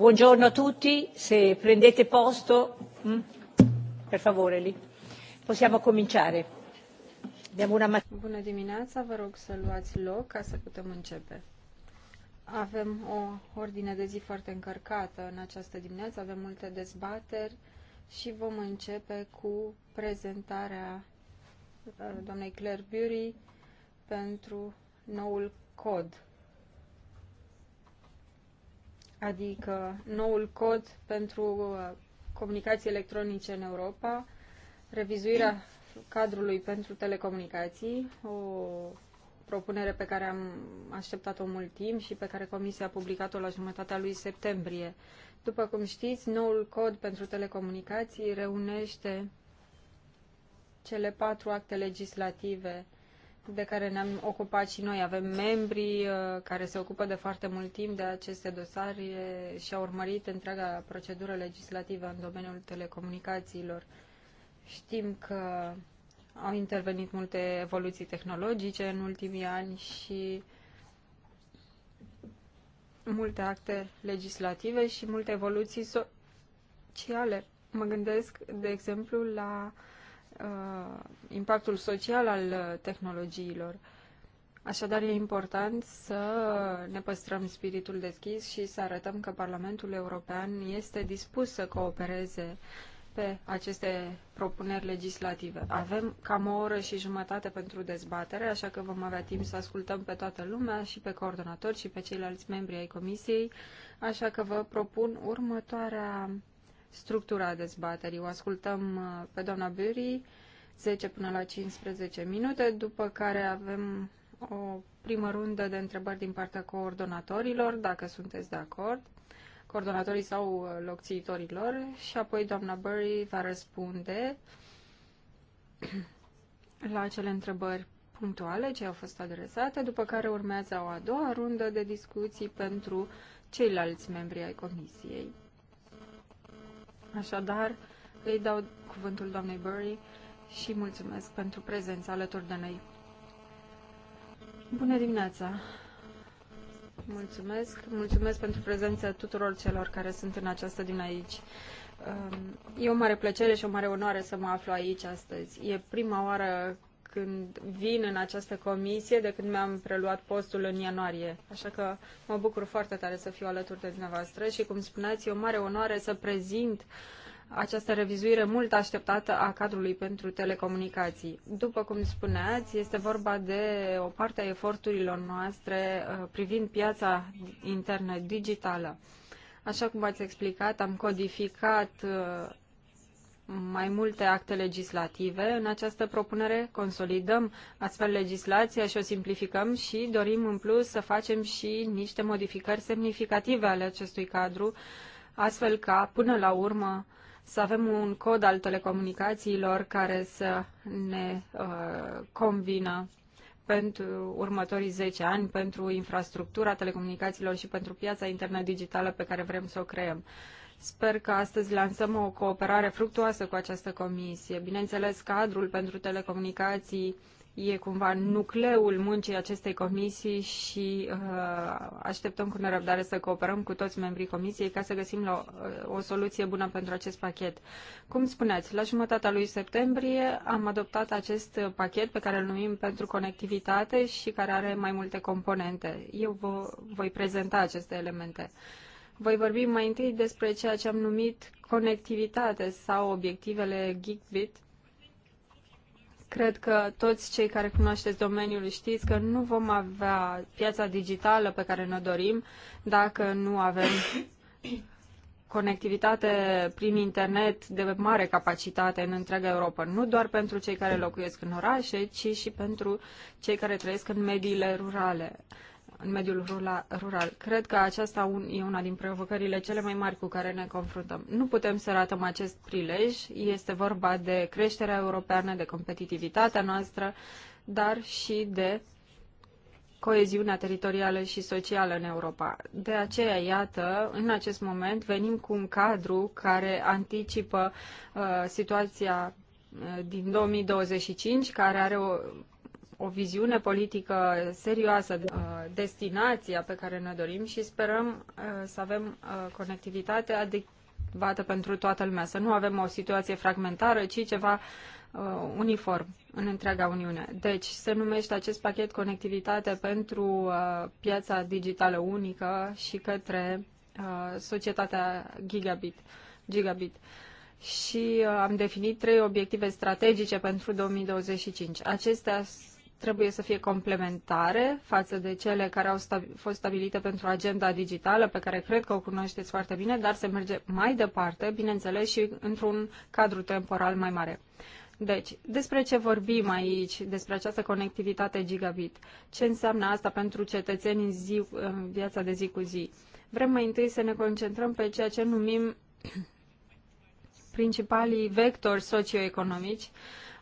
Buongiorno a tutti, se prendete posto, mm, per favore lì, possiamo cominciare. Abbiamo una Bună dimineața, vă rog să luați loc ca să putem începe. Avem o ordine de zi foarte încărcată în această dimineață, avem multe dezbateri și vom începe cu prezentarea uh, doamnei Claire Bury pentru noul cod adică noul cod pentru uh, comunicații electronice în Europa, revizuirea cadrului pentru telecomunicații, o propunere pe care am așteptat-o mult timp și pe care Comisia a publicat-o la jumătatea lui septembrie. După cum știți, noul cod pentru telecomunicații reunește cele patru acte legislative de care ne-am ocupat și noi. Avem membri uh, care se ocupă de foarte mult timp de aceste dosare și au urmărit întreaga procedură legislativă în domeniul telecomunicațiilor. Știm că au intervenit multe evoluții tehnologice în ultimii ani și multe acte legislative și multe evoluții sociale. Mă gândesc, de exemplu, la uh, Uh, impactul social al uh, tehnologiilor. Așadar, e important să ne păstrăm spiritul deschis și să arătăm că Parlamentul European este dispus să coopereze pe aceste propuneri legislative. Avem cam o oră și jumătate pentru dezbatere, așa că vom avea timp să ascultăm pe toată lumea și pe coordonatori și pe ceilalți membri ai comisiei, așa că vă propun următoarea structura dezbaterii. O ascultăm uh, pe doamna Bury 10 până la 15 minute, după care avem o primă rundă de întrebări din partea coordonatorilor, dacă sunteți de acord, coordonatorii sau uh, locțiitorilor, și apoi doamna Bury va răspunde la acele întrebări punctuale ce au fost adresate, după care urmează o a doua rundă de discuții pentru ceilalți membri ai comisiei. Așadar, îi dau cuvântul doamnei Burry și mulțumesc pentru prezența alături de noi. Bună dimineața! Mulțumesc! Mulțumesc pentru prezența tuturor celor care sunt în această din aici. Um, e o mare plăcere și o mare onoare să mă aflu aici astăzi. E prima oară când vin în această comisie de când mi-am preluat postul în ianuarie. Așa că mă bucur foarte tare să fiu alături de dumneavoastră și, cum spuneați, e o mare onoare să prezint această revizuire mult așteptată a cadrului pentru telecomunicații. După cum spuneați, este vorba de o parte a eforturilor noastre uh, privind piața internă digitală. Așa cum ați explicat, am codificat uh, mai multe acte legislative. În această propunere consolidăm astfel legislația și o simplificăm și dorim în plus să facem și niște modificări semnificative ale acestui cadru, astfel ca până la urmă să avem un cod al telecomunicațiilor care să ne uh, convină pentru următorii 10 ani, pentru infrastructura telecomunicațiilor și pentru piața internet digitală pe care vrem să o creăm. Sper că astăzi lansăm o cooperare fructuoasă cu această comisie. Bineînțeles, cadrul pentru telecomunicații e cumva nucleul muncii acestei comisii și uh, așteptăm cu nerăbdare să cooperăm cu toți membrii comisiei ca să găsim la o, uh, o soluție bună pentru acest pachet. Cum spuneați, la jumătatea lui septembrie am adoptat acest pachet pe care îl numim pentru conectivitate și care are mai multe componente. Eu vă voi prezenta aceste elemente. Uh, voi vorbi mai întâi despre ceea ce am numit conectivitate sau obiectivele Geekbit. Cred că toți cei care cunoașteți domeniul știți că nu vom avea piața digitală pe care ne dorim dacă nu avem conectivitate prin internet de mare capacitate în întreaga Europa, nu doar pentru cei care locuiesc în orașe, ci și pentru cei care trăiesc în mediile rurale în mediul rural. Cred că aceasta e una din provocările cele mai mari cu care ne confruntăm. Nu putem să ratăm acest prilej. Este vorba de creșterea europeană, de competitivitatea noastră, dar și de coeziunea teritorială și socială în Europa. De aceea, iată, în acest moment venim cu un cadru care anticipă uh, situația uh, din 2025, care are o o viziune politică serioasă de uh, destinația pe care ne dorim și sperăm uh, să avem uh, conectivitate adecvată pentru toată lumea, să nu avem o situație fragmentară, ci ceva uniform în întreaga Uniune. Deci se numește acest pachet conectivitate pentru piața digitală unică și către societatea gigabit. gigabit și am definit trei obiective strategice pentru 2025. Acestea trebuie să fie complementare față de cele care au stabi- fost stabilite pentru agenda digitală, pe care cred că o cunoașteți foarte bine, dar se merge mai departe, bineînțeles, și într-un cadru temporal mai mare. Deci, despre ce vorbim aici, despre această conectivitate gigabit? Ce înseamnă asta pentru cetățeni în, zi, în viața de zi cu zi? Vrem mai întâi să ne concentrăm pe ceea ce numim principalii vectori socioeconomici, uh,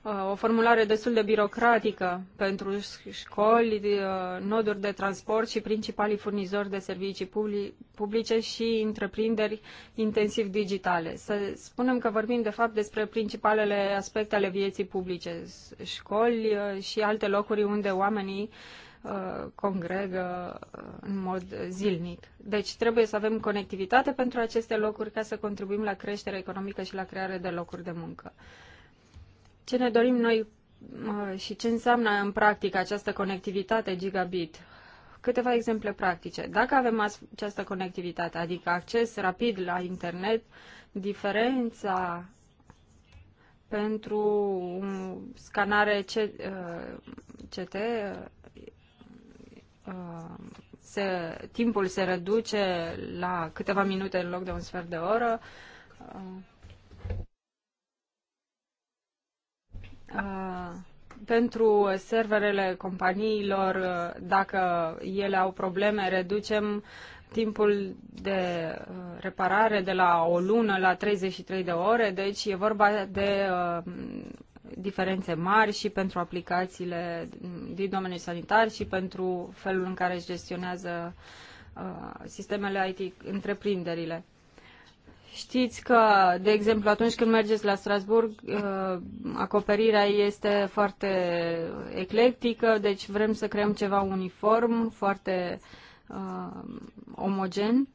Uh, o formulare destul de birocratică pentru școli, uh, noduri de transport și principalii furnizori de servicii publice și întreprinderi intensiv digitale. Să spunem că vorbim de fapt despre principalele aspecte ale vieții publice, școli uh, și alte locuri unde oamenii congregă în mod zilnic. Deci trebuie să avem conectivitate pentru aceste locuri ca să contribuim la creșterea economică și la crearea de locuri de muncă ce ne dorim noi și ce înseamnă în practică această conectivitate gigabit. Câteva exemple practice. Dacă avem această conectivitate, adică acces rapid la internet, diferența pentru scanare CT uh, uh, se, timpul se reduce la câteva minute în loc de un sfert de oră. Uh, pentru serverele companiilor, dacă ele au probleme, reducem timpul de reparare de la o lună la 33 de ore, deci e vorba de diferențe mari și pentru aplicațiile din domeniul sanitar și pentru felul în care își gestionează sistemele IT întreprinderile. Știți că, de exemplu, atunci când mergeți la Strasburg, uh, acoperirea este foarte eclectică, deci vrem să creăm ceva uniform, foarte uh, omogen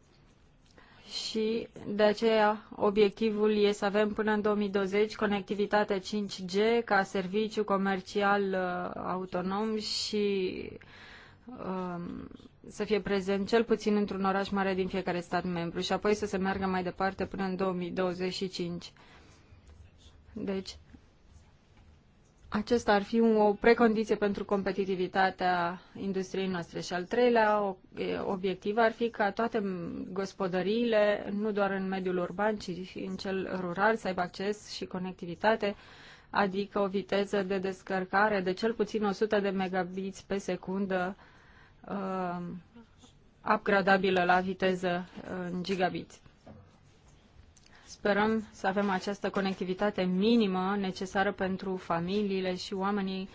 și de aceea obiectivul este să avem până în 2020 conectivitate 5G ca serviciu comercial uh, autonom și uh, să fie prezent cel puțin într-un oraș mare din fiecare stat membru și apoi să se meargă mai departe până în 2025. Deci, acesta ar fi o precondiție pentru competitivitatea industriei noastre. Și al treilea obiectiv ar fi ca toate gospodăriile, nu doar în mediul urban, ci și în cel rural, să aibă acces și conectivitate, adică o viteză de descărcare de cel puțin 100 de megabits pe secundă Uh, upgradabilă la viteză uh, în gigabit. Sperăm să avem această conectivitate minimă necesară pentru familiile și oamenii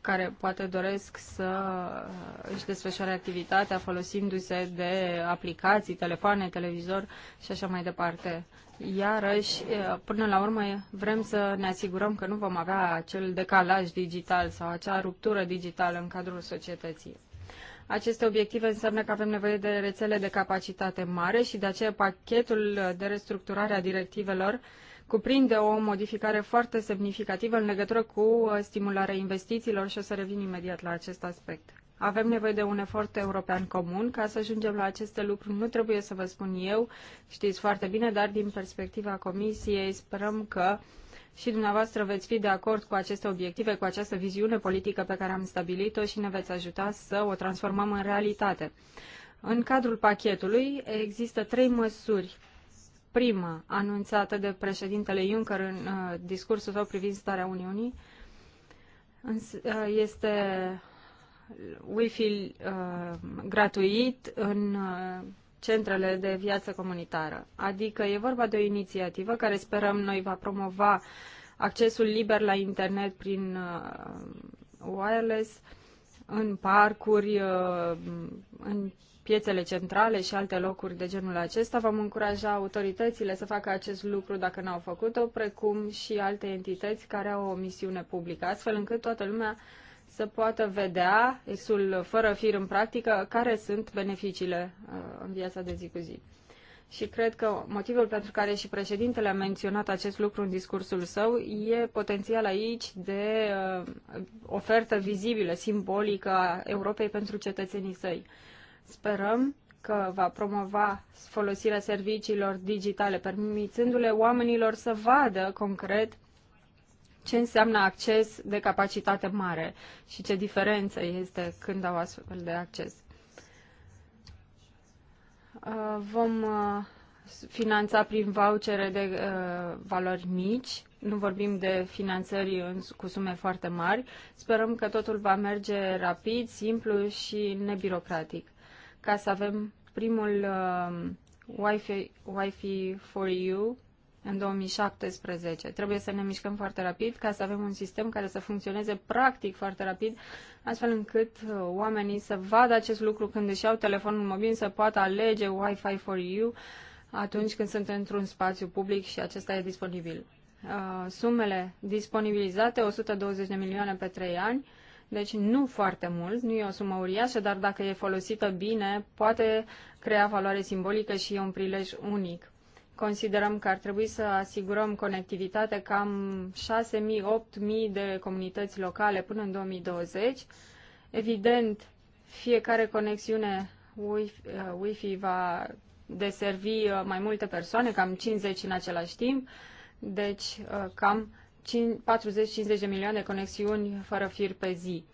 care poate doresc să uh, își desfășoare activitatea folosindu-se de aplicații, telefoane, televizor și așa mai departe. Iarăși, până la urmă, vrem să ne asigurăm că nu vom avea acel decalaj digital sau acea ruptură digitală în cadrul societății. Aceste obiective înseamnă că avem nevoie de rețele de capacitate mare și de aceea pachetul de restructurare a directivelor cuprinde o modificare foarte semnificativă în legătură cu uh, stimularea investițiilor și o să revin imediat la acest aspect. Avem nevoie de un efort european comun. Ca să ajungem la aceste lucruri, nu trebuie să vă spun eu, știți foarte bine, dar din perspectiva Comisiei sperăm că uh, și dumneavoastră veți fi de acord cu aceste obiective, cu această viziune politică pe care am stabilit-o și ne veți ajuta să o transformăm în realitate. În cadrul pachetului există trei măsuri. Prima, anunțată de președintele Juncker în uh, discursul său privind starea Uniunii, uh, este Wi-Fi uh, gratuit în uh, centrele de viață comunitară. Adică e vorba de o inițiativă care sperăm noi va promova accesul liber la internet prin uh, wireless în parcuri, uh, în piețele centrale și alte locuri de genul acesta. Vom încuraja autoritățile să facă acest lucru dacă n-au făcut-o, precum și alte entități care au o misiune publică, astfel încât toată lumea să poată vedea, exul fără fir în practică, care sunt beneficiile uh, în viața de zi cu zi. Și cred că motivul pentru care și președintele a menționat acest lucru în discursul său e potențial aici de uh, ofertă vizibilă, simbolică a Europei pentru cetățenii săi. Sperăm că va promova folosirea serviciilor digitale, permițându-le oamenilor să vadă concret ce înseamnă acces de capacitate mare și ce diferență este când au astfel de acces. Uh, vom uh, finanța prin vouchere de uh, valori mici, nu vorbim de finanțări cu sume foarte mari. Sperăm că totul va merge rapid, simplu și nebirocratic, ca să avem primul Wi-Fi, Wi-Fi for You în 2017. Trebuie să ne mișcăm foarte rapid ca să avem un sistem care să funcționeze practic foarte rapid, astfel încât uh, oamenii să vadă acest lucru când își iau telefonul mobil, să poată alege Wi-Fi for You atunci când sunt într-un spațiu public și acesta e disponibil. Uh, sumele disponibilizate, 120 de milioane pe 3 ani, deci nu foarte mult, nu e o sumă uriașă, dar dacă e folosită bine, poate crea valoare simbolică și e un prilej unic considerăm că ar trebui să asigurăm conectivitate cam 6.000-8.000 de comunități locale până în 2020. Evident, fiecare conexiune Wi-Fi uh, va deservi uh, mai multe persoane, cam 50 în același timp, deci uh, cam 40-50 de milioane de conexiuni fără fir pe zi.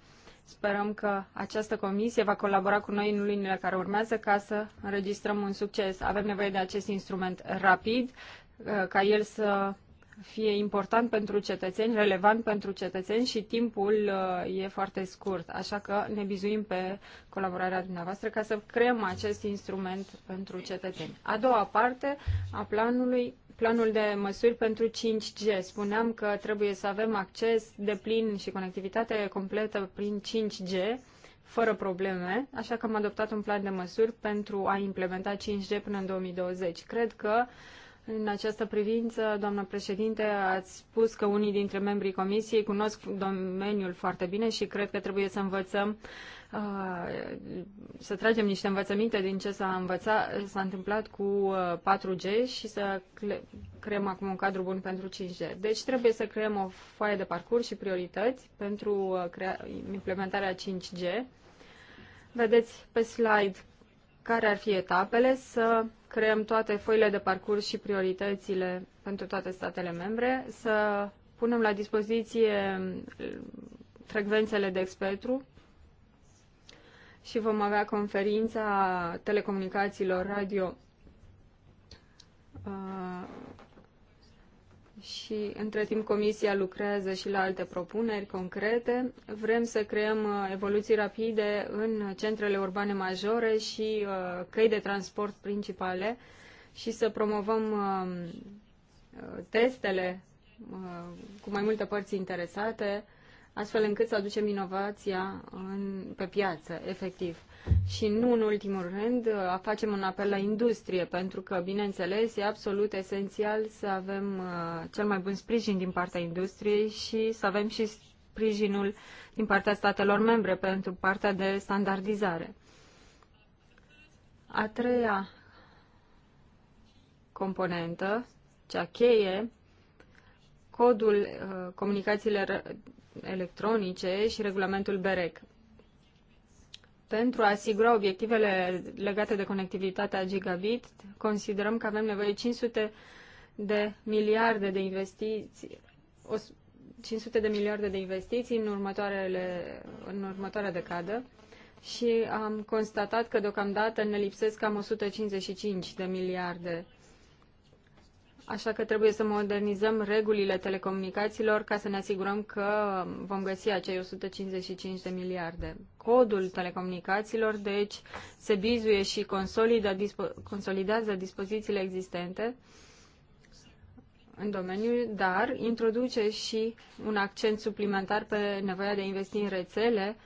Sperăm că această comisie va colabora cu noi în lunile care urmează ca să înregistrăm un succes. Avem nevoie de acest instrument rapid, uh, ca el să fie important pentru cetățeni, relevant pentru cetățeni și timpul uh, e foarte scurt. Așa că ne bizuim pe colaborarea dumneavoastră ca să creăm acest instrument pentru cetățeni. A doua parte a planului planul de măsuri pentru 5G. Spuneam că trebuie să avem acces de plin și conectivitate completă prin 5G, fără probleme, așa că am adoptat un plan de măsuri pentru a implementa 5G până în 2020. Cred că uh, în această privință, doamnă președinte, ați spus că unii dintre membrii comisiei cunosc domeniul foarte bine și cred că trebuie să învățăm, uh, să tragem niște învățăminte din ce s-a învățat, s-a întâmplat cu 4G uh, și să creăm acum un cadru bun pentru 5G. Deci trebuie să creăm o foaie de parcurs și priorități pentru uh, implementarea 5G. Vedeți pe slide care ar fi etapele să creăm toate foile de parcurs și prioritățile pentru toate statele membre, să punem la dispoziție mm, frecvențele de spectru și vom avea conferința telecomunicațiilor radio uh, și între timp Comisia lucrează și la alte propuneri concrete. Vrem să creăm uh, evoluții rapide în centrele urbane majore și uh, căi de transport principale și să promovăm uh, testele cu mai multe părți interesate astfel încât să aducem inovația în, pe piață, efectiv. Și nu în ultimul rând, facem un apel la industrie, pentru că, bineînțeles, e absolut esențial să avem cel mai bun sprijin din partea industriei și să avem și sprijinul din partea statelor membre pentru partea de standardizare. A treia componentă, cea cheie, codul comunicațiilor electronice și regulamentul BEREC. Pentru a asigura obiectivele legate de conectivitatea gigabit, considerăm că avem nevoie 500 de miliarde de investiții, 500 de miliarde de investiții în, următoarele, în următoarea decadă și am constatat că deocamdată ne lipsesc cam 155 de miliarde Așa că trebuie să modernizăm regulile telecomunicațiilor ca să ne asigurăm că vom găsi acei 155 de miliarde. Codul telecomunicațiilor, deci, se bizuie și consolidă, dispo, consolidează dispozițiile existente în domeniu, dar introduce și un accent suplimentar pe nevoia de a investi în rețele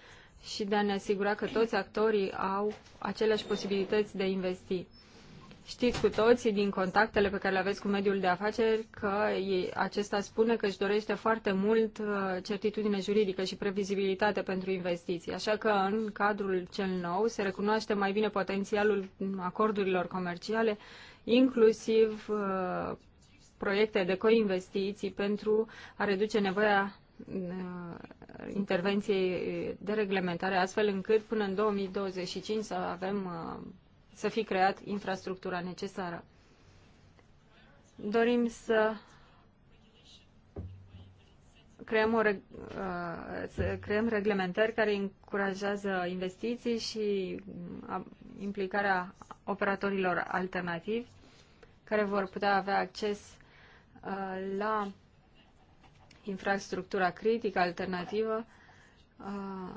și de a ne asigura că toți actorii au aceleași posibilități de a investi. Știți cu toții din contactele pe care le aveți cu mediul de afaceri că acesta spune că își dorește foarte mult uh, certitudine juridică și previzibilitate pentru investiții. Așa că în cadrul cel nou se recunoaște mai bine potențialul acordurilor comerciale, inclusiv uh, proiecte de coinvestiții pentru a reduce nevoia uh, intervenției de reglementare, astfel încât până în 2025 să avem să fi creat infrastructura necesară. Dorim să creăm, o, uh, să creăm reglementări care încurajează investiții și um, implicarea operatorilor alternativi care vor putea avea acces uh, la infrastructura critică alternativă uh,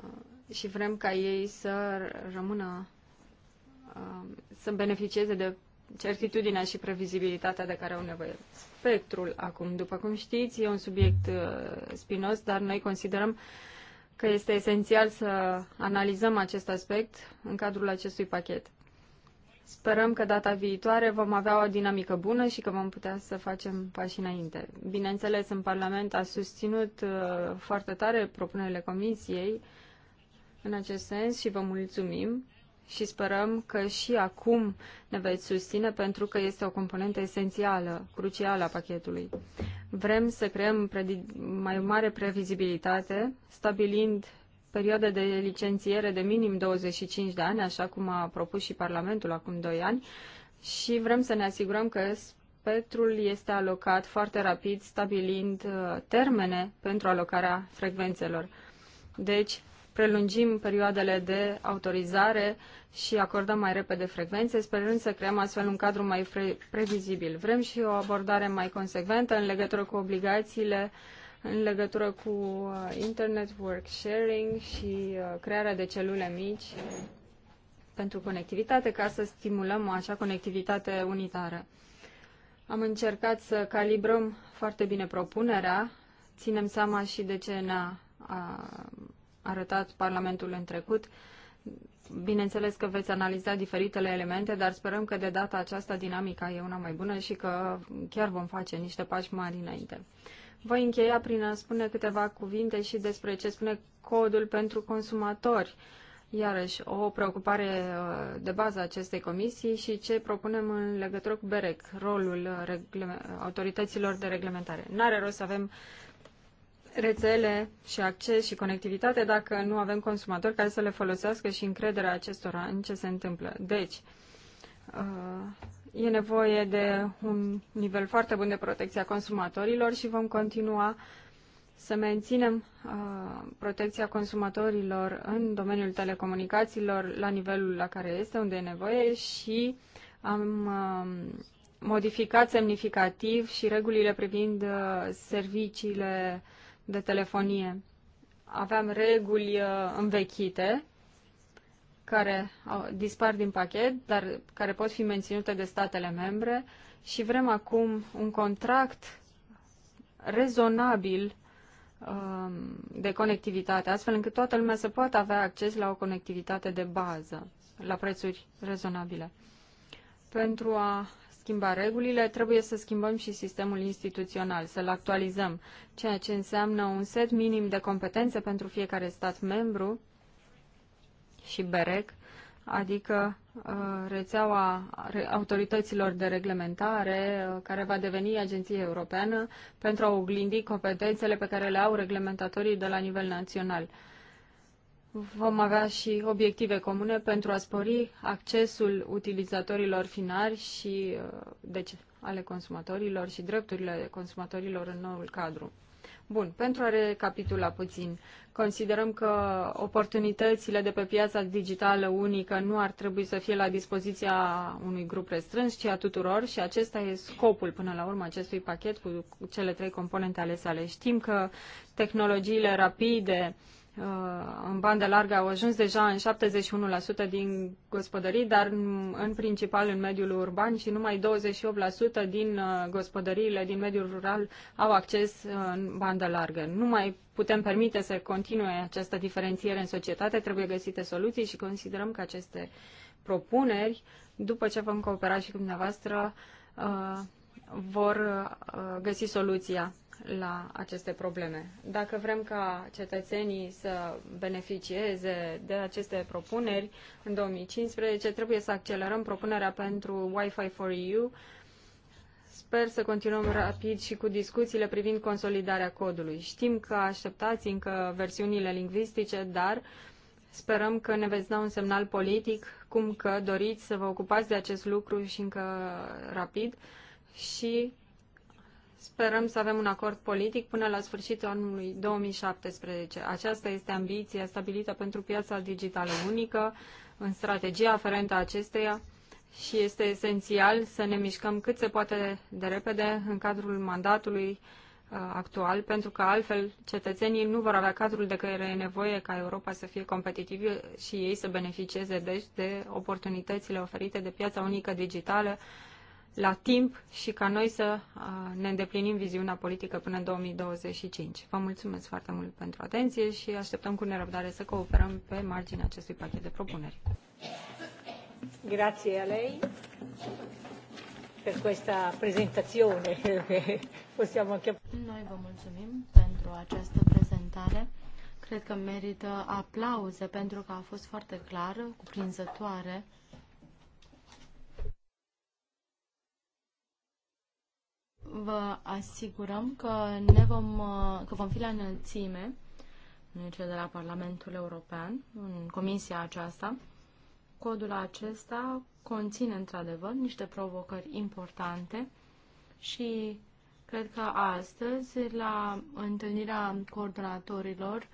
și vrem ca ei să rămână Um, să beneficieze de certitudinea și previzibilitatea de care au nevoie. Spectrul, acum, după cum știți, e un subiect uh, spinos, dar noi considerăm că este esențial să analizăm acest aspect în cadrul acestui pachet. Sperăm că data viitoare vom avea o dinamică bună și că vom putea să facem pași înainte. Bineînțeles, în Parlament a susținut uh, foarte tare propunerile Comisiei în acest sens și vă mulțumim și sperăm că și acum ne veți susține pentru că este o componentă esențială, crucială a pachetului. Vrem să creăm mai mare previzibilitate, stabilind perioade de licențiere de minim 25 de ani, așa cum a propus și Parlamentul acum 2 ani, și vrem să ne asigurăm că spectrul este alocat foarte rapid, stabilind uh, termene pentru alocarea frecvențelor. Deci, prelungim perioadele de autorizare și acordăm mai repede frecvențe, sperând să creăm astfel un cadru mai previzibil. Vrem și o abordare mai consecventă în legătură cu obligațiile, în legătură cu uh, internet work sharing și uh, crearea de celule mici pentru conectivitate, ca să stimulăm acea conectivitate unitară. Am încercat să calibrăm foarte bine propunerea, ținem seama și de ce ne-a arătat Parlamentul în trecut. Bineînțeles că veți analiza diferitele elemente, dar sperăm că de data aceasta dinamica e una mai bună și că chiar vom face niște pași mari înainte. Voi încheia prin a spune câteva cuvinte și despre ce spune codul pentru consumatori. Iarăși, o preocupare uh, de bază a acestei comisii și ce propunem în legătură cu BEREC, rolul uh, autorităților de reglementare. N-are rost să avem rețele și acces și conectivitate dacă nu avem consumatori care să le folosească și încrederea acestora în ce se întâmplă. Deci, uh, e nevoie de un nivel foarte bun de protecție a consumatorilor și vom continua să menținem uh, protecția consumatorilor în domeniul telecomunicațiilor la nivelul la care este, unde e nevoie și am uh, modificat semnificativ și regulile privind serviciile de telefonie. Aveam reguli uh, învechite care dispar din pachet, dar care pot fi menținute de statele membre și vrem acum un contract rezonabil um, de conectivitate, astfel încât toată lumea să poată avea acces la o conectivitate de bază, la prețuri rezonabile. Pentru a schimba regulile, trebuie să schimbăm și sistemul instituțional, să-l actualizăm, ceea ce înseamnă un set minim de competențe pentru fiecare stat membru și BEREC, adică uh, rețeaua autorităților de reglementare, uh, care va deveni agenție Europeană, pentru a oglindi competențele pe care le au reglementatorii de la nivel național. Vom avea și obiective comune pentru a spori accesul utilizatorilor finali și uh, deci, ale consumatorilor și drepturile consumatorilor în noul cadru. Bun, pentru a recapitula puțin, considerăm că oportunitățile de pe piața digitală unică nu ar trebui să fie la dispoziția unui grup restrâns, ci a tuturor și acesta e scopul până la urmă acestui pachet cu cele trei componente ale sale. Știm că tehnologiile rapide, uh, Uh, în bandă largă au ajuns deja în 71% din gospodării, dar în principal în mediul urban și numai 28% din uh, gospodăriile din mediul rural au acces uh, în bandă largă. Nu mai putem permite să continue această diferențiere în societate, trebuie găsite soluții și considerăm că aceste propuneri, după ce vom coopera și cu dumneavoastră, vor găsi soluția la aceste probleme. Dacă vrem ca cetățenii să beneficieze de aceste propuneri în 2015, trebuie să accelerăm propunerea pentru Wi-Fi for EU. Sper să continuăm rapid și cu discuțiile privind consolidarea codului. Știm că așteptați încă versiunile lingvistice, dar sperăm că ne veți da un semnal politic cum că doriți să vă ocupați de acest lucru și încă rapid și Sperăm să avem un acord politic până la sfârșitul anului 2017. Aceasta este ambiția stabilită pentru piața digitală unică, în strategia aferentă acesteia și este esențial să ne mișcăm cât se poate de repede în cadrul mandatului uh, actual, pentru că altfel cetățenii nu vor avea cadrul de care e nevoie ca Europa să fie competitivă și ei să beneficieze deci de oportunitățile oferite de piața unică digitală la timp și ca noi să ne îndeplinim viziunea politică până în 2025. Vă mulțumesc foarte mult pentru atenție și așteptăm cu nerăbdare să cooperăm pe marginea acestui pachet de propuneri. Grazie a lei per questa presentazione. Possiamo anche... Noi vă mulțumim pentru această prezentare. Cred că merită aplauze pentru că a fost foarte clară, cuprinzătoare. vă asigurăm că, ne vom, uh, că vom fi la înălțime, în cel de la Parlamentul European, în comisia aceasta. Codul acesta conține într-adevăr niște provocări importante și cred că astăzi, la întâlnirea coordonatorilor,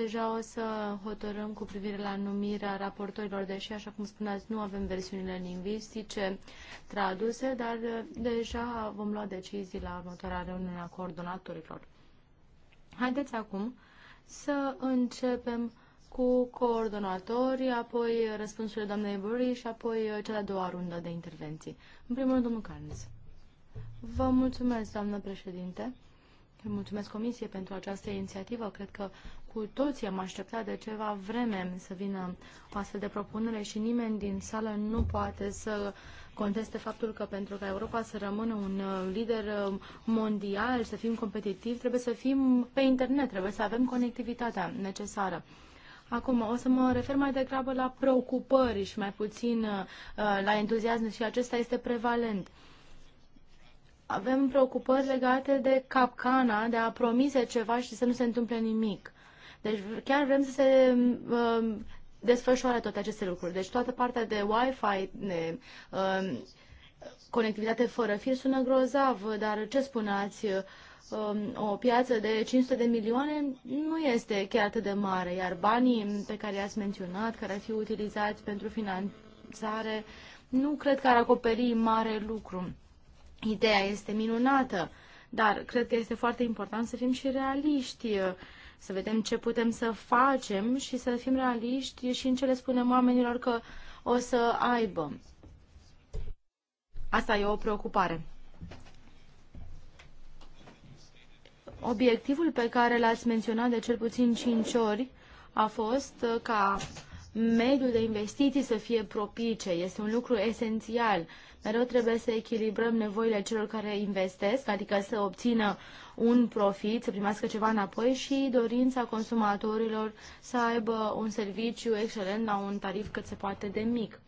Deja o să hotărâm cu privire la numirea raportorilor, deși, așa cum spuneați, nu avem versiunile lingvistice traduse, dar uh, deja vom lua decizii la următoarea reuniune a coordonatorilor. Haideți acum să începem cu coordonatorii, apoi răspunsurile doamnei Burry și apoi uh, cea de-a doua rundă de intervenții. În primul rând, domnul Carnes. Vă mulțumesc, doamnă președinte. Mulțumesc Comisiei pentru această inițiativă. Cred că cu toții am așteptat de ceva vreme să vină o astfel de propunere și nimeni din sală nu poate să conteste faptul că pentru ca Europa să rămână un uh, lider uh, mondial, să fim competitivi, trebuie să fim pe internet, trebuie să avem conectivitatea necesară. Acum, o să mă refer mai degrabă la preocupări și mai puțin uh, la entuziasm și acesta este prevalent avem preocupări legate de capcana, de a promise ceva și să nu se întâmple nimic. Deci chiar vrem să se um, desfășoare toate aceste lucruri. Deci toată partea de Wi-Fi, de, um, conectivitate fără fir sună grozav, dar ce spuneați, um, o piață de 500 de milioane nu este chiar atât de mare, iar banii pe care i-ați menționat, care ar fi utilizați pentru finanțare, nu cred că ar acoperi mare lucru. Ideea este minunată, dar cred că este foarte important să fim și realiști să vedem ce putem să facem și să fim realiști și în ce le spunem oamenilor că o să aibă. Asta e o preocupare. Obiectivul pe care l-ați menționat de cel puțin 5 ori a fost ca mediul de investiții să fie propice. Este un lucru esențial mereu trebuie să echilibrăm nevoile celor care investesc, adică să obțină un profit, să primească ceva înapoi și dorința consumatorilor să aibă un serviciu excelent la un tarif cât se poate de mic.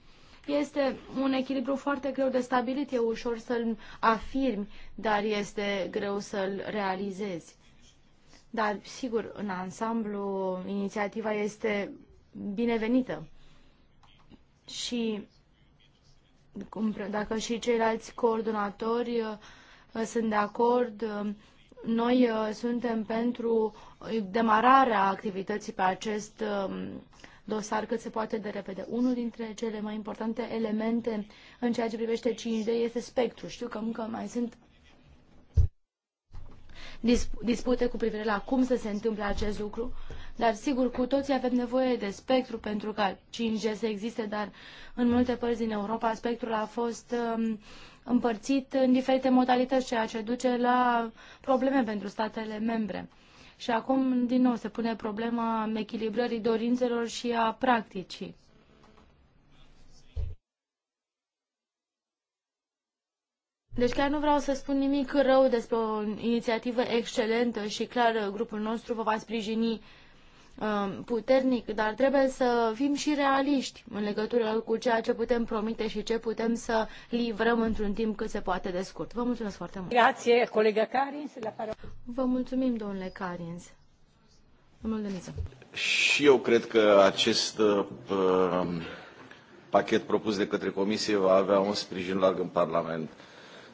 Este un echilibru foarte greu de stabilit, e ușor să-l afirmi, dar este greu să-l realizezi. Dar, sigur, în ansamblu, inițiativa este binevenită. Și dacă și ceilalți coordonatori uh, sunt de acord, uh, noi uh, suntem pentru demararea activității pe acest um, dosar cât se poate de repede. Unul dintre cele mai importante elemente în ceea ce privește 5D este spectru. Știu că încă mai sunt dispute cu privire la cum să se întâmple acest lucru dar sigur, cu toții avem nevoie de spectru pentru ca 5G să existe, dar în multe părți din Europa spectrul a fost um, împărțit în diferite modalități, ceea ce duce la probleme pentru statele membre. Și acum, din nou, se pune problema echilibrării dorințelor și a practicii. Deci chiar nu vreau să spun nimic rău despre o inițiativă excelentă și clar grupul nostru vă va sprijini Um, puternic, dar trebuie să fim și realiști în legătură cu ceea ce putem promite și ce putem să livrăm într-un timp cât se poate de scurt. Vă mulțumesc foarte mult. Grație, colega Carins. Vă mulțumim, domnule Carins. Domnul Deniță. Și eu cred că acest uh, pachet propus de către Comisie va avea un sprijin larg în Parlament.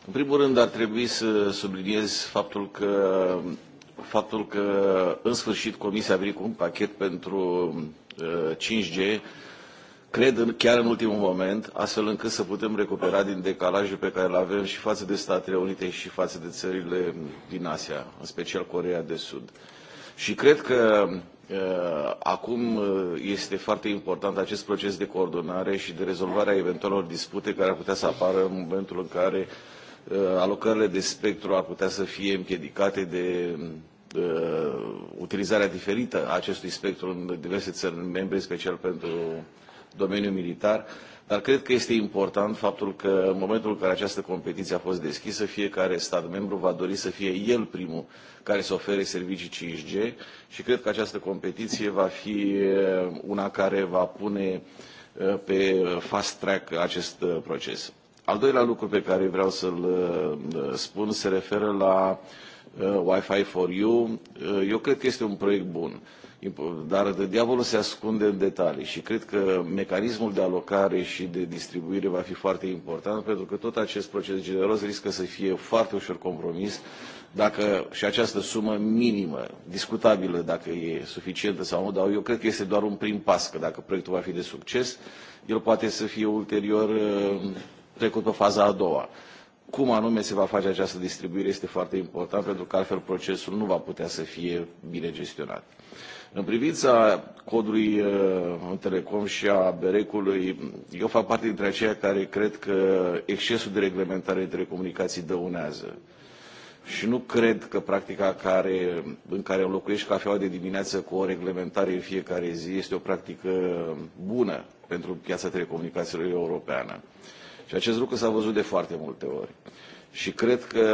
În primul rând, ar trebui să subliniez faptul că faptul că, în sfârșit, Comisia a venit cu un pachet pentru 5G, uh, cred chiar în ultimul moment, astfel încât să putem recupera din decalajul pe care îl avem și față de Statele Unite și față de țările din Asia, în special Coreea de Sud. Și cred că uh, Acum uh, este foarte important acest proces de coordonare și de rezolvare a eventualelor dispute care ar putea să apară în momentul în care alocările de spectru ar putea să fie împiedicate de Uh, utilizarea diferită a acestui spectru în diverse țări membre, special pentru domeniul militar, dar cred că este important faptul că în momentul în care această competiție a fost deschisă, fiecare stat membru va dori să fie el primul care să ofere servicii 5G și cred că această competiție va fi uh, una care va pune uh, pe fast track acest proces. Al doilea lucru pe care vreau să-l spun se referă la uh, Uh, Wi-Fi for You. Uh, eu cred că este un proiect bun, dar de diavolul se ascunde în detalii și cred că mecanismul de alocare și de distribuire va fi foarte important, pentru că tot acest proces generos riscă să fie foarte ușor compromis dacă și această sumă minimă, discutabilă dacă e suficientă sau nu, dar eu cred că este doar un prim pas, că dacă proiectul va fi de succes, el poate să fie ulterior uh, trecut pe faza a doua cum anume se va face această distribuire este foarte important, pentru că altfel procesul nu va putea să fie bine gestionat. În privința codului în uh, Telecom și a Berecului, eu fac parte dintre aceia care cred că excesul de reglementare în telecomunicații dăunează. Și nu cred că practica care, în care înlocuiești cafeaua de dimineață cu o reglementare în fiecare zi este o practică bună pentru piața telecomunicațiilor europeană. Și acest lucru s-a văzut de foarte multe ori. Și cred că,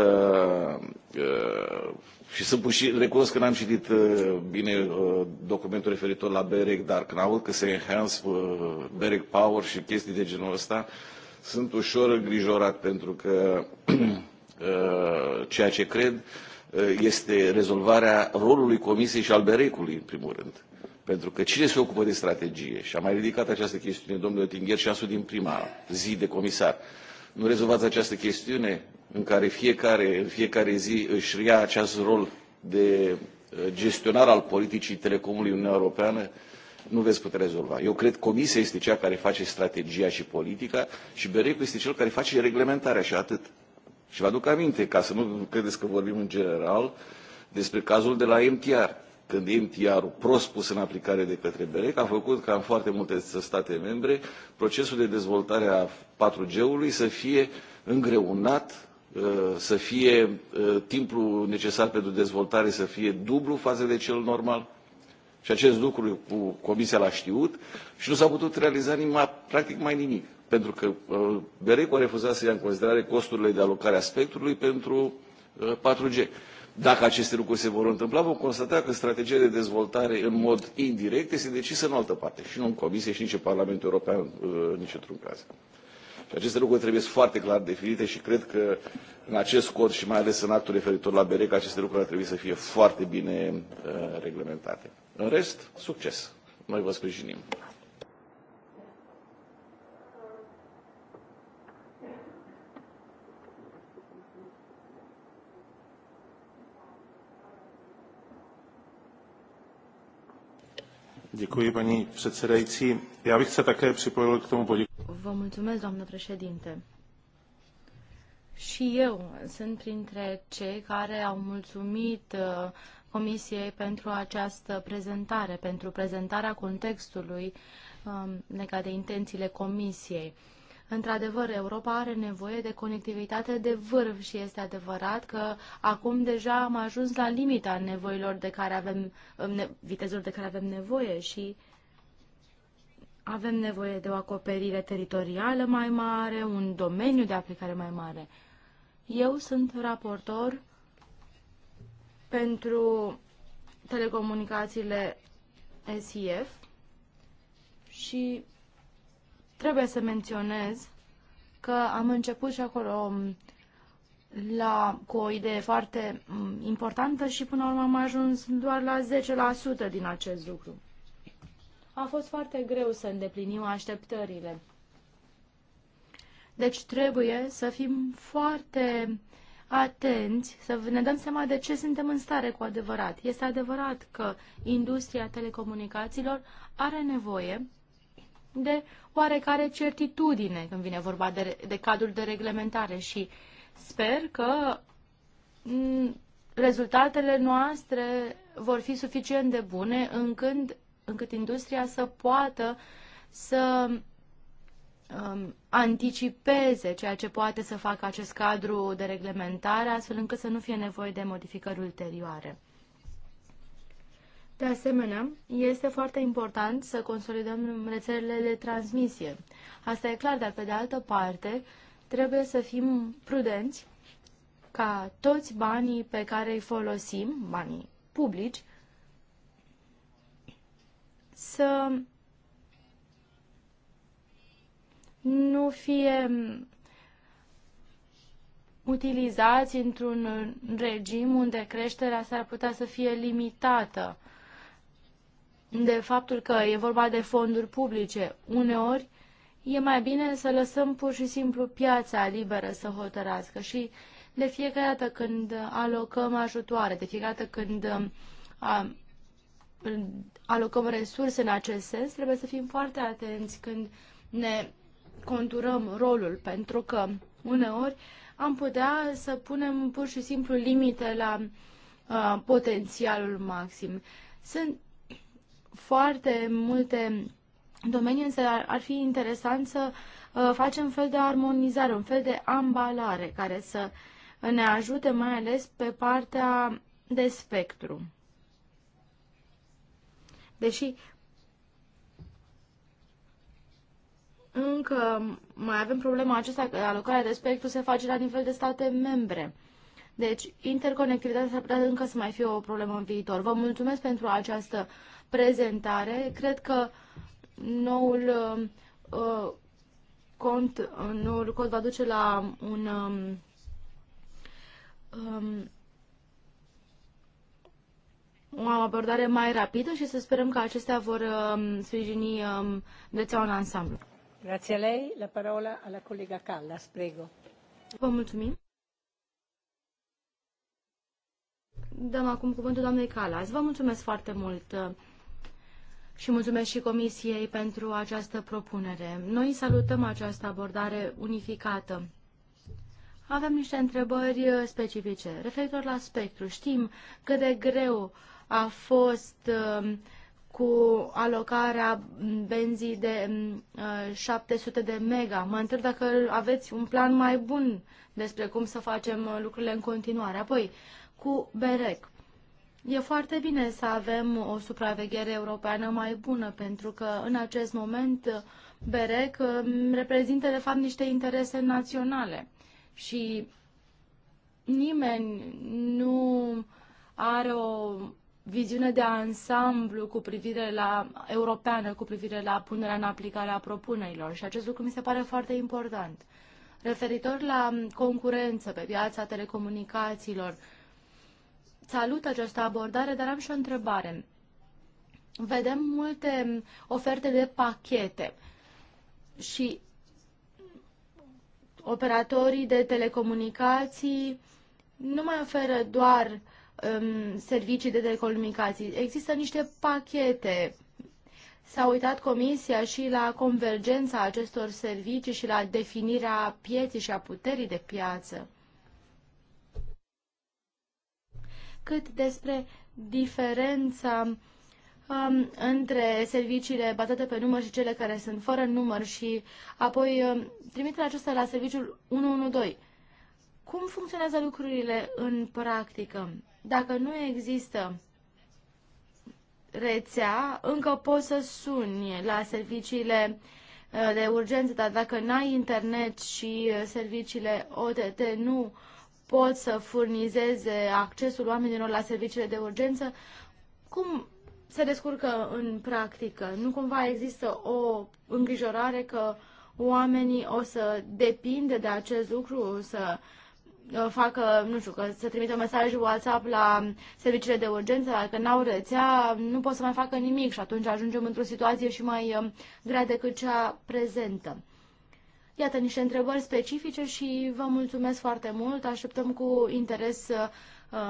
uh, și sunt și recunosc că n-am citit uh, bine uh, documentul referitor la BEREC, dar când aud că se enhance BEREC Power și chestii de genul ăsta, sunt ușor îngrijorat pentru că ceea ce cred este rezolvarea rolului Comisiei și al Berecului, în primul rând pentru că cine se ocupă de strategie? Și am mai ridicat această chestiune, domnule Oettinger, și am din prima zi de comisar. Nu rezolvați această chestiune în care fiecare, în fiecare zi își ia acest rol de uh, gestionar al politicii telecomului Uniunea Europeană? nu veți putea rezolva. Eu cred că Comisia este cea care face strategia și politica și berec este cel care face reglementarea și atât. Și vă aduc aminte, ca să nu credeți că vorbim în general, despre cazul de la MTR când MTR-ul prost pus în aplicare de către BEREC a făcut ca în foarte multe state membre procesul de dezvoltare a 4G-ului să fie îngreunat, ă, să fie ă, timpul necesar pentru dezvoltare să fie dublu față de cel normal. Și acest lucru cu Comisia l-a știut și nu s-a putut realiza nima, practic mai nimic. Pentru că ă, BEREC a refuzat să ia în considerare costurile de alocare a spectrului pentru 4G. Dacă aceste lucruri se vor întâmpla, vom constata că strategia de dezvoltare în mod indirect este decisă în altă parte, și nu în Comisie, și nici în Parlamentul European, uh, nici într-un caz. Și aceste lucruri trebuie foarte clar definite și cred că în acest cod și mai ales în actul referitor la BEREC, aceste lucruri ar trebui să fie foarte bine uh, reglementate. În rest, succes! Noi vă sprijinim. Děkuji, paní předsedající. Já bych se také připojil k tomu Vă mulțumesc, doamnă președinte. Și eu sunt printre cei care au mulțumit uh, Comisiei pentru această prezentare, pentru prezentarea contextului um, legat de intențiile Comisiei. Într-adevăr, Europa are nevoie de conectivitate de vârf și este adevărat că acum deja am ajuns la limita nevoilor de care avem, ne, vitezelor de care avem nevoie și avem nevoie de o acoperire teritorială mai mare, un domeniu de aplicare mai mare. Eu sunt raportor pentru telecomunicațiile SIF și Trebuie să menționez că am început și acolo um, la, cu o idee foarte um, importantă și până la urmă am ajuns doar la 10% din acest lucru. A fost foarte greu să îndeplinim așteptările. Deci trebuie să fim foarte atenți, să ne dăm seama de ce suntem în stare cu adevărat. Este adevărat că industria telecomunicațiilor are nevoie de oarecare certitudine când vine vorba de, de cadrul de reglementare și sper că mm, rezultatele noastre vor fi suficient de bune încât, încât industria să poată să um, anticipeze ceea ce poate să facă acest cadru de reglementare, astfel încât să nu fie nevoie de modificări ulterioare. De asemenea, este foarte important să consolidăm rețelele de transmisie. Asta e clar, dar pe de altă parte trebuie să fim prudenți ca toți banii pe care îi folosim, banii publici, să nu fie utilizați într-un regim unde creșterea s-ar putea să fie limitată de faptul că e vorba de fonduri publice. Uneori e mai bine să lăsăm pur și simplu piața liberă să hotărască și de fiecare dată când alocăm ajutoare, de fiecare dată când um, alocăm resurse în acest sens, trebuie să fim foarte atenți când ne conturăm rolul, pentru că uneori am putea să punem pur și simplu limite la uh, potențialul maxim. Sunt foarte multe domenii, însă ar, ar fi interesant să uh, facem un fel de armonizare, un fel de ambalare care să ne ajute mai ales pe partea de spectru. Deși încă mai avem problema aceasta că alocarea de spectru se face la nivel de state membre. Deci, interconectivitatea s-ar putea încă să mai fie o problemă în viitor. Vă mulțumesc pentru această prezentare. Cred că noul uh, cont, noul cont va duce la un um, um, o abordare mai rapidă și să sperăm că acestea vor um, sprijini um, rețeaua în ansamblu. Grazie a lei. La parola alla collega Callas, prego. Vă mulțumim. Dăm acum cuvântul doamnei Calas. Vă mulțumesc foarte mult. Uh, și mulțumesc și Comisiei pentru această propunere. Noi salutăm această abordare unificată. Avem niște întrebări uh, specifice. Referitor la spectru, știm cât de greu a fost uh, cu alocarea benzii de 700 mm, uh, de mega. Mă întreb dacă aveți un plan mai bun despre cum să facem lucrurile în continuare. Apoi, cu BEREC. E foarte bine să avem o supraveghere europeană mai bună, pentru că în acest moment BEREC um, reprezintă de fapt niște interese naționale și nimeni nu are o viziune de ansamblu cu privire la europeană, cu privire la punerea în aplicare a propunerilor și acest lucru mi se pare foarte important. Referitor la concurență pe piața telecomunicațiilor, Salut această abordare, dar am și o întrebare. Vedem multe oferte de pachete și operatorii de telecomunicații nu mai oferă doar um, servicii de telecomunicații. Există niște pachete. S-a uitat Comisia și la convergența acestor servicii și la definirea pieții și a puterii de piață. cât despre diferența um, între serviciile bazate pe număr și cele care sunt fără număr și apoi um, trimiterea acesta la serviciul 112. Cum funcționează lucrurile în practică? Dacă nu există rețea, încă poți să suni la serviciile uh, de urgență, dar dacă n-ai internet și uh, serviciile OTT nu pot să furnizeze accesul oamenilor la serviciile de urgență, cum se descurcă în practică? Nu cumva există o îngrijorare că oamenii o să depinde de acest lucru, să uh, facă, nu știu, că să trimită mesaj WhatsApp la serviciile de urgență, că n-au rețea, nu pot să mai facă nimic și atunci ajungem într-o situație și mai uh, grea decât cea prezentă. Iată niște întrebări specifice și vă mulțumesc foarte mult. Așteptăm cu interes să,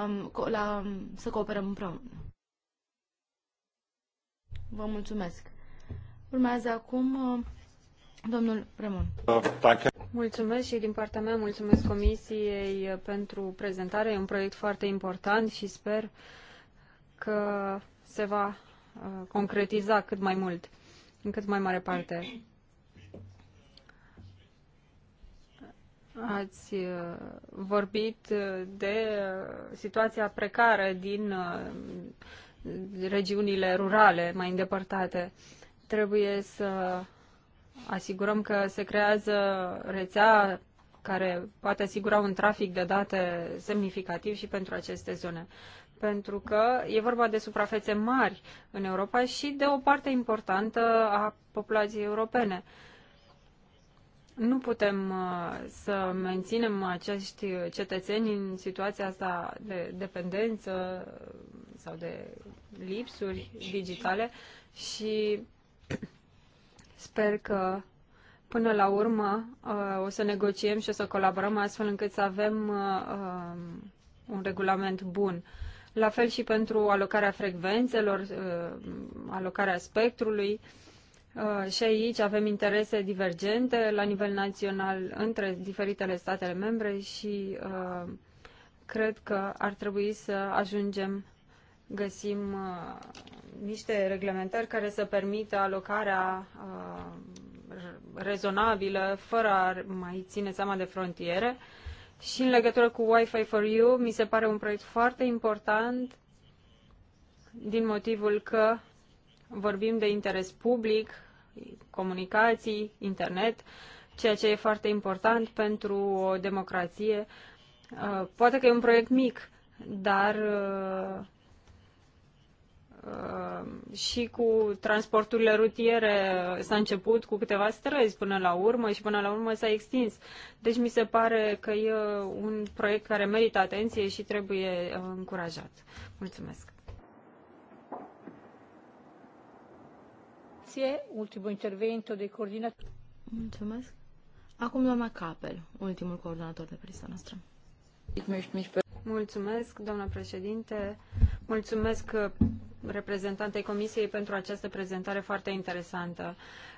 um, la, să cooperăm împreună. Vă mulțumesc. Urmează acum uh, domnul Remon. Mulțumesc și din partea mea mulțumesc Comisiei pentru prezentare. E un proiect foarte important și sper că se va uh, concretiza cât mai mult, în cât mai mare parte. Ați uh, vorbit uh, de uh, situația precară din regiunile rurale mai îndepărtate. Trebuie să asigurăm că se creează rețea care poate asigura un trafic de date semnificativ și pentru aceste zone. Pentru că e vorba de suprafețe mari în Europa și de o parte importantă a populației europene. Uh, nu putem uh, să menținem acești cetățeni în situația asta de dependență sau de lipsuri digitale și sper că până la urmă uh, o să negociem și o să colaborăm astfel încât să avem uh, um, un regulament bun. La fel și pentru alocarea frecvențelor, alocarea spectrului. Uh, și aici avem interese divergente la nivel național între diferitele statele membre și uh, cred că ar trebui să ajungem găsim uh, niște reglementări care să permită alocarea rezonabilă, fără a mai ține seama de frontiere. Și în legătură cu Wi-Fi for You, mi se pare un proiect foarte important din motivul că vorbim de interes public, comunicații, internet, ceea ce e foarte important pentru o democrație. Uh, poate că e un proiect mic, dar uh, uh, și cu transporturile rutiere s-a început cu câteva străzi până la urmă și până la urmă s-a extins. Deci mi se pare că e un proiect care merită atenție și trebuie încurajat. Mulțumesc! Ultimul intervento de coordinat. Mulțumesc. Acum doamna Capel, ultimul coordonator de presa noastră. Mulțumesc, doamna președinte. Mulțumesc uh, reprezentantei Comisiei pentru această prezentare foarte interesantă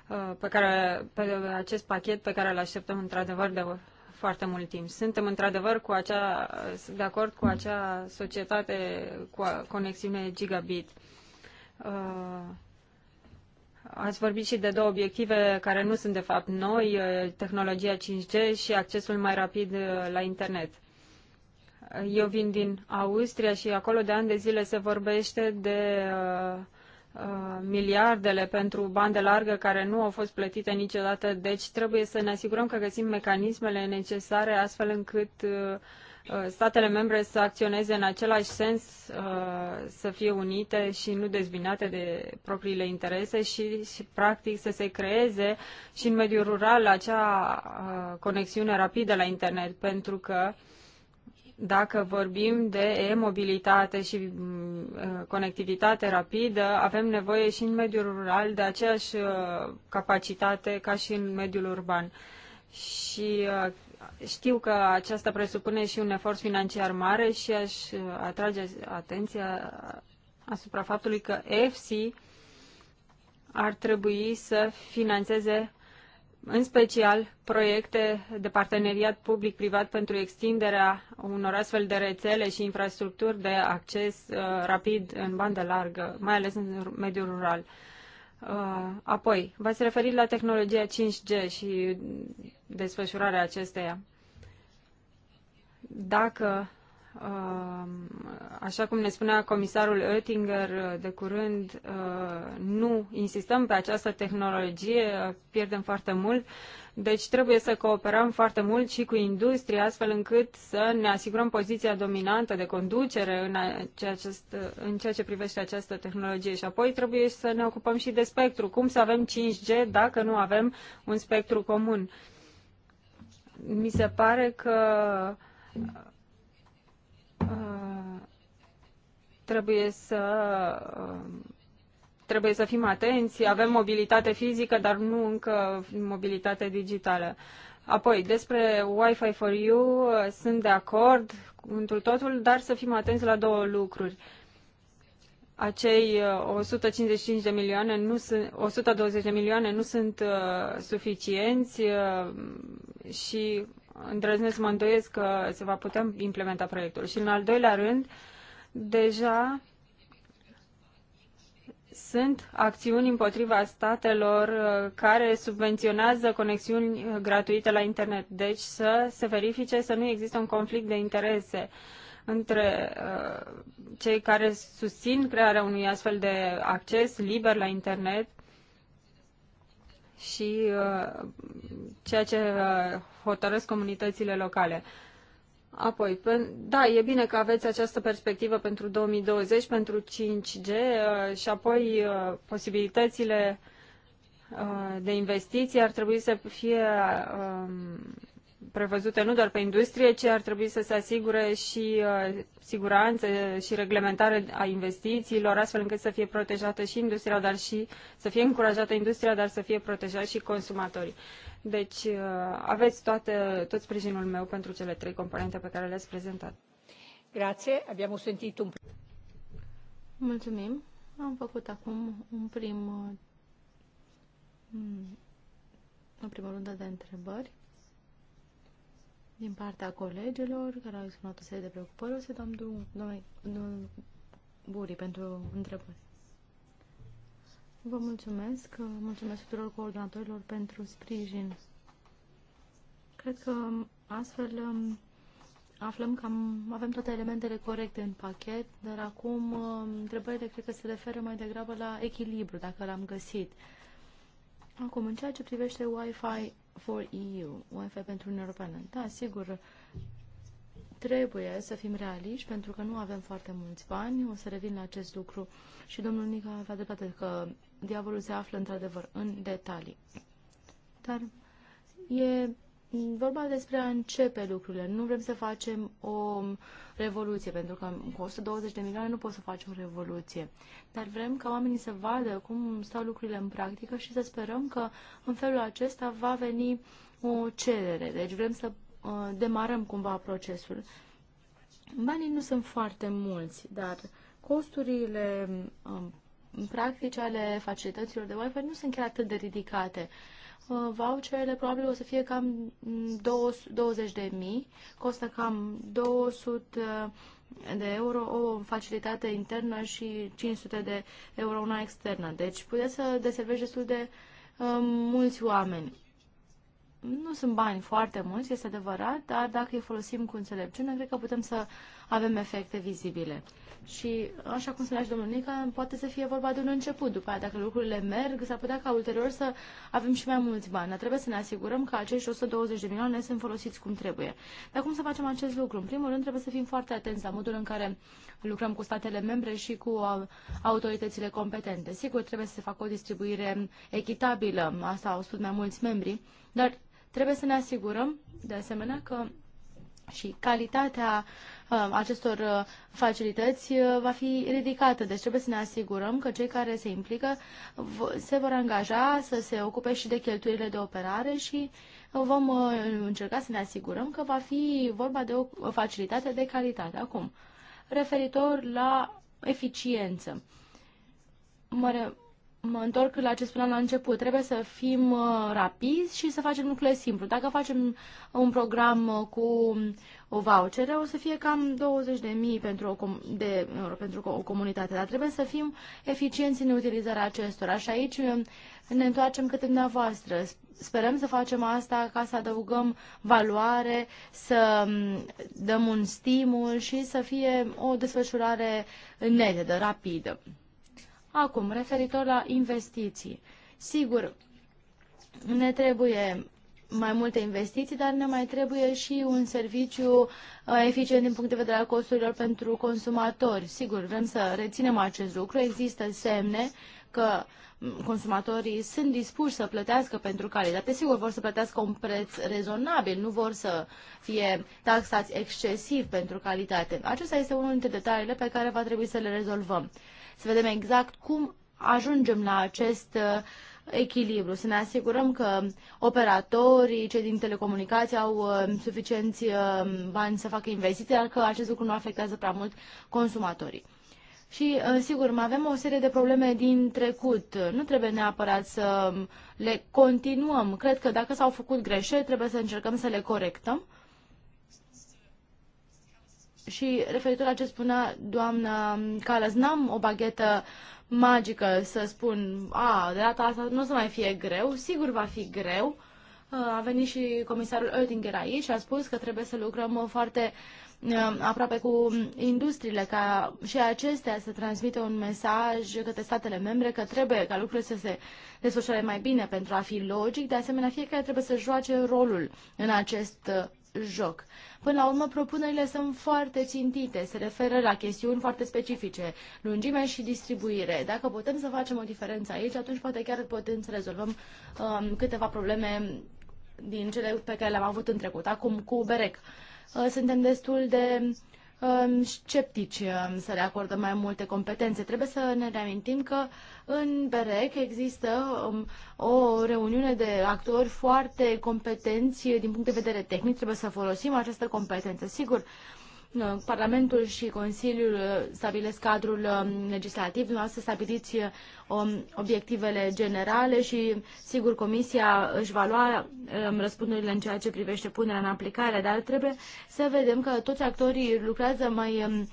uh, pe, care, pe acest pachet pe care îl așteptăm într-adevăr de foarte mult timp. Suntem într-adevăr cu acea, de acord cu acea societate cu conexiune gigabit. Uh, Ați vorbit și de două obiective care nu sunt de fapt noi, tehnologia 5G și accesul mai rapid la internet. Eu vin din Austria și acolo de ani de zile se vorbește de uh, uh, miliardele pentru bandă largă care nu au fost plătite niciodată, deci trebuie să ne asigurăm că găsim mecanismele necesare astfel încât uh, Uh, statele membre să acționeze în același sens, uh, să fie unite și nu dezbinate de propriile interese și, și practic să se creeze și în mediul rural acea uh, conexiune rapidă la internet, pentru că dacă vorbim de e-mobilitate și mm, conectivitate rapidă, avem nevoie și în mediul rural de aceeași capacitate ca și în mediul urban. Și știu că aceasta presupune și un efort financiar mare și aș atrage atenția asupra faptului că EFSI ar trebui să financeze în special proiecte de parteneriat public-privat pentru extinderea unor astfel de rețele și infrastructuri de acces uh, rapid în bandă largă, mai ales în mediul rural. Uh, Uh, apoi, v-ați referit la tehnologia 5G și desfășurarea acesteia. Dacă, uh, așa cum ne spunea comisarul Oettinger uh, de curând, nu insistăm pe această tehnologie, pierdem foarte mult. Deci trebuie să cooperăm foarte mult și cu industria, astfel încât să ne asigurăm poziția dominantă de conducere în, acest, în ceea ce privește această tehnologie. Și apoi trebuie să ne ocupăm și de spectru. Cum să avem 5G dacă nu avem un spectru comun? Mi se pare că uh, trebuie să uh, trebuie să fim atenți, avem mobilitate fizică, dar nu încă mobilitate digitală. Apoi, despre Wi-Fi for You, sunt de acord întru totul, dar să fim atenți la două lucruri. Acei 155 uh, de milioane nu sunt, 120 de milioane nu sunt uh, suficienți uh, și îndrăznesc, mă îndoiesc că se va putea implementa proiectul. Și în al doilea rând, deja sunt acțiuni împotriva statelor uh, care subvenționează conexiuni uh, gratuite la internet. Deci să se verifice să nu există un conflict de interese între uh, cei care susțin crearea unui astfel de acces liber la internet și ceea ce hotărăsc comunitățile locale. Apoi, da, e bine că aveți această perspectivă pentru 2020, pentru 5G uh, și apoi uh, posibilitățile uh, de investiții ar trebui să fie um, prevăzute nu doar pe industrie, ci ar trebui să se asigure și uh, siguranță și reglementare a investițiilor, astfel încât să fie protejată și industria, dar și să fie încurajată industria, dar să fie protejați și consumatorii. Deci uh, aveți toate, tot sprijinul meu pentru cele trei componente pe care le-ați prezentat. Grazie, abbiamo un... Mulțumim. Am făcut acum un prim, uh, o primă rundă de întrebări din partea colegilor care au exprimat o serie de preocupări. O să dăm domnului Buri pentru întrebări. Vă mulțumesc, mulțumesc tuturor coordonatorilor pentru sprijin. Cred că astfel um, aflăm că avem toate elementele corecte în pachet, dar acum um, întrebările cred că se referă mai degrabă la echilibru, dacă l-am găsit. Acum, în ceea ce privește Wi-Fi for EU, wi pentru Uniunea Europeană. Da, sigur, trebuie să fim realiști pentru că nu avem foarte mulți bani. O să revin la acest lucru și domnul Nica avea dreptate că diavolul se află într-adevăr în detalii. Dar e vorba despre a începe lucrurile. Nu vrem să facem o revoluție, pentru că cu 120 de milioane nu poți să faci o revoluție. Dar vrem ca oamenii să vadă cum stau lucrurile în practică și să sperăm că în felul acesta va veni o cerere. Deci vrem să uh, demarăm cumva procesul. Banii nu sunt foarte mulți, dar costurile uh, um, practice ale facilităților de Wi-Fi nu sunt chiar atât de ridicate. Uh, Uh, voucherele probabil o să fie cam 20 mm, de mii, costă cam 200 uh, de euro o facilitate internă și 500 de euro una externă. Deci puteți să deservești destul de um, mulți oameni. Nu sunt bani foarte mulți, este adevărat, dar dacă îi folosim cu înțelepciune, cred că putem să uh, avem efecte vizibile. Și, așa cum spunea și domnul Nica, poate să fie vorba de un început. După aceea, dacă lucrurile merg, s-ar putea ca ulterior să avem și mai mulți bani. Dar trebuie să ne asigurăm că acești 120 de milioane sunt folosiți cum trebuie. Dar cum să facem acest lucru? În primul rând, trebuie să fim foarte atenți la modul în care lucrăm cu statele membre și cu uh, autoritățile competente. Sigur, trebuie să se facă o distribuire echitabilă, asta au spus mai mulți membri, dar trebuie să ne asigurăm, de asemenea, că și calitatea uh, acestor uh, facilități uh, va fi ridicată. Deci trebuie să ne asigurăm că cei care se implică se vor angaja să se ocupe și de cheltuielile de operare și vom încerca să ne asigurăm că va fi vorba de o facilitate de calitate. Acum, referitor la eficiență. Mă mă întorc la ce spuneam la început, trebuie să fim uh, rapizi și să facem lucrurile simplu. Dacă facem uh, un program uh, cu o voucher, o să fie cam 20.000 pentru o, com- de pentru o comunitate, dar trebuie să fim eficienți în utilizarea acestora. Și aici ne întoarcem către dumneavoastră. Sperăm să facem asta ca să adăugăm valoare, să um, dăm un stimul și să fie o desfășurare netedă, rapidă. Acum, referitor la investiții. Sigur, ne trebuie mai multe investiții, dar ne mai trebuie și un serviciu uh, eficient din punct de vedere al costurilor pentru consumatori. Sigur, vrem să reținem acest lucru. Există semne că mm, consumatorii sunt dispuși să plătească pentru calitate. Sigur, vor să plătească un preț rezonabil, nu vor să fie taxați excesiv pentru calitate. Acesta este unul dintre detaliile pe care va trebui să le rezolvăm să vedem exact cum ajungem la acest uh, echilibru, să ne asigurăm că operatorii, cei din telecomunicații au uh, suficienți uh, bani să facă investiții, dar că acest lucru nu afectează prea mult consumatorii. Și, sigur, mai avem o serie de probleme din trecut. Nu trebuie neapărat să um, le continuăm. Cred că dacă s-au făcut greșeli, trebuie să încercăm să le corectăm și referitor la ce spunea doamna Calas, n-am o baghetă magică să spun, a, de data asta nu o să mai fie greu, sigur va fi greu. A venit și comisarul Oettinger aici și a spus că trebuie să lucrăm foarte aproape cu industriile, ca și acestea să transmită un mesaj către statele membre că trebuie ca lucrurile să se desfășoare mai bine pentru a fi logic. De asemenea, fiecare trebuie să joace rolul în acest joc. Până la urmă, propunerile sunt foarte țintite, se referă la chestiuni foarte specifice, lungime și distribuire. Dacă putem să facem o diferență aici, atunci poate chiar putem să rezolvăm um, câteva probleme din cele pe care le-am avut în trecut, acum cu BEREC. Uh, suntem destul de sceptici să le acordăm mai multe competențe. Trebuie să ne reamintim că în BEREC există um, o reuniune de actori foarte competenți din punct de vedere tehnic. Trebuie să folosim această competență. Sigur, Uh, Parlamentul și Consiliul uh, stabilesc cadrul um, legislativ, dumneavoastră stabiliți uh, obiectivele generale și, sigur, Comisia își va lua um, răspundurile în ceea ce privește punerea în aplicare, dar trebuie să vedem că toți actorii lucrează mai um,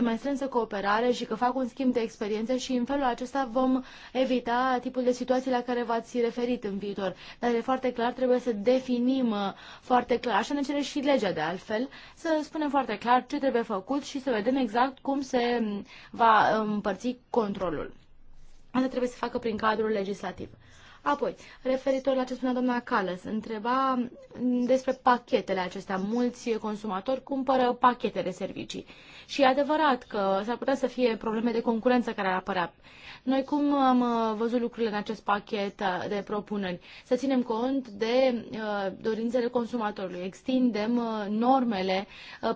mai strânsă cooperare și că fac un schimb de experiențe și în felul acesta vom evita tipul de situații la care v-ați referit în viitor. Dar e foarte clar, trebuie să definim uh, foarte clar, așa ne cere și legea de altfel, să spunem foarte clar ce trebuie făcut și să vedem exact cum se mm, va uh, împărți controlul. Asta trebuie să facă prin cadrul legislativ. Apoi, referitor la ce spunea doamna Calas, întreba mm, despre pachetele acestea. Mulți consumatori cumpără pachete de servicii. Și e adevărat că s-ar putea să fie probleme de concurență care ar apărea. Noi cum am uh, văzut lucrurile în acest pachet uh, de propuneri? Să ținem cont de uh, dorințele consumatorului. Extindem normele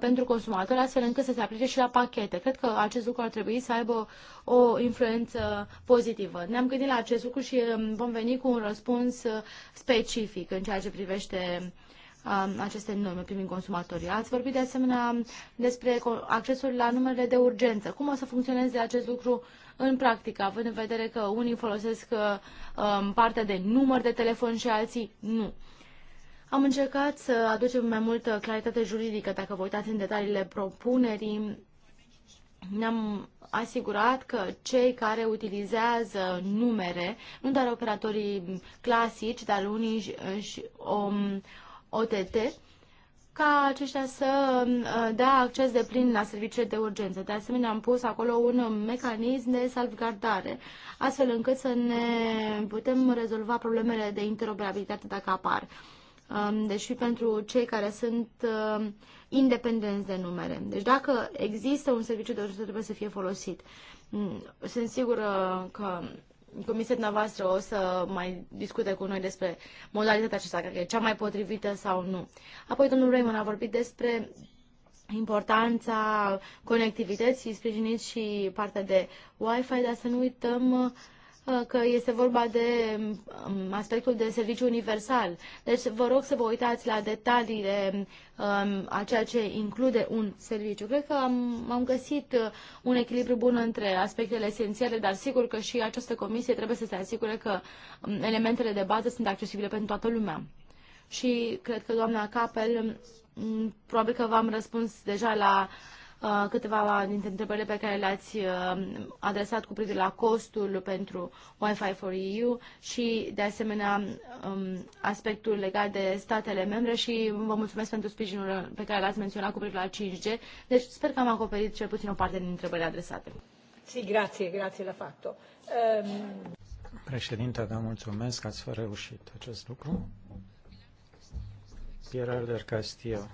pentru consumator astfel încât să se aplice și la pachete. Cred că acest lucru ar trebui să aibă o influență pozitivă. Ne-am gândit la acest lucru și um, vom veni cu un răspuns specific în ceea ce privește aceste norme privind consumatorii. Ați vorbit de asemenea despre accesul la numerele de urgență. Cum o să funcționeze acest lucru în practică, având în vedere că unii folosesc uh, um, partea de număr de telefon și alții nu? Am încercat să aducem mai multă claritate juridică, dacă vă uitați în detaliile propunerii, ne-am asigurat că cei care utilizează numere, nu doar operatorii clasici, dar unii și, își, o, um, OTT, ca aceștia să uh, dea acces de plin la serviciile de urgență. De asemenea, am pus acolo un mecanism de salvgardare, astfel încât să ne putem rezolva problemele de interoperabilitate dacă apar. Um, deci și pentru cei care sunt uh, independenți de numere. Deci dacă există un serviciu de urgență, trebuie să fie folosit. Mm, sunt sigură că comisia dumneavoastră o să mai discute cu noi despre modalitatea aceasta, că e cea mai potrivită sau nu. Apoi domnul Raymond a vorbit despre importanța conectivității, sprijiniți și partea de Wi-Fi, dar să nu uităm Uh, că este vorba de um, aspectul de serviciu universal. Deci vă rog să vă uitați la detaliile um, a ceea ce include un serviciu. Cred că am, am găsit uh, un echilibru bun între aspectele esențiale, dar sigur că și această comisie trebuie să se asigure că um, elementele de bază sunt accesibile pentru toată lumea. Și cred că doamna Capel mm, probabil că v-am răspuns deja la Uh, câteva dintre întrebările pe care le-ați uh, adresat cu privire la costul pentru Wi-Fi for EU și, de asemenea, um, aspectul legat de statele membre și vă mulțumesc pentru sprijinul pe care l-ați menționat cu privire la 5G. Deci sper că am acoperit cel puțin o parte din întrebările adresate. Sì, grazie, grazie la fatto. Um... Președinte, vă mulțumesc, ați reușit acest lucru. Pierre Alder Castillo.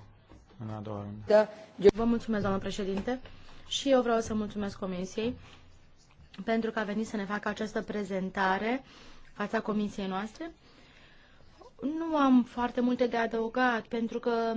Da. Vă mulțumesc, doamnă președinte, și eu vreau să mulțumesc Comisiei pentru că a venit să ne facă această prezentare fața Comisiei noastre. Nu am foarte multe de adăugat, pentru că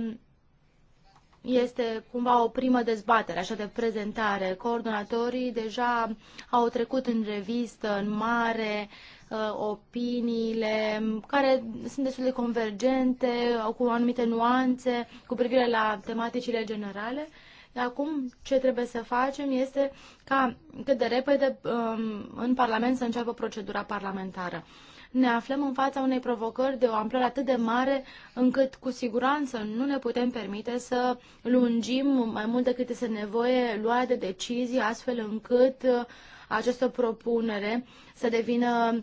este cumva o primă dezbatere, așa de prezentare. Coordonatorii deja au trecut în revistă, în mare, uh, opiniile care sunt destul de convergente, au cu anumite nuanțe cu privire la tematicile generale. Acum ce trebuie să facem este ca cât de repede um, în Parlament să înceapă procedura parlamentară ne aflăm în fața unei provocări de o amploare atât de mare încât cu siguranță nu ne putem permite să lungim mai mult decât este nevoie luarea de decizii astfel încât uh, această propunere să devină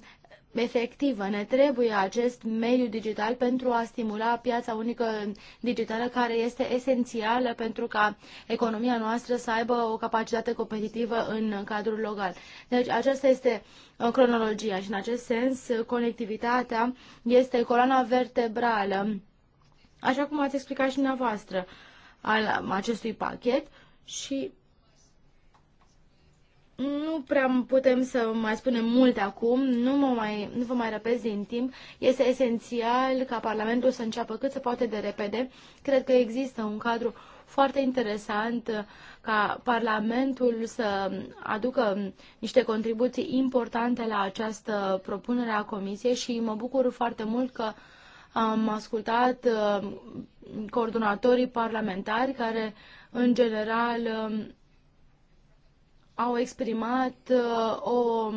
efectivă. Ne trebuie acest mediu digital pentru a stimula piața unică digitală care este esențială pentru ca economia noastră să aibă o capacitate competitivă în cadrul local. Deci aceasta este uh, cronologia și în acest sens conectivitatea este coloana vertebrală, așa cum ați explicat și dumneavoastră, al um, acestui pachet și nu prea putem să mai spunem mult acum, nu, mă mai, nu vă mai răpesc din timp. Este esențial ca Parlamentul să înceapă cât se poate de repede. Cred că există un cadru foarte interesant uh, ca Parlamentul să aducă niște contribuții importante la această propunere a Comisiei și mă bucur foarte mult că am ascultat uh, coordonatorii parlamentari care, în general, um, au exprimat uh, o,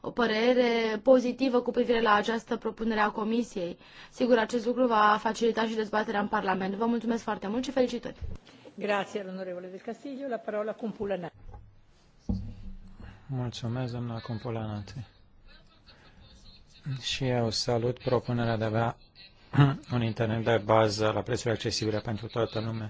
o părere pozitivă cu privire la această propunere a Comisiei. Sigur, acest lucru va facilita și dezbaterea în Parlament. Vă mulțumesc foarte mult și felicitări! Grazie, onorevole Castillo. La parola Mulțumesc, doamna Cumpulana. Și eu salut propunerea de a avea un internet de bază la prețuri accesibile pentru toată lumea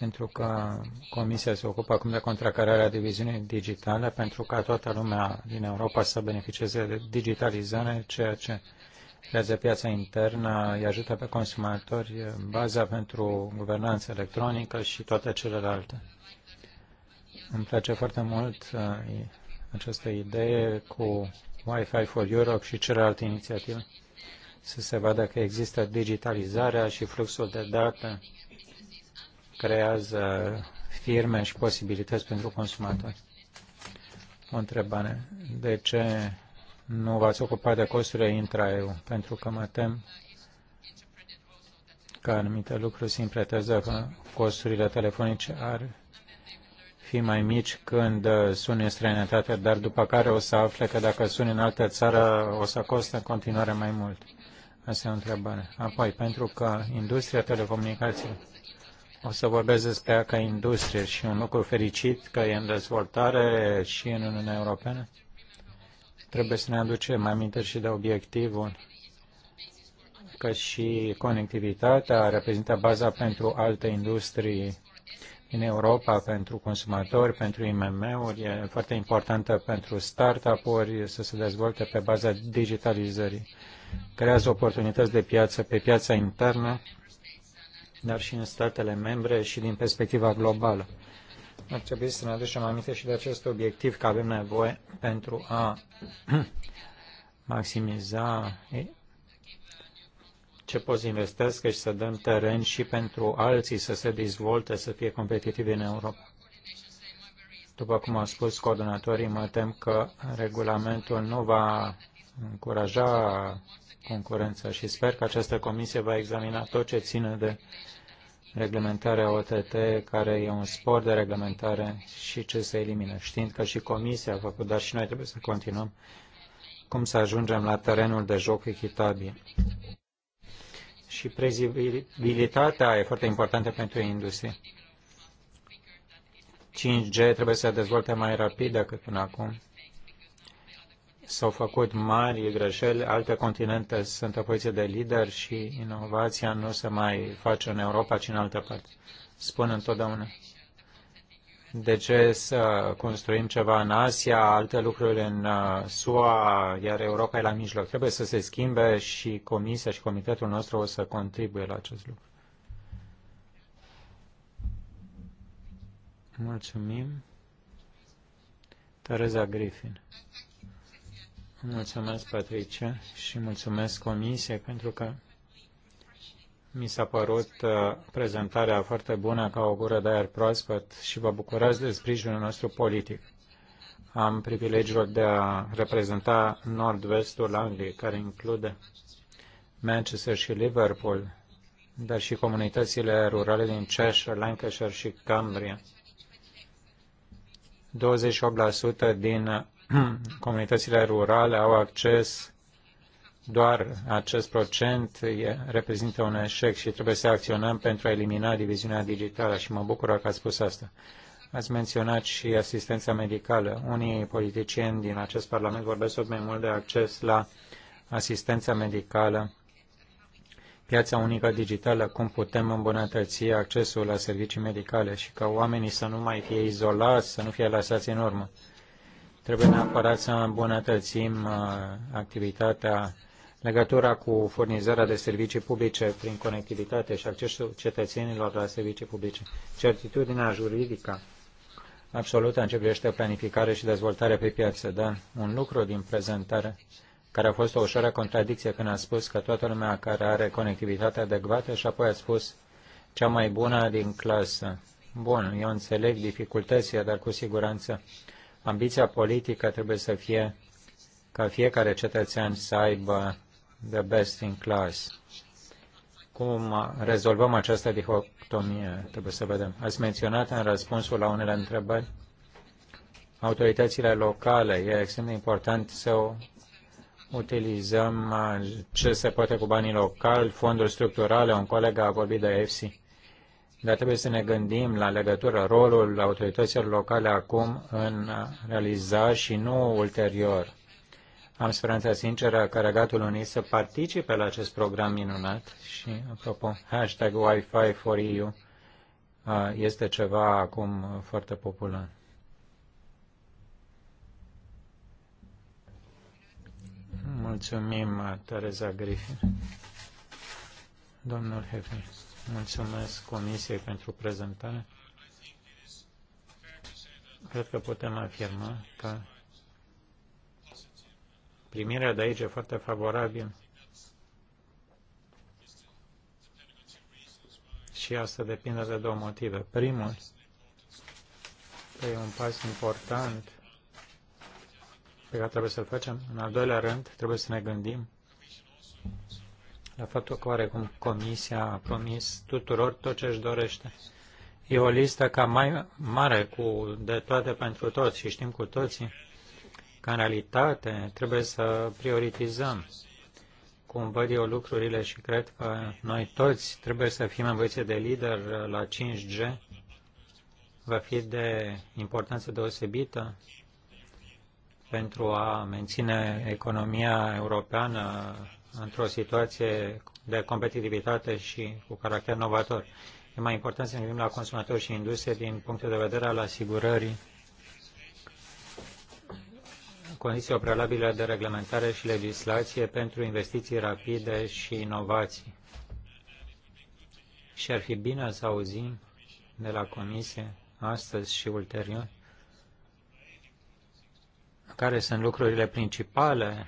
pentru că Comisia se ocupă acum de contracararea diviziunii digitale pentru ca toată lumea din Europa să beneficieze de digitalizare, ceea ce creează piața internă, îi ajută pe consumatori, baza pentru guvernanță electronică și toate celelalte. Îmi place foarte mult uh, această idee cu Wi-Fi for Europe și celelalte inițiative, să se vadă că există digitalizarea și fluxul de date creează firme și posibilități pentru consumatori. O întrebare. De ce nu v-ați ocupat de costurile intra-EU? Pentru că mă tem că anumite lucruri se impletează că costurile telefonice ar fi mai mici când suni în străinătate, dar după care o să afle că dacă suni în altă țară o să costă în continuare mai mult. Asta e o întrebare. Apoi, pentru că industria telecomunicației o să vorbesc despre ea ca industrie și un lucru fericit că e în dezvoltare și în Uniunea Europeană. Trebuie să ne aducem aminte și de obiectivul că și conectivitatea reprezintă baza pentru alte industrii în Europa, pentru consumatori, pentru IMM-uri. E foarte importantă pentru startup-uri să se dezvolte pe baza digitalizării. Creează oportunități de piață pe piața internă dar și în statele membre și din perspectiva globală. Ar trebui să ne aducem aminte și de acest obiectiv că avem nevoie pentru a maximiza ce poți investească și să dăm teren și pentru alții să se dezvolte, să fie competitivi în Europa. După cum au spus coordonatorii, mă tem că regulamentul nu va încuraja concurența și sper că această comisie va examina tot ce ține de reglementarea OTT, care e un spor de reglementare și ce se elimină. Știind că și comisia a făcut, dar și noi trebuie să continuăm cum să ajungem la terenul de joc echitabil. Și prezibilitatea e foarte importantă pentru industrie. 5G trebuie să se dezvolte mai rapid decât până acum s-au făcut mari greșeli, alte continente sunt o poziție de lider și inovația nu se mai face în Europa, ci în altă parte. Spun întotdeauna. De ce să construim ceva în Asia, alte lucruri în uh, SUA, iar Europa e la mijloc? Trebuie să se schimbe și Comisia și Comitetul nostru o să contribuie la acest lucru. Mulțumim. Teresa Griffin. Mulțumesc, Patricia, și mulțumesc Comisie pentru că mi s-a părut uh, prezentarea foarte bună ca o gură de aer proaspăt și vă bucurați de sprijinul nostru politic. Am privilegiul de a reprezenta nord-vestul Angliei, care include Manchester și Liverpool, dar și comunitățile rurale din Cheshire, Lancashire și Cumbria. 28% din comunitățile rurale au acces doar acest procent reprezintă un eșec și trebuie să acționăm pentru a elimina diviziunea digitală și mă bucur că ați spus asta. Ați menționat și asistența medicală. Unii politicieni din acest Parlament vorbesc tot mai mult de acces la asistența medicală, piața unică digitală, cum putem îmbunătăți accesul la servicii medicale și ca oamenii să nu mai fie izolați, să nu fie lăsați în urmă. Trebuie neapărat să îmbunătățim uh, activitatea, legătura cu furnizarea de servicii publice prin conectivitate și accesul cetățenilor la servicii publice. Certitudinea juridică absolută în ce privește planificare și dezvoltare pe piață, da un lucru din prezentare care a fost o ușoară contradicție când a spus că toată lumea care are conectivitate adecvată și apoi a spus cea mai bună din clasă. Bun, eu înțeleg dificultățile, dar cu siguranță Ambiția politică trebuie să fie ca fiecare cetățean să aibă the best in class. Cum rezolvăm această dihotomie? Trebuie să vedem. Ați menționat în răspunsul la unele întrebări autoritățile locale. E extrem de important să utilizăm uh, ce se poate cu banii locali, fonduri structurale. Un coleg a vorbit de EFSI dar trebuie să ne gândim la legătură rolul autorităților locale acum în realiza și nu ulterior. Am speranța sinceră că Regatul Unit să participe la acest program minunat și, apropo, hashtag Wi-Fi for EU este ceva acum foarte popular. Mulțumim, Tereza Griffin. Domnul Hefner. Mulțumesc Comisiei pentru prezentare. Cred că putem afirma că primirea de aici e foarte favorabilă. Și asta depinde de două motive. Primul, că e un pas important pe care trebuie să-l facem. În al doilea rând, trebuie să ne gândim la faptul că oarecum Comisia a promis tuturor tot ce își dorește. E o listă cam mai mare cu de toate pentru toți și știm cu toții că în realitate trebuie să prioritizăm cum văd eu lucrurile și cred că noi toți trebuie să fim învățiți de lider la 5G. Va fi de importanță deosebită pentru a menține economia europeană într-o situație de competitivitate și cu caracter novator. E mai important să ne gândim la consumatori și industrie din punctul de vedere al asigurării condițiilor prealabile de reglementare și legislație pentru investiții rapide și inovații. Și ar fi bine să auzim de la Comisie astăzi și ulterior care sunt lucrurile principale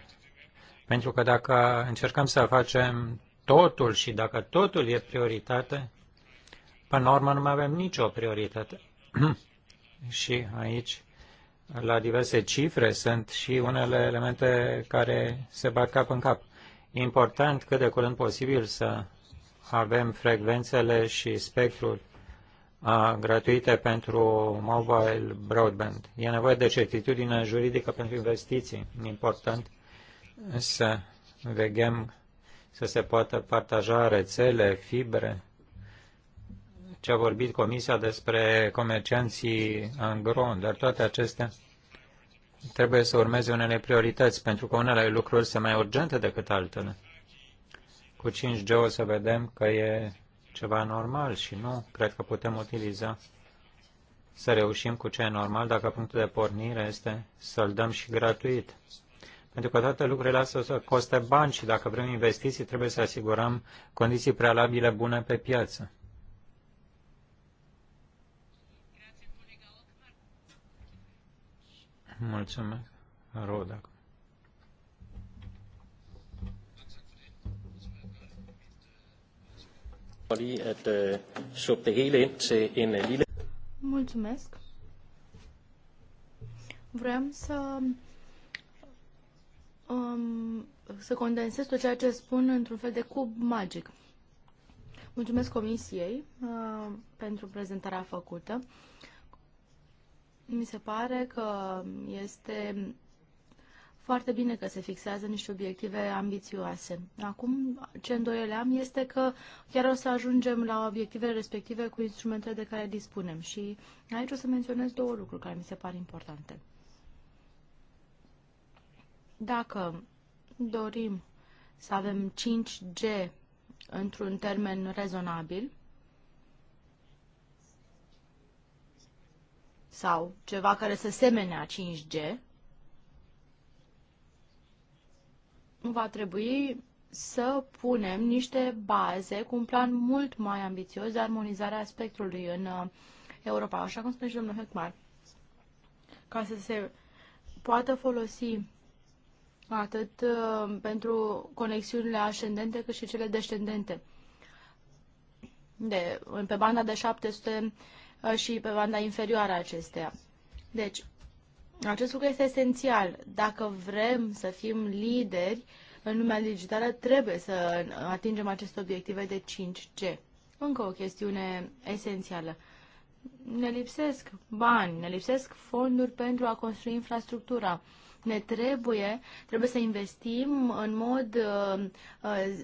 pentru că dacă încercăm să facem totul și dacă totul e prioritate, până la urmă nu mai avem nicio prioritate. și aici, la diverse cifre, sunt și unele elemente care se bat cap în cap. E important cât de curând posibil să avem frecvențele și spectrul gratuite pentru mobile broadband. E nevoie de certitudine juridică pentru investiții, important să vegem să se poată partaja rețele, fibre. Ce a vorbit Comisia despre comercianții angron, dar toate acestea trebuie să urmeze unele priorități, pentru că unele lucruri sunt mai urgente decât altele. Cu 5G o să vedem că e ceva normal și nu cred că putem utiliza să reușim cu ce e normal dacă punctul de pornire este să-l dăm și gratuit pentru că toate lucrurile astea o să coste bani și dacă vrem investiții, trebuie să asigurăm condiții prealabile bune pe piață. Mulțumesc. Rod acum. at øh, øh, Mulțumesc. Vrem să um, să condensez tot ceea ce spun într-un fel de cub magic. Mulțumesc Comisiei uh, pentru prezentarea făcută. Mi se pare că este foarte bine că se fixează niște obiective ambițioase. Acum, ce îndoiele am este că chiar o să ajungem la obiectivele respective cu instrumentele de care dispunem. Și aici o să menționez două lucruri care mi se par importante. Dacă dorim să avem 5G într-un termen rezonabil sau ceva care să semene a 5G, va trebui să punem niște baze cu un plan mult mai ambițios de armonizare a spectrului în uh, Europa, așa cum spune și domnul Hecmar, ca să se poată folosi atât uh, pentru conexiunile ascendente cât și cele descendente. De, pe banda de 700 uh, și pe banda inferioară acesteia. Deci, acest lucru este esențial. Dacă vrem să fim lideri în lumea digitală, trebuie să atingem aceste obiective de 5G. Încă o chestiune esențială. Ne lipsesc bani, ne lipsesc fonduri pentru a construi infrastructura ne trebuie, trebuie să investim în mod uh, uh,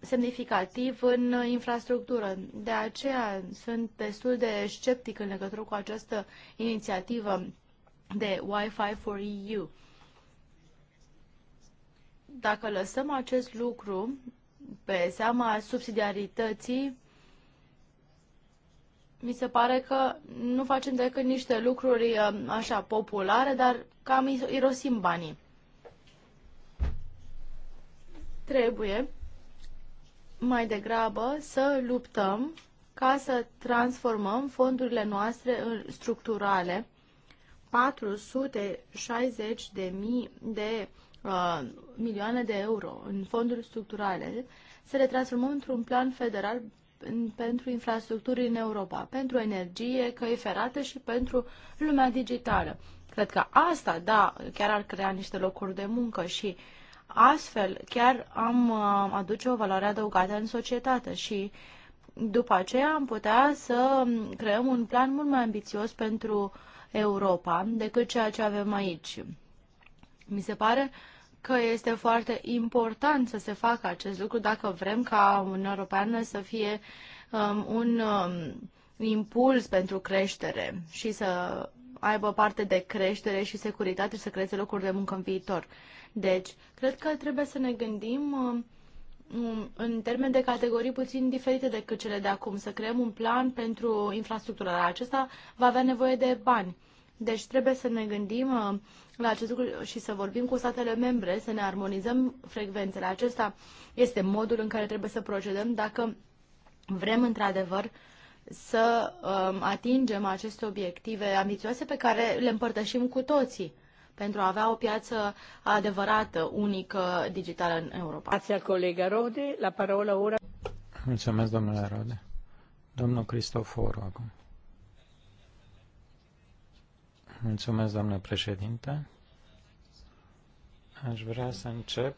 semnificativ în infrastructură. De aceea sunt destul de sceptic în legătură cu această inițiativă de Wi-Fi for EU. Dacă lăsăm acest lucru pe seama subsidiarității, mi se pare că nu facem decât niște lucruri um, așa populare, dar cam irosim banii. Trebuie mai degrabă să luptăm ca să transformăm fondurile noastre în structurale. 460 de mii de uh, milioane de euro în fonduri structurale să le transformăm într-un plan federal pentru infrastructuri în Europa, pentru energie, căi ferate și pentru lumea digitală. Cred că asta, da, chiar ar crea niște locuri de muncă și astfel chiar am uh, aduce o valoare adăugată în societate și după aceea am putea să creăm un plan mult mai ambițios pentru Europa decât ceea ce avem aici. Mi se pare uh, că este foarte important să se facă acest lucru dacă vrem ca Uniunea Europeană să fie um, un um, impuls pentru creștere și să aibă parte de creștere și securitate și să creeze locuri de muncă în viitor. Deci, cred că trebuie să ne gândim um, um în termen de categorii puțin diferite decât cele de acum, să creăm un plan pentru infrastructura. Acesta va avea nevoie de bani. Deci trebuie să ne gândim um, la acest lucru și să vorbim cu statele membre, să ne armonizăm frecvențele. Acesta este modul în care trebuie să procedăm dacă vrem într-adevăr să um, atingem aceste obiective ambițioase pe care le împărtășim cu toții pentru a avea o piață adevărată, unică, digitală în Europa. Grația, colega Rode. La parola ora... Mulțumesc, domnule Rode. Domnul Cristoforu acum. Mulțumesc, doamnă președinte. Aș vrea să încep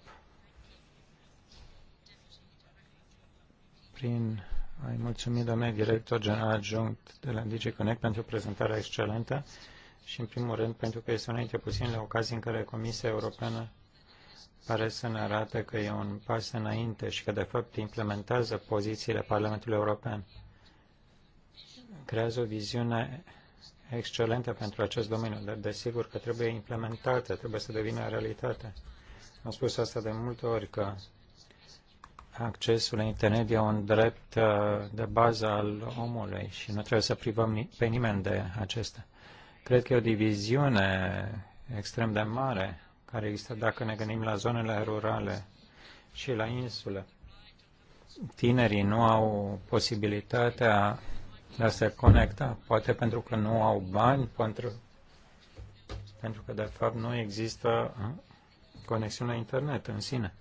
prin a-i mulțumi doamnei director general adjunct de la DigiConnect pentru prezentarea excelentă și, în primul rând, pentru că este una puțin la ocazii în care Comisia Europeană pare să ne arate că e un pas înainte și că, de fapt, implementează pozițiile Parlamentului European. Creează o viziune excelente pentru acest domeniu, dar desigur că trebuie implementată, trebuie să devină realitate. Am spus asta de multe ori, că accesul la internet e un drept uh, de bază al omului și nu trebuie să privăm pe nimeni de acesta. Cred că e o diviziune extrem de mare care există dacă ne gândim la zonele rurale și la insule. Tinerii nu au posibilitatea de a se conecta, poate pentru că nu au bani, pentru, pentru că de fapt nu există uh, conexiune internet în sine.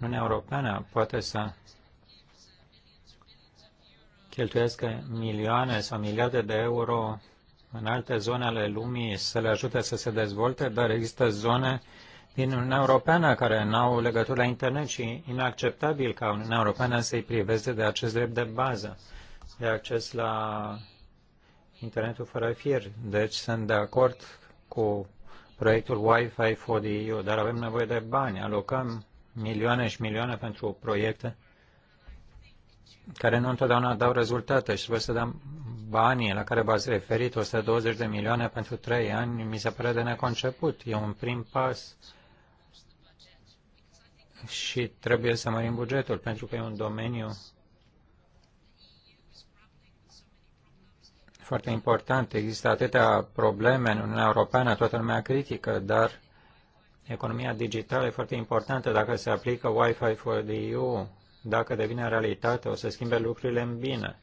Uniunea Europeană poate să cheltuiască milioane sau miliarde de euro în alte zone ale lumii să le ajute să se dezvolte, dar există zone din Uniunea Europeană care nu au legătură la internet și inacceptabil ca Uniunea Europeană să-i priveze de acest drept de bază de acces la internetul fără fir. Deci sunt de acord cu proiectul Wi-Fi for the EU, dar avem nevoie de bani. Alocăm milioane și milioane pentru proiecte care nu întotdeauna dau rezultate și trebuie să dăm banii la care v-ați referit, 120 de milioane pentru 3 ani, mi se pare de neconceput. E un prim pas și trebuie să mărim bugetul, pentru că e un domeniu foarte important. Există atâtea probleme în Uniunea Europeană, toată lumea critică, dar economia digitală e foarte importantă. Dacă se aplică Wi-Fi for the EU, dacă devine realitate, o să schimbe lucrurile în bine.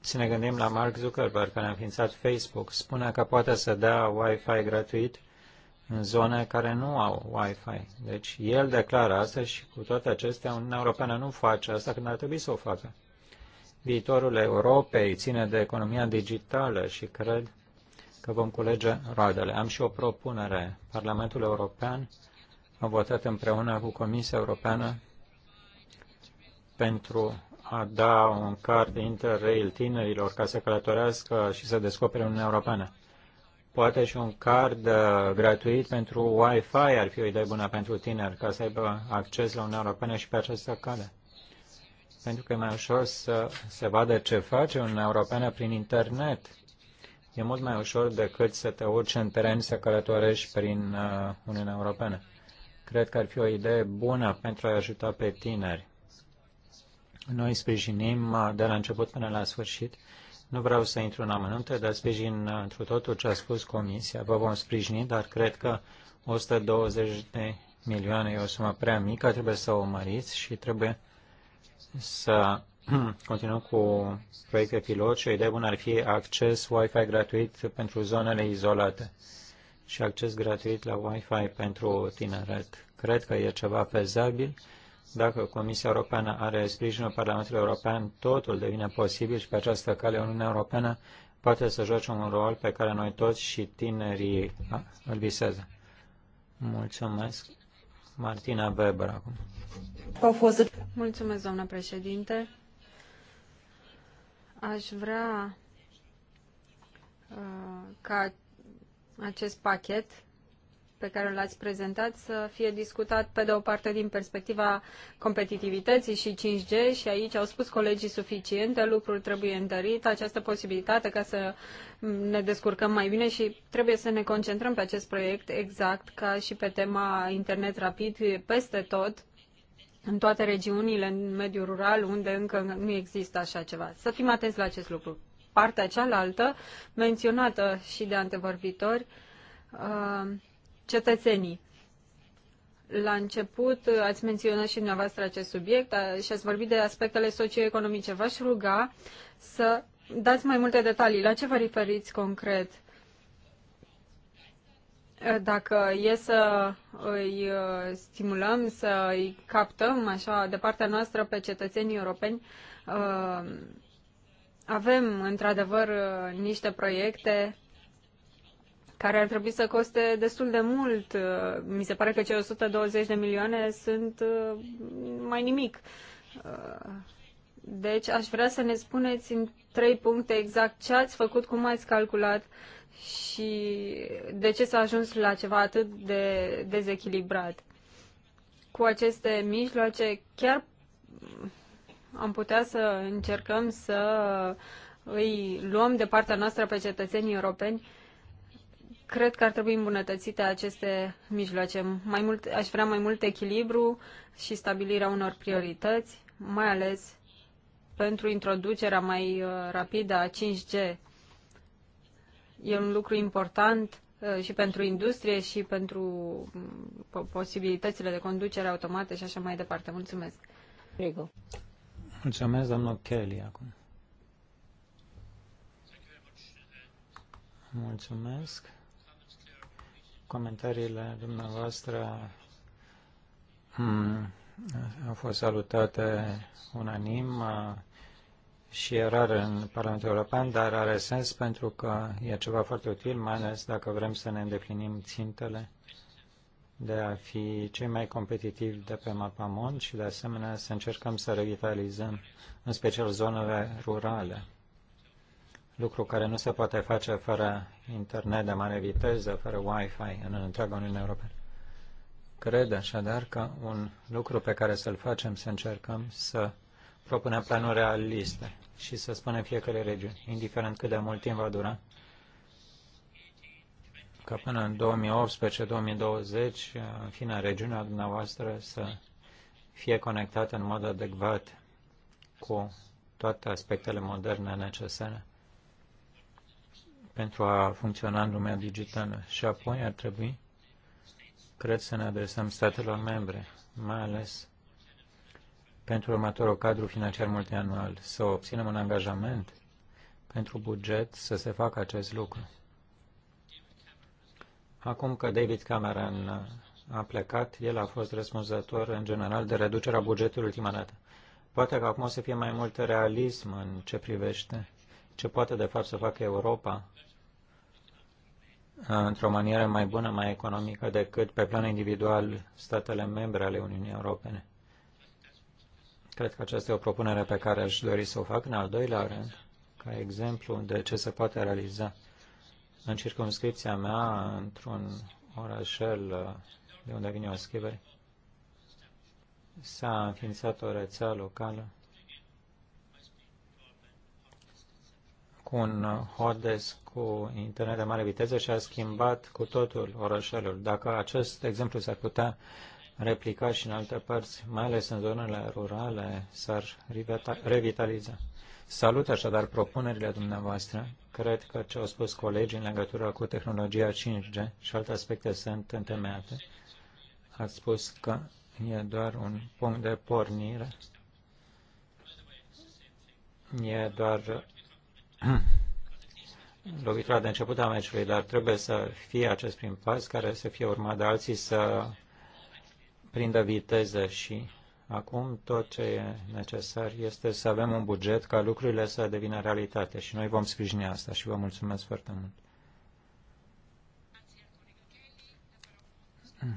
Să ne gândim la Mark Zuckerberg, care a înființat Facebook, spune că poate să dea Wi-Fi gratuit în zone care nu au Wi-Fi. Deci el declară asta și cu toate acestea Uniunea Europeană nu face asta când ar trebui să o facă. Viitorul Europei ține de economia digitală și cred că vom culege roadele. Am și o propunere. Parlamentul European a votat împreună cu Comisia Europeană pentru a da un card interrail tinerilor ca să călătorească și să descopere Uniunea Europeană. Poate și un card uh, gratuit pentru Wi-Fi ar fi o idee bună pentru tineri ca să aibă acces la Uniunea Europeană și pe această cale pentru că e mai ușor să se vadă ce face un european prin internet. E mult mai ușor decât să te urci în teren să călătorești prin uh, Uniunea Europeană. Cred că ar fi o idee bună pentru a ajuta pe tineri. Noi sprijinim uh, de la început până la sfârșit. Nu vreau să intru în amănunte, dar sprijin uh, întru totul ce a spus Comisia. Vă vom sprijini, dar cred că 120 de milioane e o sumă prea mică, trebuie să o măriți și trebuie să continuăm cu proiecte pilot și o idee bună ar fi acces Wi-Fi gratuit pentru zonele izolate și acces gratuit la Wi-Fi pentru tineret. Cred că e ceva fezabil. Dacă Comisia Europeană are sprijinul Parlamentului European, totul devine posibil și pe această cale Uniunea Europeană poate să joace un rol pe care noi toți și tinerii îl visează. Mulțumesc. Martina Weber acum. Mulțumesc, doamnă președinte. Aș vrea uh, ca acest pachet pe care l-ați prezentat să fie discutat pe de o parte din perspectiva competitivității și 5G și aici au spus colegii suficiente, lucrul trebuie întărit, această posibilitate ca să ne descurcăm mai bine și trebuie să ne concentrăm pe acest proiect exact ca și pe tema internet rapid peste tot, în toate regiunile, în mediul rural, unde încă nu există așa ceva. Să fim atenți la acest lucru. Partea cealaltă, menționată și de antevorbitori, uh, cetățenii. La început ați menționat și dumneavoastră acest subiect și ați vorbit de aspectele socioeconomice. V-aș ruga să dați mai multe detalii. La ce vă referiți concret? Dacă e să îi uh, stimulăm, să îi captăm așa de partea noastră pe cetățenii europeni, uh, avem într-adevăr uh, niște proiecte care ar trebui să coste destul de mult. Mi se pare că cei 120 de milioane sunt uh, mai nimic. Uh, deci aș vrea să ne spuneți în trei puncte exact ce ați făcut, cum ați calculat și de ce s-a ajuns la ceva atât de dezechilibrat. Cu aceste mijloace chiar am putea să încercăm să îi luăm de partea noastră pe cetățenii europeni cred că ar trebui îmbunătățite aceste mijloace. Mai mult, aș vrea mai mult echilibru și stabilirea unor priorități, mai ales pentru introducerea mai uh, rapidă a 5G. E un lucru important uh, și pentru industrie și pentru mm, posibilitățile de conducere automată și așa mai departe. Mulțumesc. Rigo. Mulțumesc, doamnă Kelly, acum. Mulțumesc. Comentariile dumneavoastră mm, au fost salutate unanim uh, și e rar în Parlamentul European, dar are sens pentru că e ceva foarte util, mai ales dacă vrem să ne îndeplinim țintele de a fi cei mai competitivi de pe mapa mond și de asemenea să încercăm să revitalizăm în special zonele rurale lucru care nu se poate face fără internet de mare viteză, fără Wi-Fi în întreaga Uniune Europeană. Cred așadar că un lucru pe care să-l facem, să încercăm să propunem planuri realiste și să spunem fiecare regiune, indiferent cât de mult timp va dura, ca până în 2018-2020, în fine, regiunea dumneavoastră să fie conectată în mod adecvat cu toate aspectele moderne necesare pentru a funcționa în lumea digitală. Și apoi ar trebui, cred, să ne adresăm statelor membre, mai ales pentru următorul cadru financiar multianual, să obținem un angajament pentru buget să se facă acest lucru. Acum că David Cameron a plecat, el a fost răspunzător în general de reducerea bugetului ultima dată. Poate că acum o să fie mai mult realism în ce privește ce poate de fapt să facă Europa într-o manieră mai bună, mai economică decât pe plan individual statele membre ale Uniunii Europene. Cred că aceasta e o propunere pe care aș dori să o fac în al doilea rând, ca exemplu de ce se poate realiza în circumscripția mea, într-un orașel de unde vine o schivări, s-a înființat o rețea locală cu un HODES cu internet de mare viteză și a schimbat cu totul orășelul. Dacă acest exemplu s-ar putea replica și în alte părți, mai ales în zonele rurale, s-ar revitaliza. Salut așadar propunerile dumneavoastră. Cred că ce au spus colegii în legătură cu tehnologia 5G și alte aspecte sunt întemeiate. Ați spus că e doar un punct de pornire. E doar Hmm. lovitura de început a meciului, dar trebuie să fie acest prim pas care să fie urmat de alții să prindă viteză și acum tot ce e necesar este să avem un buget ca lucrurile să devină realitate și noi vom sprijini asta și vă mulțumesc foarte mult.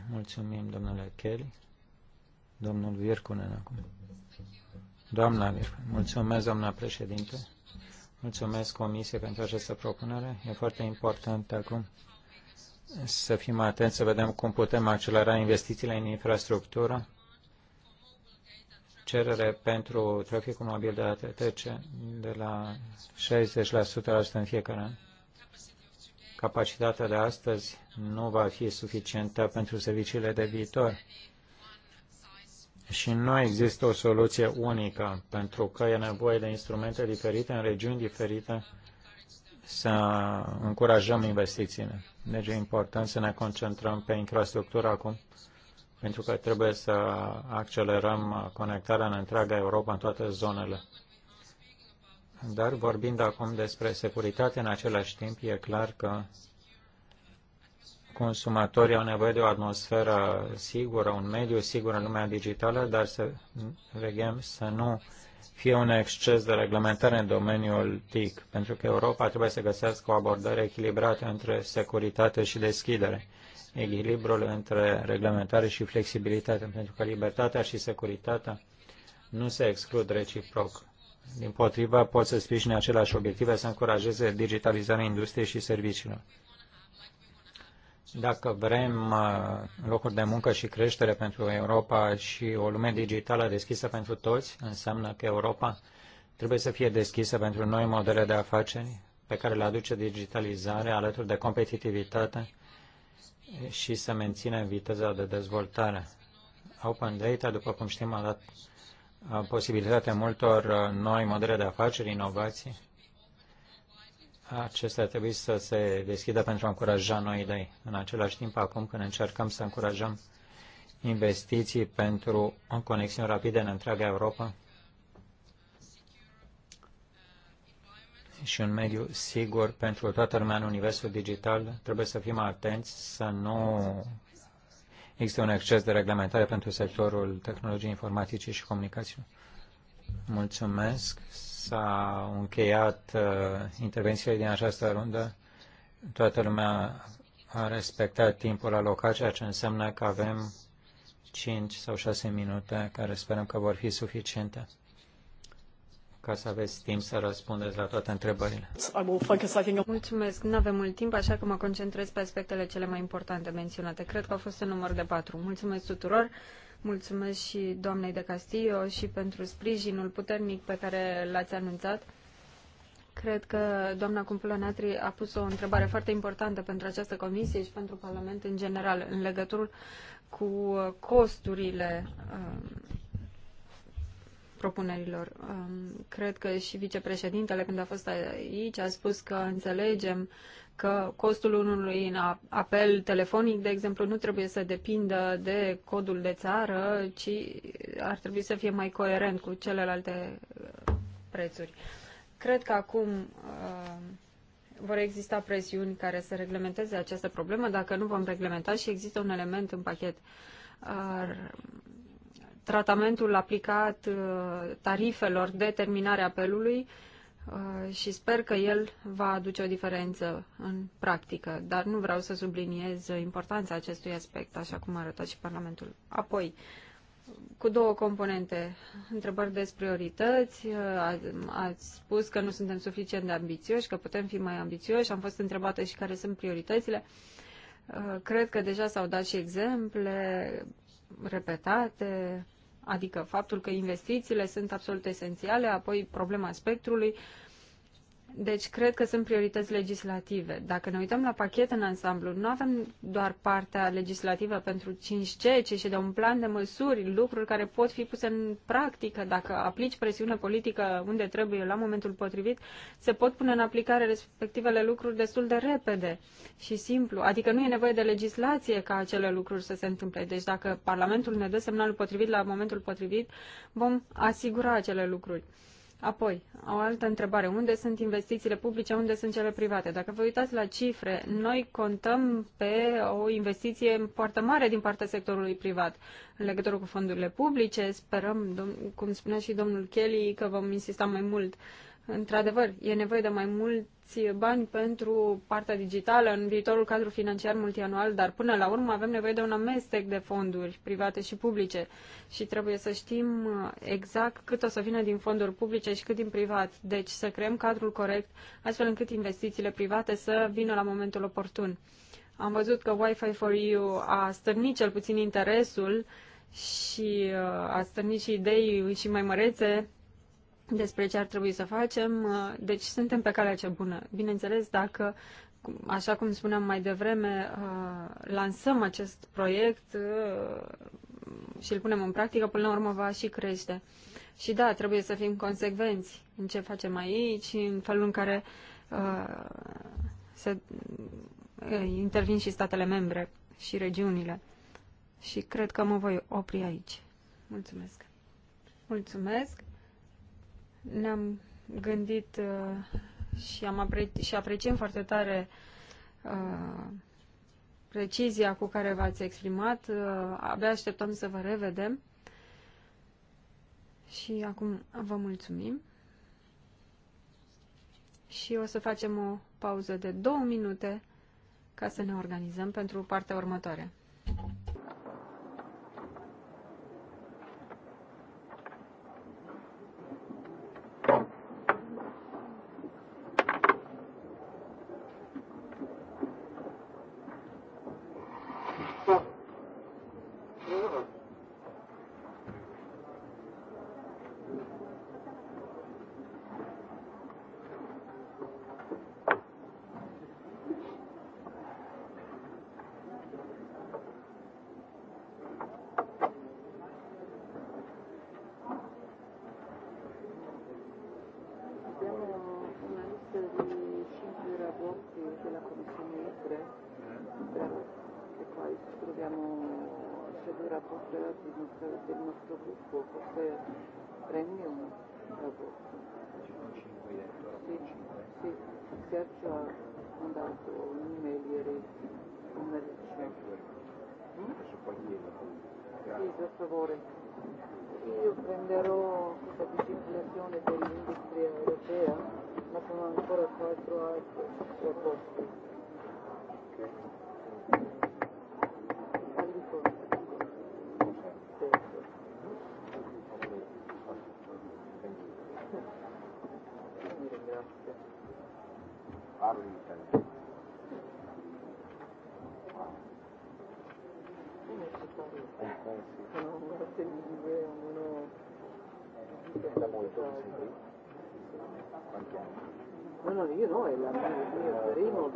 Mulțumim, domnule Kelly. Domnul Virkunen acum. Doamna Virkunen, mulțumesc, doamna președinte. Mulțumesc Comisie pentru această propunere. E foarte important acum să fim atenți, să vedem cum putem accelera investițiile în infrastructură. Cerere pentru traficul mobil de ATTC de la 60% la în fiecare an. Capacitatea de astăzi nu va fi suficientă pentru serviciile de viitor și nu există o soluție unică, pentru că e nevoie de instrumente diferite în regiuni diferite să încurajăm investițiile. Deci e important să ne concentrăm pe infrastructură acum, pentru că trebuie să accelerăm conectarea în întreaga Europa, în toate zonele. Dar vorbind acum despre securitate în același timp, e clar că consumatorii au nevoie de o atmosferă sigură, un mediu sigur în lumea digitală, dar să vegem să nu fie un exces de reglementare în domeniul TIC, pentru că Europa trebuie să găsească o abordare echilibrată între securitate și deschidere, echilibrul între reglementare și flexibilitate, pentru că libertatea și securitatea nu se exclud reciproc. Din potriva, pot să sprijine aceleași obiective să încurajeze digitalizarea industriei și serviciilor. Dacă vrem uh, locuri de muncă și creștere pentru Europa și o lume digitală deschisă pentru toți, înseamnă că Europa trebuie să fie deschisă pentru noi modele de afaceri pe care le aduce digitalizarea alături de competitivitate și să menținem viteza de dezvoltare. Open Data, după cum știm, a dat uh, posibilitatea multor uh, noi modele de afaceri, inovații acestea trebuie să se deschidă pentru a încuraja noi idei. În același timp, acum când încercăm să încurajăm investiții pentru o conexiune rapidă în întreaga Europa și un mediu sigur pentru toată lumea în universul digital, trebuie să fim atenți să nu există un exces de reglementare pentru sectorul tehnologiei informaticii și comunicațiilor. Mulțumesc s a încheiat uh, intervențiile din această rundă. Toată lumea a respectat timpul alocat, ceea ce înseamnă că avem 5 sau 6 minute, care sperăm că vor fi suficiente ca să aveți timp să răspundeți la toate întrebările. Mulțumesc. Nu avem mult timp, așa că mă concentrez pe aspectele cele mai importante menționate. Cred că au fost în număr de patru. Mulțumesc tuturor. Mulțumesc și doamnei de Castillo și pentru sprijinul puternic pe care l-ați anunțat. Cred că doamna Cumpulă Natri a pus o întrebare foarte importantă pentru această comisie și pentru Parlament în general, în legătură cu costurile um, propunerilor. Um, cred că și vicepreședintele, când a fost aici, a spus că înțelegem uh, că costul unui apel telefonic, de exemplu, nu trebuie să depindă de codul de țară, ci ar trebui să fie mai coerent cu celelalte uh, prețuri. Cred că acum uh, vor exista presiuni care să reglementeze această problemă. Dacă nu vom reglementa și există un element în pachet, tratamentul aplicat uh, tarifelor de terminare apelului, Uh, și sper că el va aduce o diferență în practică, dar nu vreau să subliniez importanța acestui aspect, așa cum a arătat și Parlamentul. Apoi, cu două componente, întrebări despre priorități, uh, ați spus că nu suntem suficient de ambițioși, că putem fi mai ambițioși, am fost întrebată și care sunt prioritățile. Uh, cred că deja s-au dat și exemple repetate, adică faptul că investițiile sunt absolut esențiale, apoi problema spectrului, uh, deci cred că sunt priorități legislative. Dacă ne uităm la pachet în ansamblu, nu avem doar partea legislativă pentru 5G, ci și de un plan de măsuri, lucruri care pot fi puse în practică. Dacă aplici presiune politică unde trebuie, la momentul potrivit, se pot pune în aplicare respectivele lucruri destul de repede și simplu. Adică nu e nevoie de legislație ca acele lucruri să se întâmple. Deci dacă Parlamentul ne dă semnalul potrivit la momentul potrivit, vom asigura acele lucruri. Apoi, o altă întrebare. Unde sunt investițiile publice, unde sunt cele private? Dacă vă uitați la cifre, noi contăm pe o investiție foarte mare din partea sectorului privat. În legătură cu fondurile publice, sperăm, cum spunea și domnul Kelly, că vom insista mai mult uh, Într-adevăr, e nevoie de mai mulți bani pentru partea digitală în viitorul cadru financiar multianual, dar până la urmă avem nevoie de un amestec de fonduri private și publice și trebuie să știm uh, exact cât o să vină din fonduri publice și cât din privat. Deci să creăm cadrul corect astfel încât investițiile private să vină la momentul oportun. Am văzut că Wi-Fi for You a stârnit cel puțin interesul și uh, a stârnit și idei și mai mărețe despre ce ar trebui să facem. Uh, deci suntem pe calea cea bună. Bineînțeles, dacă, așa cum spuneam mai devreme, uh, lansăm acest proiect uh, și îl punem în practică, până la urmă va și crește. Și da, trebuie să fim consecvenți în ce facem aici, în felul în care se intervin și statele membre și regiunile. Și cred că mă voi opri aici. Mulțumesc. Mulțumesc. Ne-am gândit uh, și, am apreci- și apreciem foarte tare uh, precizia cu care v-ați exprimat. Uh, abia așteptăm să vă revedem. Și acum vă mulțumim. Și o să facem o pauză de două minute ca să ne organizăm pentru partea următoare. Sergio ha mandato un'email ieri hm? pomeriggio. Da. Sì, per favore. Io prenderò questa legislazione per l'industria europea, ma sono ancora quattro altre proposte. Okay. Arlington. No, no, primo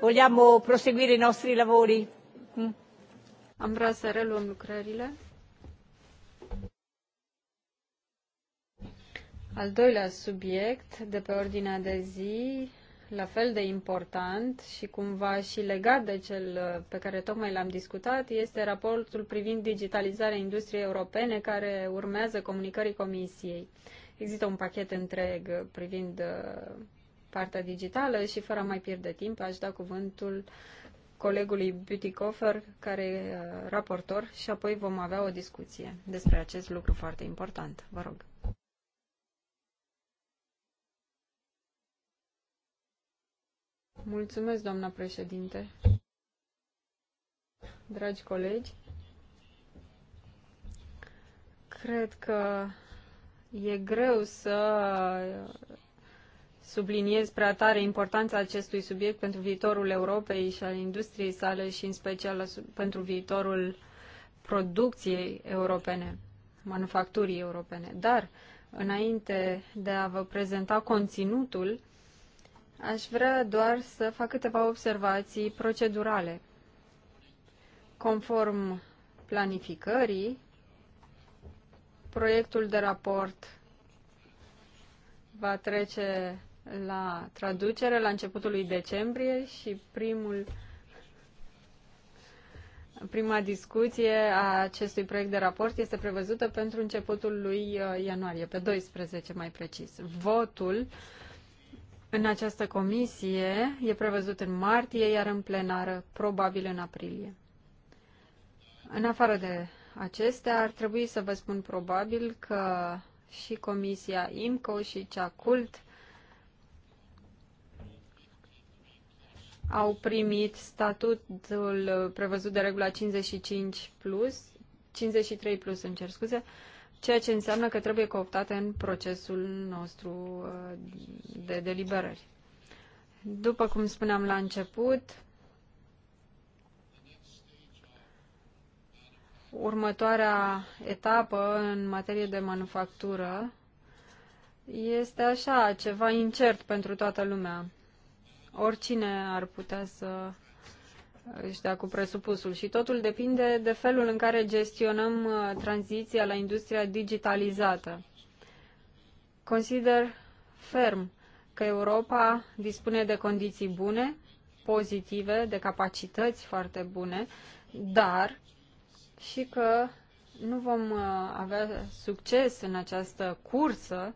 Vogliamo proseguire i nostri lavori? Mm? Am vrea să reluăm lucrările. Al doilea subiect de pe ordinea de zi, la fel de important și cumva și legat de cel uh, pe care tocmai l-am discutat, este raportul privind digitalizarea industriei europene care urmează comunicării Comisiei. Există un pachet întreg uh, privind uh, partea digitală și fără a mai pierde timp aș da cuvântul colegului Butikofer, care e raportor, și apoi vom avea o discuție despre acest lucru foarte important. Vă rog. Mulțumesc, doamna președinte. Dragi colegi, cred că e greu să subliniez prea tare importanța acestui subiect pentru viitorul Europei și al industriei sale și în special pentru viitorul producției europene, manufacturii europene. Dar, înainte de a vă prezenta conținutul, Aș vrea doar să fac câteva observații procedurale. Conform planificării, proiectul de raport va trece la traducere la începutul lui decembrie și primul, prima discuție a acestui proiect de raport este prevăzută pentru începutul lui uh, ianuarie, pe 12 mai precis. Votul uh, în această comisie e prevăzut în martie, iar în plenară probabil în aprilie. În afară de acestea, ar trebui să vă spun probabil că și comisia IMCO și cea CULT au primit statutul prevăzut de regula 55 plus, 53 plus, îmi cer scuze, ceea ce înseamnă că trebuie cooptate în procesul nostru uh, de deliberări. După cum spuneam la început, următoarea etapă în materie de manufactură este așa, ceva incert pentru toată lumea. Oricine ar putea să își dea cu presupusul și totul depinde de felul în care gestionăm uh, tranziția la industria digitalizată. Consider ferm că Europa dispune de condiții bune, pozitive, de capacități foarte bune, dar și că nu vom uh, avea succes în această cursă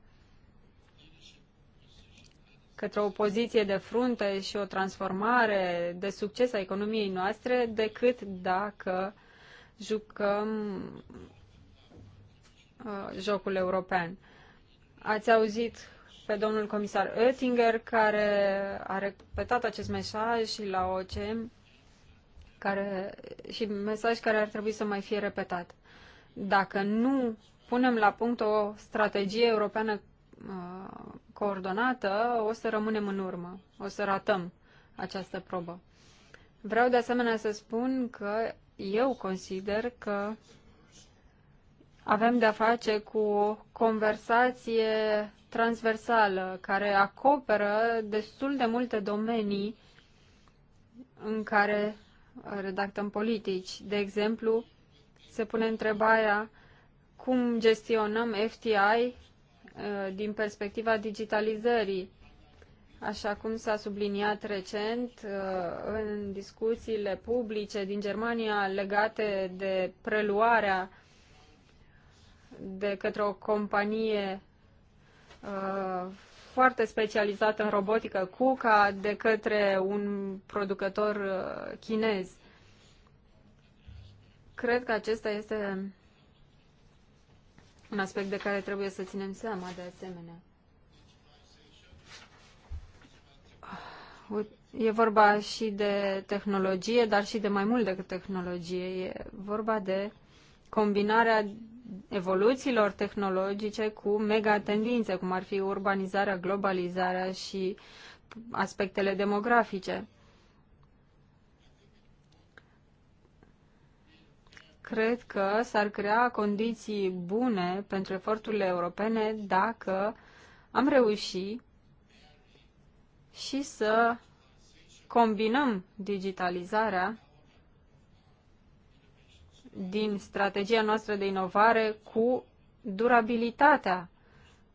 către o poziție de frunte și o transformare de succes a economiei noastre decât dacă jucăm uh, jocul european. Ați auzit pe domnul comisar Oettinger, care a repetat acest mesaj și la OCM, care, și mesaj care ar trebui să mai fie repetat. Dacă nu punem la punct o strategie europeană Uh, coordonată, o să rămânem în urmă, o să ratăm această probă. Vreau de asemenea să spun că eu consider că avem de-a face cu o conversație transversală care acoperă destul de multe domenii în care redactăm politici. De exemplu, se pune întrebarea cum gestionăm FTI Uh, din perspectiva digitalizării. Așa cum s-a subliniat recent uh, în discuțiile publice din Germania legate de preluarea de către o companie uh, foarte specializată în robotică, KUKA, de către un producător chinez. Cred că acesta este un aspect de care trebuie să ținem seama de asemenea. E vorba și de tehnologie, dar și de mai mult decât tehnologie. E vorba de combinarea evoluțiilor tehnologice cu mega tendințe, cum ar fi urbanizarea, globalizarea și aspectele demografice. cred că s-ar crea condiții bune pentru eforturile europene dacă am reușit și să combinăm digitalizarea din strategia noastră de inovare cu durabilitatea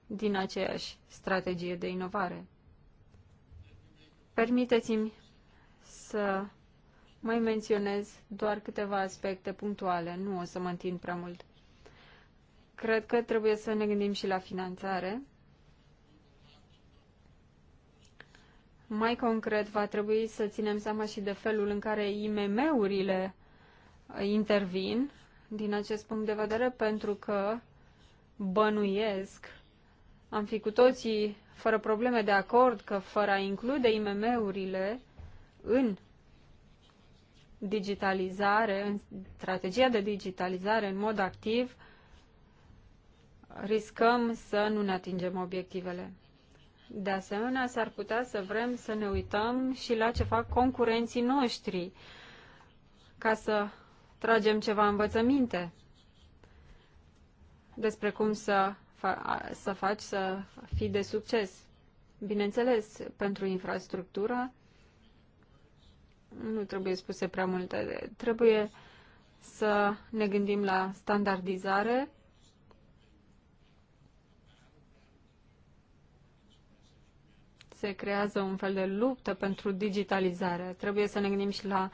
din aceeași strategie de inovare. Permiteți-mi să mai menționez doar câteva aspecte punctuale, nu o să mă întind prea mult. Cred că trebuie să ne gândim și la finanțare. Mai concret, va trebui să ținem seama și de felul în care IMM-urile uh, intervin din acest punct de vedere, pentru că bănuiesc, am fi cu toții fără probleme de acord că fără a include IMM-urile în digitalizare, în strategia de digitalizare în mod activ, riscăm să nu ne atingem obiectivele. De asemenea, s-ar putea să vrem să ne uităm și la ce fac concurenții noștri ca să tragem ceva învățăminte despre cum să, fa- să faci să fii de succes. Bineînțeles, pentru infrastructură nu trebuie spuse prea multe. Trebuie să ne gândim la standardizare, se creează un fel de luptă pentru digitalizare. Trebuie să ne gândim și la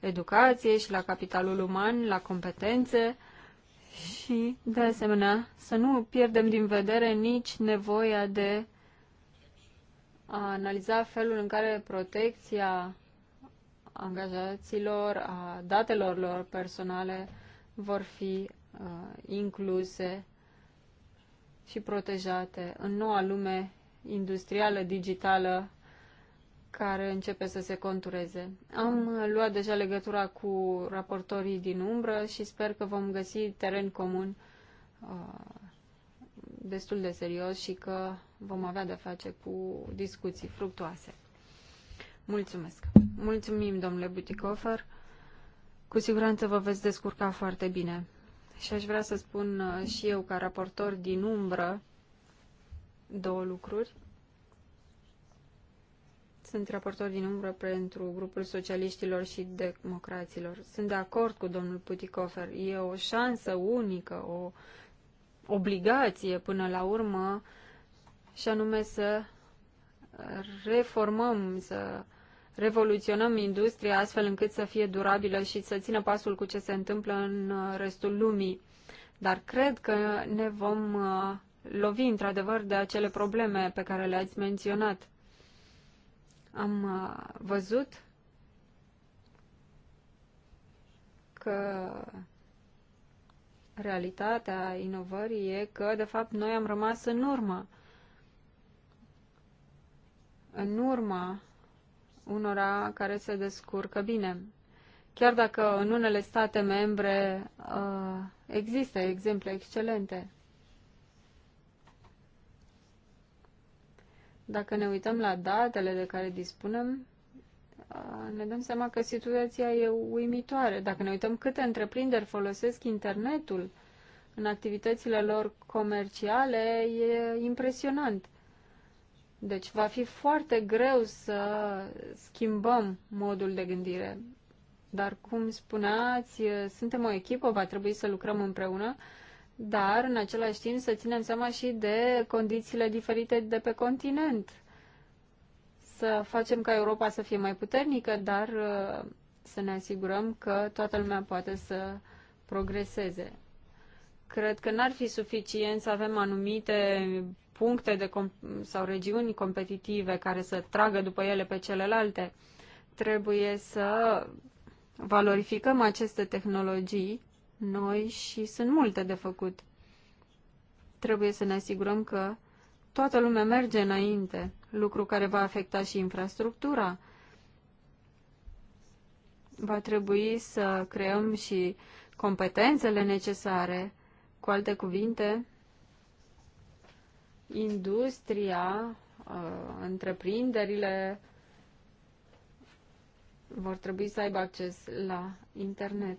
educație și la capitalul uman, la competențe și, de asemenea, să nu pierdem din vedere nici nevoia de a analiza felul în care protecția angajaților, a datelor lor personale vor fi uh, incluse și protejate în noua lume industrială, digitală, care începe să se contureze. Am luat deja legătura cu raportorii din umbră și sper că vom găsi teren comun uh, destul de serios și că vom avea de face cu discuții fructoase. Mulțumesc. Mulțumim, domnule Buticofer. Cu siguranță vă veți descurca foarte bine. Și aș vrea să spun uh, și eu, ca raportor din umbră, două lucruri. Sunt raportor din umbră pentru grupul socialiștilor și democraților. Sunt de acord cu domnul Puticofer. E o șansă unică, o obligație până la urmă, și anume să reformăm, să uh, revoluționăm industria astfel încât să fie durabilă și să țină pasul cu ce se întâmplă în uh, restul lumii. Dar cred că ne vom uh, lovi într-adevăr de acele probleme pe care le-ați menționat. Am uh, văzut că realitatea inovării e că, de fapt, noi am rămas în urmă. În urma unora care se descurcă bine. Chiar dacă în unele state membre uh, există exemple excelente. Dacă ne uităm la datele de care dispunem, uh, ne dăm seama că situația e uimitoare. Dacă ne uităm câte întreprinderi folosesc internetul în activitățile lor comerciale, e impresionant. Uh, deci va fi foarte greu să schimbăm modul de gândire. Dar, cum spuneați, suntem o echipă, va trebui să lucrăm împreună, dar, în același timp, să ținem seama și de condițiile diferite de pe continent. Să facem ca Europa să fie mai puternică, dar să ne asigurăm că toată lumea poate să progreseze. Cred că n-ar fi suficient să avem anumite puncte de sau regiuni competitive care să tragă după ele pe celelalte. Trebuie să valorificăm aceste tehnologii noi și sunt multe de făcut. Trebuie să ne asigurăm că toată lumea merge înainte, lucru care va afecta și infrastructura. Va trebui să creăm și competențele necesare. Cu alte cuvinte, industria, uh, întreprinderile vor trebui să aibă acces la internet.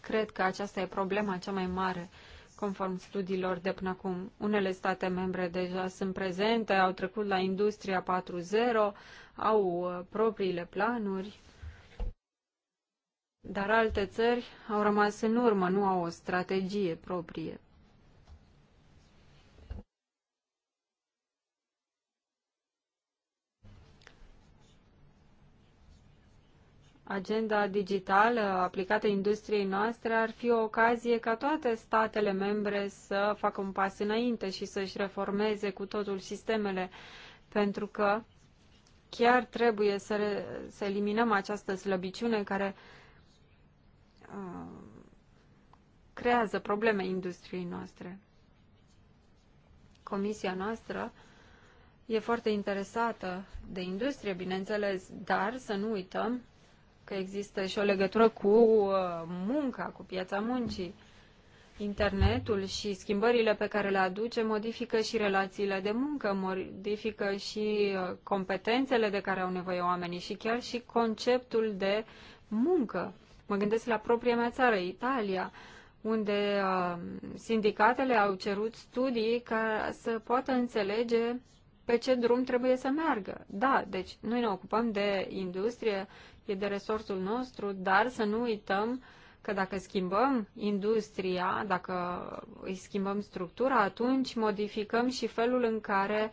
Cred că aceasta e problema cea mai mare, conform studiilor de până acum. Unele state membre deja sunt prezente, au trecut la Industria 4.0, au uh, propriile planuri, dar alte țări au rămas în urmă, nu au o strategie proprie. agenda digitală aplicată industriei noastre ar fi o ocazie ca toate statele membre să facă un pas înainte și să-și reformeze cu totul sistemele, pentru că chiar trebuie să, re, să eliminăm această slăbiciune care uh, creează probleme industriei noastre. Comisia noastră e foarte interesată de industrie, bineînțeles, dar să nu uităm că există și o legătură cu uh, munca, cu piața muncii. Internetul și schimbările pe care le aduce modifică și relațiile de muncă, modifică și uh, competențele de care au nevoie oamenii și chiar și conceptul de muncă. Mă gândesc la propria mea țară, Italia, unde uh, sindicatele au cerut studii ca să poată înțelege pe ce drum trebuie să meargă. Da, deci noi ne ocupăm de industrie e de resortul nostru, dar să nu uităm că dacă schimbăm industria, dacă îi schimbăm structura, atunci modificăm și felul în care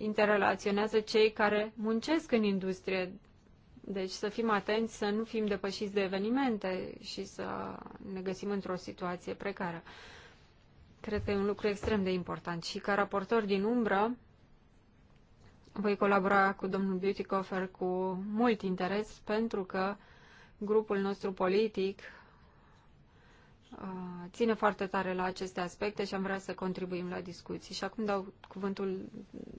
interrelaționează cei care muncesc în industrie. Deci să fim atenți, să nu fim depășiți de evenimente și să ne găsim într-o situație precară. Cred că e un lucru extrem de important și ca raportor din umbră voi colabora cu domnul Beautycoffer cu mult interes pentru că grupul nostru politic uh, ține foarte tare la aceste aspecte și am vrea să contribuim la discuții. Și acum dau cuvântul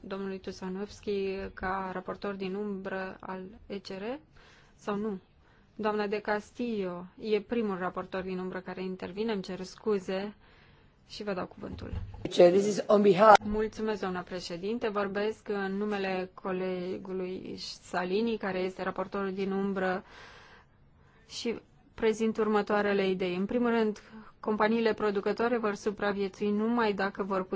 domnului Tusanovski ca raportor din umbră al ECR sau nu? Doamna de Castillo e primul raportor din umbră care intervine, îmi cer scuze și vă dau cuvântul. Mulțumesc, doamna președinte. Vorbesc în numele colegului Salini, care este raportor din umbră și prezint următoarele idei. În primul rând, companiile producătoare vor supraviețui numai dacă vor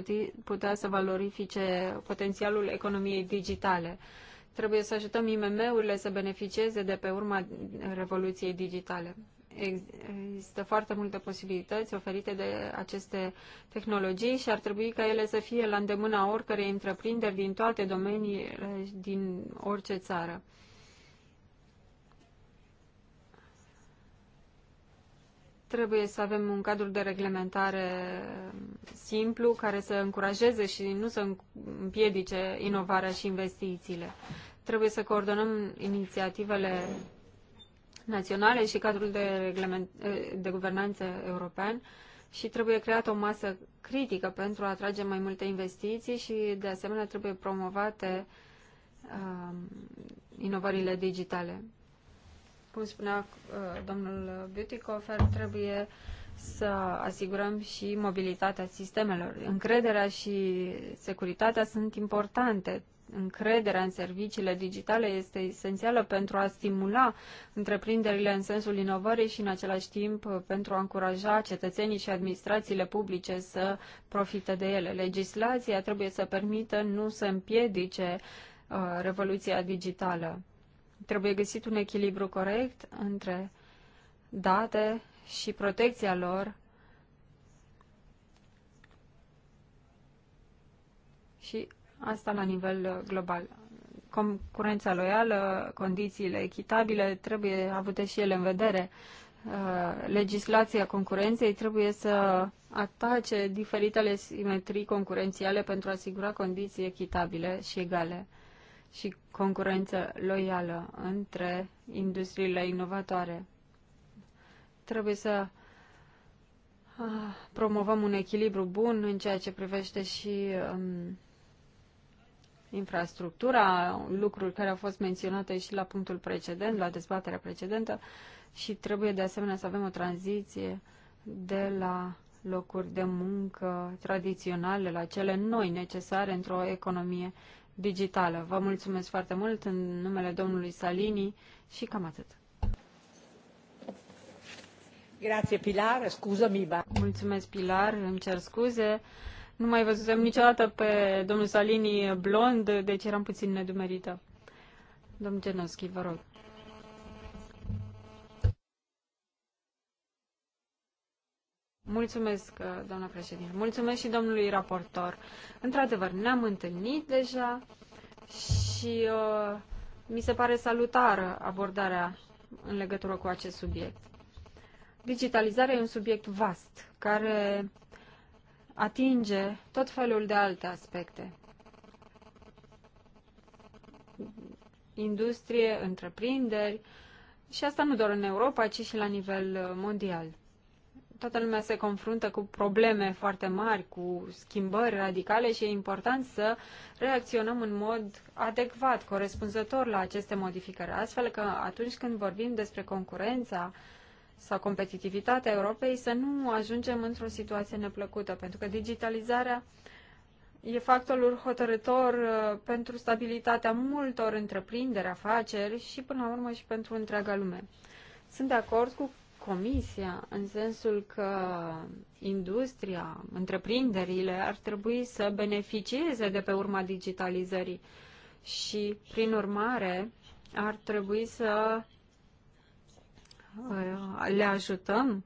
putea să valorifice potențialul economiei digitale. Trebuie să ajutăm IMM-urile să beneficieze de pe urma revoluției digitale. Există foarte multe posibilități oferite de aceste tehnologii și ar trebui ca ele să fie la îndemâna oricărei întreprinderi din toate domeniile din orice țară. Trebuie să avem un cadru de reglementare simplu care să încurajeze și nu să împiedice inovarea și investițiile. Trebuie să coordonăm inițiativele naționale și cadrul de, reglement, eh, de guvernanță european și trebuie creată o masă critică pentru a atrage mai multe investiții și, de asemenea, trebuie promovate uh, inovările digitale. Cum spunea uh, domnul Beautycofer, trebuie să asigurăm și mobilitatea sistemelor. Încrederea și securitatea sunt importante încrederea în serviciile digitale este esențială pentru a stimula întreprinderile în sensul inovării și în același timp pentru a încuraja cetățenii și administrațiile publice să profite de ele. Legislația trebuie să permită, nu să împiedice uh, revoluția digitală. Trebuie găsit un echilibru corect între date și protecția lor și Asta la nivel uh, global. Concurența loială, condițiile echitabile trebuie avute și ele în vedere. Uh, legislația concurenței trebuie să atace diferitele simetrii concurențiale pentru a asigura condiții echitabile și egale și concurență loială între industriile inovatoare. Trebuie să uh, promovăm un echilibru bun în ceea ce privește și um, infrastructura, lucruri care au fost menționate și la punctul precedent, la dezbaterea precedentă și trebuie de asemenea să avem o tranziție de la locuri de muncă tradiționale la cele noi necesare într-o economie digitală. Vă mulțumesc foarte mult în numele domnului Salini și cam atât. Grazie Pilar, scuză mi Mulțumesc Pilar, îmi cer scuze. Nu mai văzusem niciodată pe domnul Salini blond, deci eram puțin nedumerită. Domnul Genoschi, vă rog. Mulțumesc, doamna președinte. Mulțumesc și domnului raportor. Într-adevăr, ne-am întâlnit deja și uh, mi se pare salutară abordarea în legătură cu acest subiect. Digitalizarea e un subiect vast, care atinge tot felul de alte aspecte. Industrie, întreprinderi și asta nu doar în Europa, ci și la nivel uh, mondial. Toată lumea se confruntă cu probleme foarte mari, cu schimbări radicale și e important să reacționăm în mod adecvat, corespunzător la aceste modificări. Astfel că atunci când vorbim despre concurența uh, sau competitivitatea Europei, să nu ajungem într-o situație neplăcută, pentru că digitalizarea e factorul hotărător uh, pentru stabilitatea multor întreprinderi, afaceri și, până la urmă, și pentru întreaga lume. Sunt de acord cu Comisia, în sensul că industria, întreprinderile ar trebui să beneficieze de pe urma digitalizării și, prin urmare, ar trebui să Păi, le ajutăm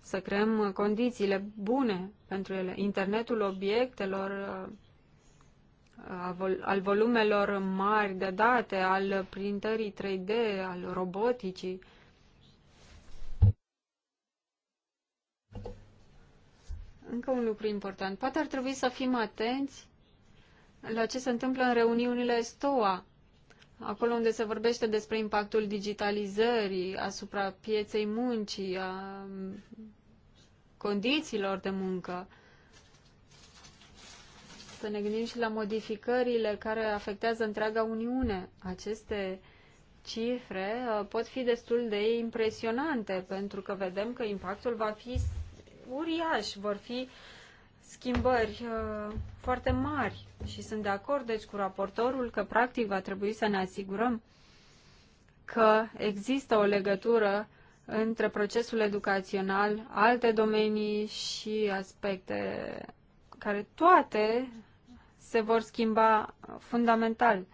să creăm condițiile bune pentru ele. Internetul obiectelor, uh, uh, al volumelor mari de date, al printării 3D, al roboticii. Încă un lucru important. Poate ar trebui să fim atenți la ce se întâmplă în reuniunile STOA acolo unde se vorbește despre impactul digitalizării asupra pieței muncii, a condițiilor de muncă, să ne gândim și la modificările care afectează întreaga Uniune. Aceste cifre uh, pot fi destul de impresionante, pentru că vedem că impactul va fi uriaș, vor fi uh, schimbări uh, foarte mari și sunt de acord deci cu raportorul că practic va trebui să ne asigurăm că există o legătură între procesul educațional, alte domenii și aspecte care toate se vor schimba fundamental.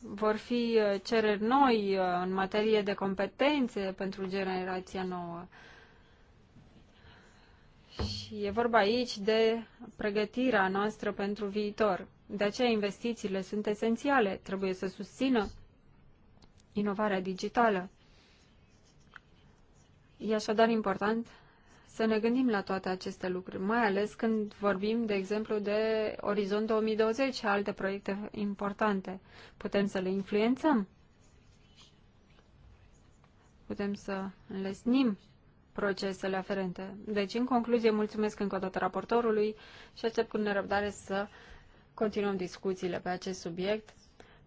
Vor fi uh, cereri noi uh, în materie de competențe pentru generația nouă și e vorba aici de pregătirea noastră pentru viitor. De aceea investițiile sunt esențiale. Trebuie să susțină inovarea digitală. E așadar important să ne gândim la toate aceste lucruri, mai ales când vorbim, de exemplu, de Orizont 2020 și alte proiecte importante. Putem să le influențăm, putem să înlesnim procesele aferente. Deci, în concluzie, mulțumesc încă o dată raportorului și aștept cu nerăbdare să continuăm discuțiile pe acest subiect,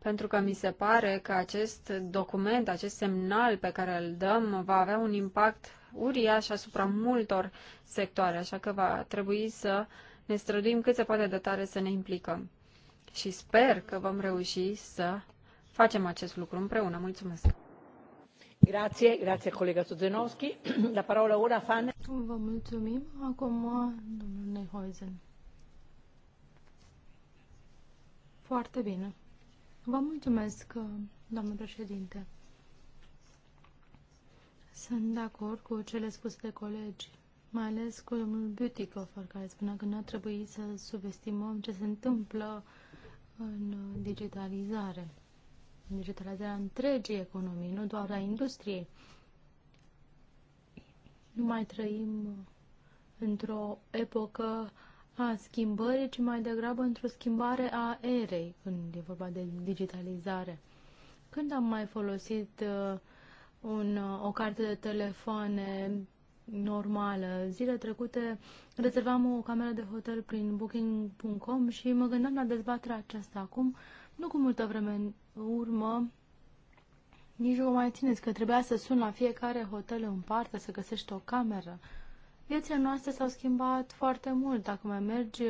pentru că mi se pare că acest document, acest semnal pe care îl dăm, va avea un impact uriaș asupra multor sectoare, așa că va trebui să ne străduim cât se poate de tare să ne implicăm. Și sper că vom reuși să facem acest lucru împreună. Mulțumesc! Grazie, grazie colega La parola ora Vă mulțumesc, doamnă președinte. Sunt de acord cu cele spuse de colegi, mai ales cu domnul Butikofer, care spunea că nu ar trebui să subestimăm ce se întâmplă în digitalizare digitalizarea întregii economii, nu doar a industriei. Nu mai trăim într-o epocă a schimbării, ci mai degrabă într-o schimbare a erei, când e vorba de digitalizare. Când am mai folosit uh, un, uh, o carte de telefoane normală. Zile trecute rezervam o cameră de hotel prin booking.com și mă gândeam la dezbaterea aceasta acum. Uh, nu cu multă vreme în urmă, nici nu mai țineți că trebuia să sun la fiecare hotel în parte să găsești o cameră. Viețile noastre s-au schimbat foarte mult. Dacă mai mergi,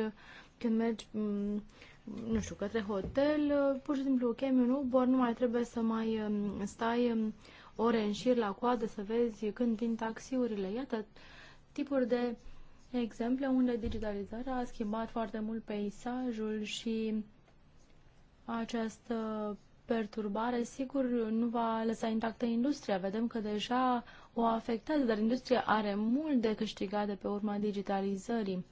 când mergi, mm, nu știu, către hotel, pur și simplu chemi un Uber, nu mai trebuie să mai mm, stai mm, ore în șir la coadă să vezi când vin taxiurile. Iată, tipuri de exemple unde digitalizarea a schimbat foarte mult peisajul și această perturbare, sigur, nu va lăsa intactă industria. Vedem că deja o afectează, dar industria are mult de câștigat de pe urma digitalizării.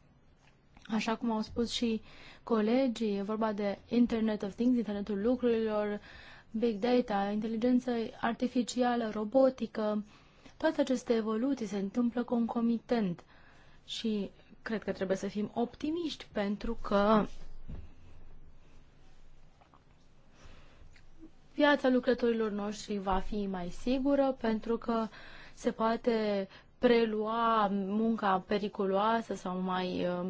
Așa cum au spus și colegii, e vorba de Internet of Things, Internetul lucrurilor, Big Data, inteligență artificială, robotică. Toate aceste evoluții se întâmplă concomitent și cred că trebuie să fim optimiști pentru că viața lucrătorilor noștri va fi mai sigură pentru că se poate prelua munca periculoasă sau mai uh,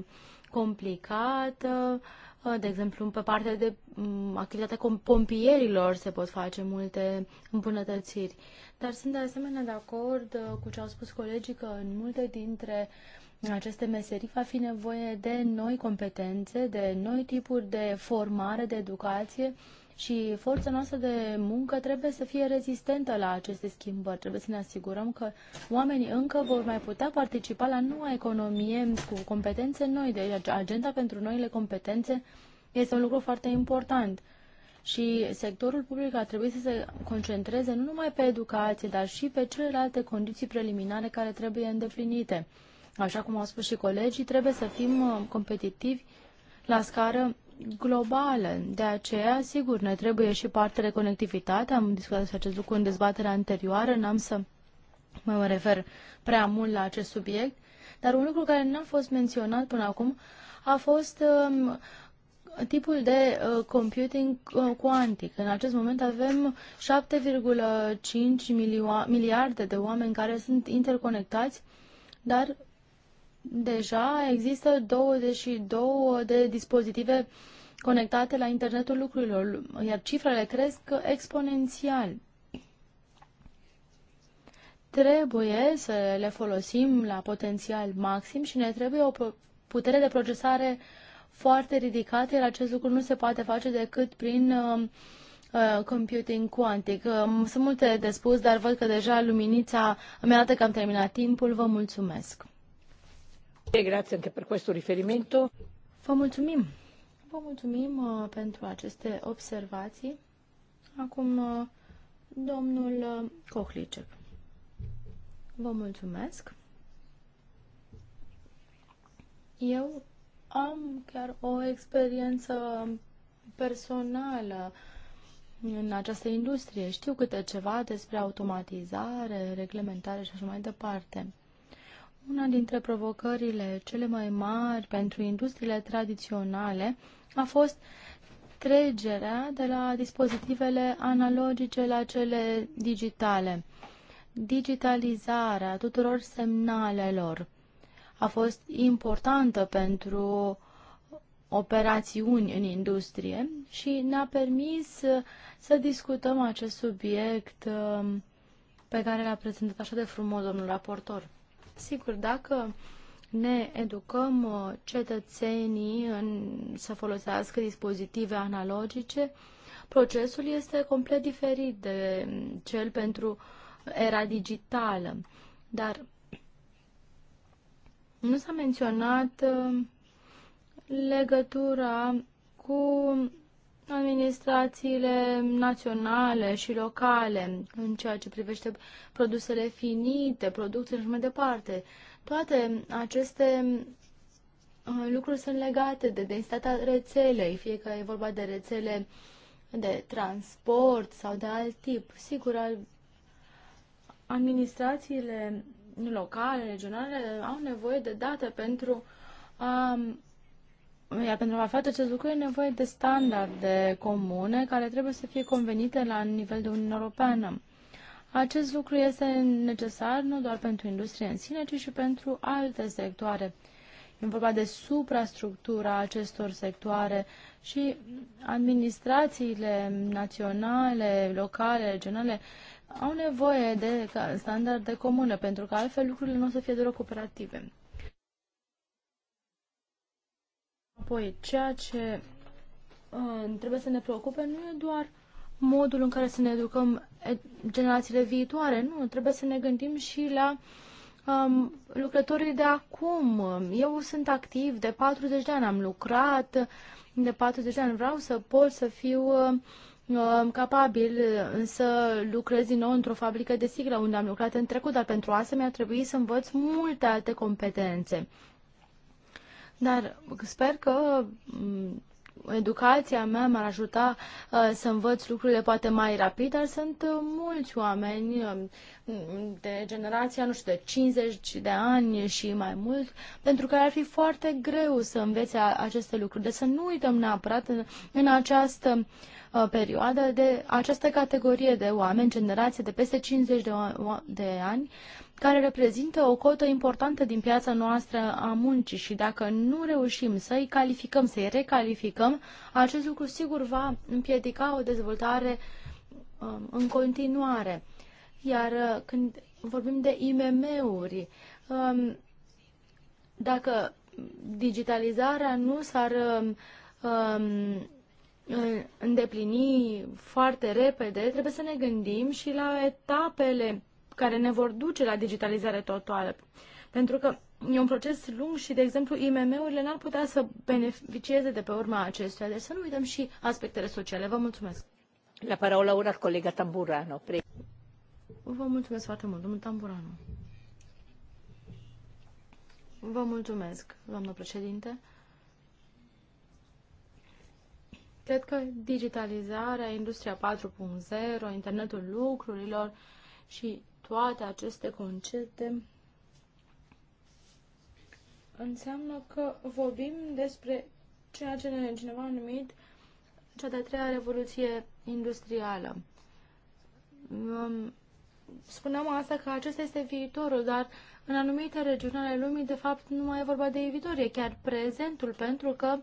complicată. Uh, de exemplu, pe partea de mm, activitatea pompierilor se pot face multe îmbunătățiri. Dar sunt de asemenea de acord uh, cu ce au spus colegii că în multe dintre aceste meserii va fi nevoie de noi competențe, de noi tipuri de formare, de educație, și forța noastră de muncă trebuie să fie rezistentă la aceste schimbări. Trebuie să ne asigurăm că oamenii încă vor mai putea participa la noua economie cu competențe noi. Deci agenda pentru noile competențe este un lucru foarte important. Și sectorul public ar trebui să se concentreze nu numai pe educație, dar și pe celelalte condiții preliminare care trebuie îndeplinite. Așa cum au spus și colegii, trebuie să fim uh, competitivi la scară globală. De aceea, sigur, ne trebuie și partea de conectivitate. Am discutat despre acest lucru în dezbaterea anterioară, n-am să mă refer prea mult la acest subiect, dar un lucru care n-a fost menționat până acum a fost um, tipul de uh, computing uh, cuantic. În acest moment avem 7,5 miliarde de oameni care sunt interconectați, dar deja există 22 de dispozitive conectate la internetul lucrurilor, iar cifrele cresc exponențial. Trebuie să le folosim la potențial maxim și ne trebuie o putere de procesare foarte ridicată, iar acest lucru nu se poate face decât prin uh, uh, computing cuantic. Uh, sunt multe de spus, dar văd că deja luminița mi arată că am terminat timpul. Vă mulțumesc. Grazie anche per questo riferimento. Vă mulțumim Vă mulțumim uh, pentru aceste observații. Acum, uh, domnul Cohlicek. Uh, Vă mulțumesc. Eu am chiar o experiență personală în această industrie. Știu câte ceva despre automatizare, reglementare și așa mai departe. Una dintre provocările cele mai mari pentru industriile tradiționale a fost trecerea de la dispozitivele analogice la cele digitale, digitalizarea tuturor semnalelor a fost importantă pentru operațiuni în industrie și ne-a permis să discutăm acest subiect um, pe care l-a prezentat așa de frumos domnul raportor. Sigur, dacă ne educăm uh, cetățenii în, să folosească dispozitive analogice, procesul este complet diferit de cel pentru era digitală. Dar nu s-a menționat uh, legătura cu administrațiile naționale și locale în ceea ce privește produsele finite, producții și mai departe. Toate aceste uh, lucruri sunt legate de densitatea rețelei, fie că e vorba de rețele de transport sau de alt tip. Sigur, administrațiile locale, regionale au nevoie de date pentru a iar pentru a face acest lucru e nevoie de standarde comune care trebuie să fie convenite la nivel de Uniune Europeană. Acest lucru este necesar nu doar pentru industrie în sine, ci și pentru alte sectoare. E vorba de suprastructura acestor sectoare și administrațiile naționale, locale, regionale au nevoie de standarde comune, pentru că altfel lucrurile nu o să fie doar cooperative. Apoi, ceea ce uh, trebuie să ne preocupe nu e doar uh, modul în care să ne educăm generațiile viitoare. Nu, trebuie să ne gândim și la um, lucrătorii de acum. Eu sunt activ, de 40 de ani am lucrat, de 40 de ani vreau să pot să fiu um, capabil să lucrez din nou într-o fabrică de sigla unde am lucrat în trecut, dar pentru asta mi-a trebuit să învăț multe alte competențe. Dar sper că um, educația mea m-ar ajuta uh, să învăț lucrurile poate mai rapid, dar sunt uh, mulți oameni um, de generația, nu știu, de 50 de ani și mai mult, pentru care ar fi foarte greu să învețe aceste lucruri. Deci să nu uităm neapărat în, în această uh, perioadă de această categorie de oameni, generație de peste 50 de, de ani, care reprezintă o cotă importantă din piața noastră a muncii și dacă nu reușim să-i calificăm, să-i recalificăm, acest lucru sigur va împiedica o dezvoltare um, în continuare. Iar uh, când vorbim de IMM-uri, um, dacă digitalizarea nu s-ar um, îndeplini foarte repede, trebuie să ne gândim și la etapele care ne vor duce la digitalizare totală. Pentru că e un proces lung și, de exemplu, IMM-urile n-ar putea să beneficieze de pe urma acestuia. Deci să nu uităm și aspectele sociale. Vă mulțumesc. La parola ora colega Tamburano. Pre... Vă mulțumesc foarte mult, domnul Tamburano. Vă mulțumesc, doamnă președinte. Cred că digitalizarea, industria 4.0, internetul lucrurilor și toate aceste concepte înseamnă că vorbim despre ceea ce cineva a numit cea de-a treia revoluție industrială. Um, spuneam asta că acesta este viitorul, dar în anumite regiuni ale lumii, de fapt, nu mai e vorba de viitor, e chiar prezentul, pentru că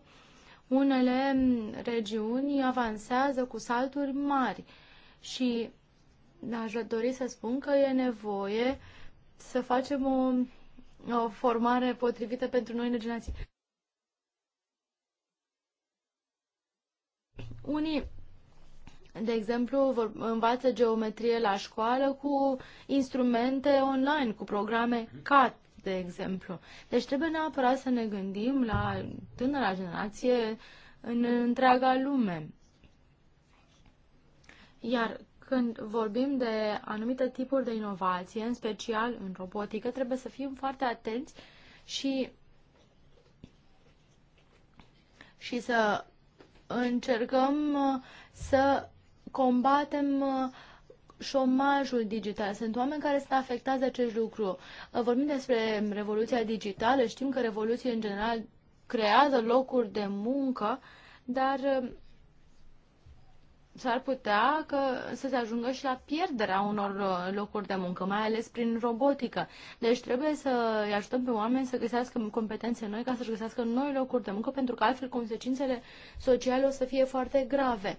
unele regiuni avansează cu salturi mari și aș dori să spun că e nevoie să facem o, o formare potrivită pentru noi generații. Unii, de exemplu, vor, învață geometrie la școală cu instrumente online, cu programe CAT, de exemplu. Deci trebuie neapărat să ne gândim la tânăra generație în întreaga lume. Iar când vorbim de anumite tipuri de inovație, în special în robotică, trebuie să fim foarte atenți și, și să încercăm uh, să combatem uh, șomajul digital. Sunt oameni care sunt afectați de acest lucru. Uh, vorbim despre revoluția digitală, știm că revoluția în general creează locuri de muncă, dar s-ar putea că să se ajungă și la pierderea unor uh, locuri de muncă, mai ales prin robotică. Deci trebuie să îi ajutăm pe oameni să găsească competențe noi ca să-și găsească noi locuri de muncă, pentru că altfel consecințele sociale o să fie foarte grave.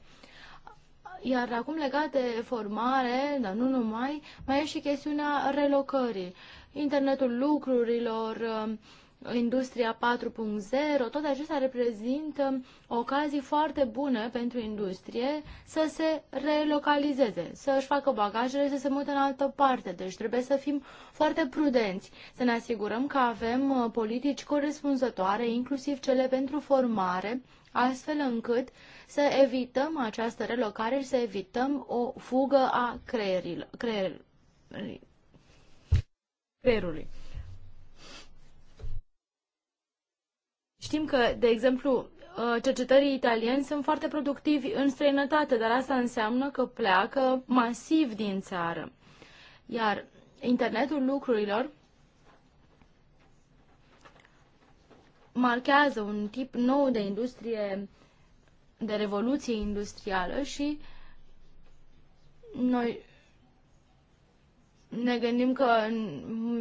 Iar acum legat de formare, dar nu numai, mai e și chestiunea relocării, internetul lucrurilor, uh, Industria 4.0, toate acestea reprezintă ocazii foarte bune pentru industrie să se relocalizeze, să își facă bagajele, să se mute în altă parte. Deci trebuie să fim foarte prudenți, să ne asigurăm că avem uh, politici corespunzătoare, inclusiv cele pentru formare, astfel încât să evităm această relocare și să evităm o fugă a creierilor, creierilor, creierului. Știm că, de exemplu, uh, cercetării italieni sunt foarte productivi în străinătate, dar asta înseamnă că pleacă masiv din țară. Iar internetul lucrurilor marchează un tip nou de industrie, de revoluție industrială și noi ne gândim că,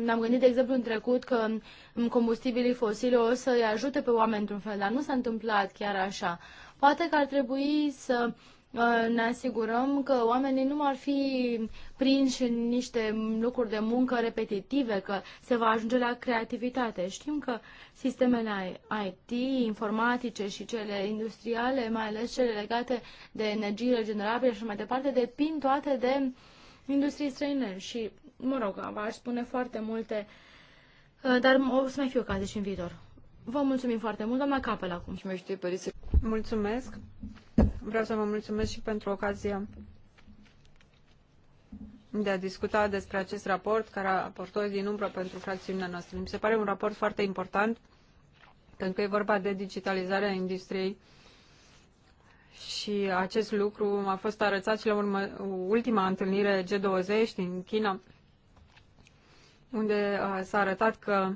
ne-am gândit, de exemplu, în trecut că combustibilii fosili o să-i ajute pe oameni într-un fel, dar nu s-a întâmplat chiar așa. Poate că ar trebui să uh, ne asigurăm că oamenii nu ar fi prinși în niște lucruri de muncă repetitive, că se va ajunge la creativitate. Știm că sistemele IT, informatice și cele industriale, mai ales cele legate de energie regenerabile și mai departe, depind toate de industrie străină și mă rog, aș spune foarte multe, uh, dar o să mai fie ocazie și în viitor. Vă mulțumim foarte mult, doamna Capel, acum. și Mulțumesc. Vreau să vă mulțumesc și pentru ocazia de a discuta despre acest raport ca raportor din umbră pentru fracțiunea noastră. Mi se pare un raport foarte important pentru că e vorba de digitalizarea industriei și acest lucru a fost arătat și la urmă, ultima întâlnire G20 din China unde uh, s-a arătat că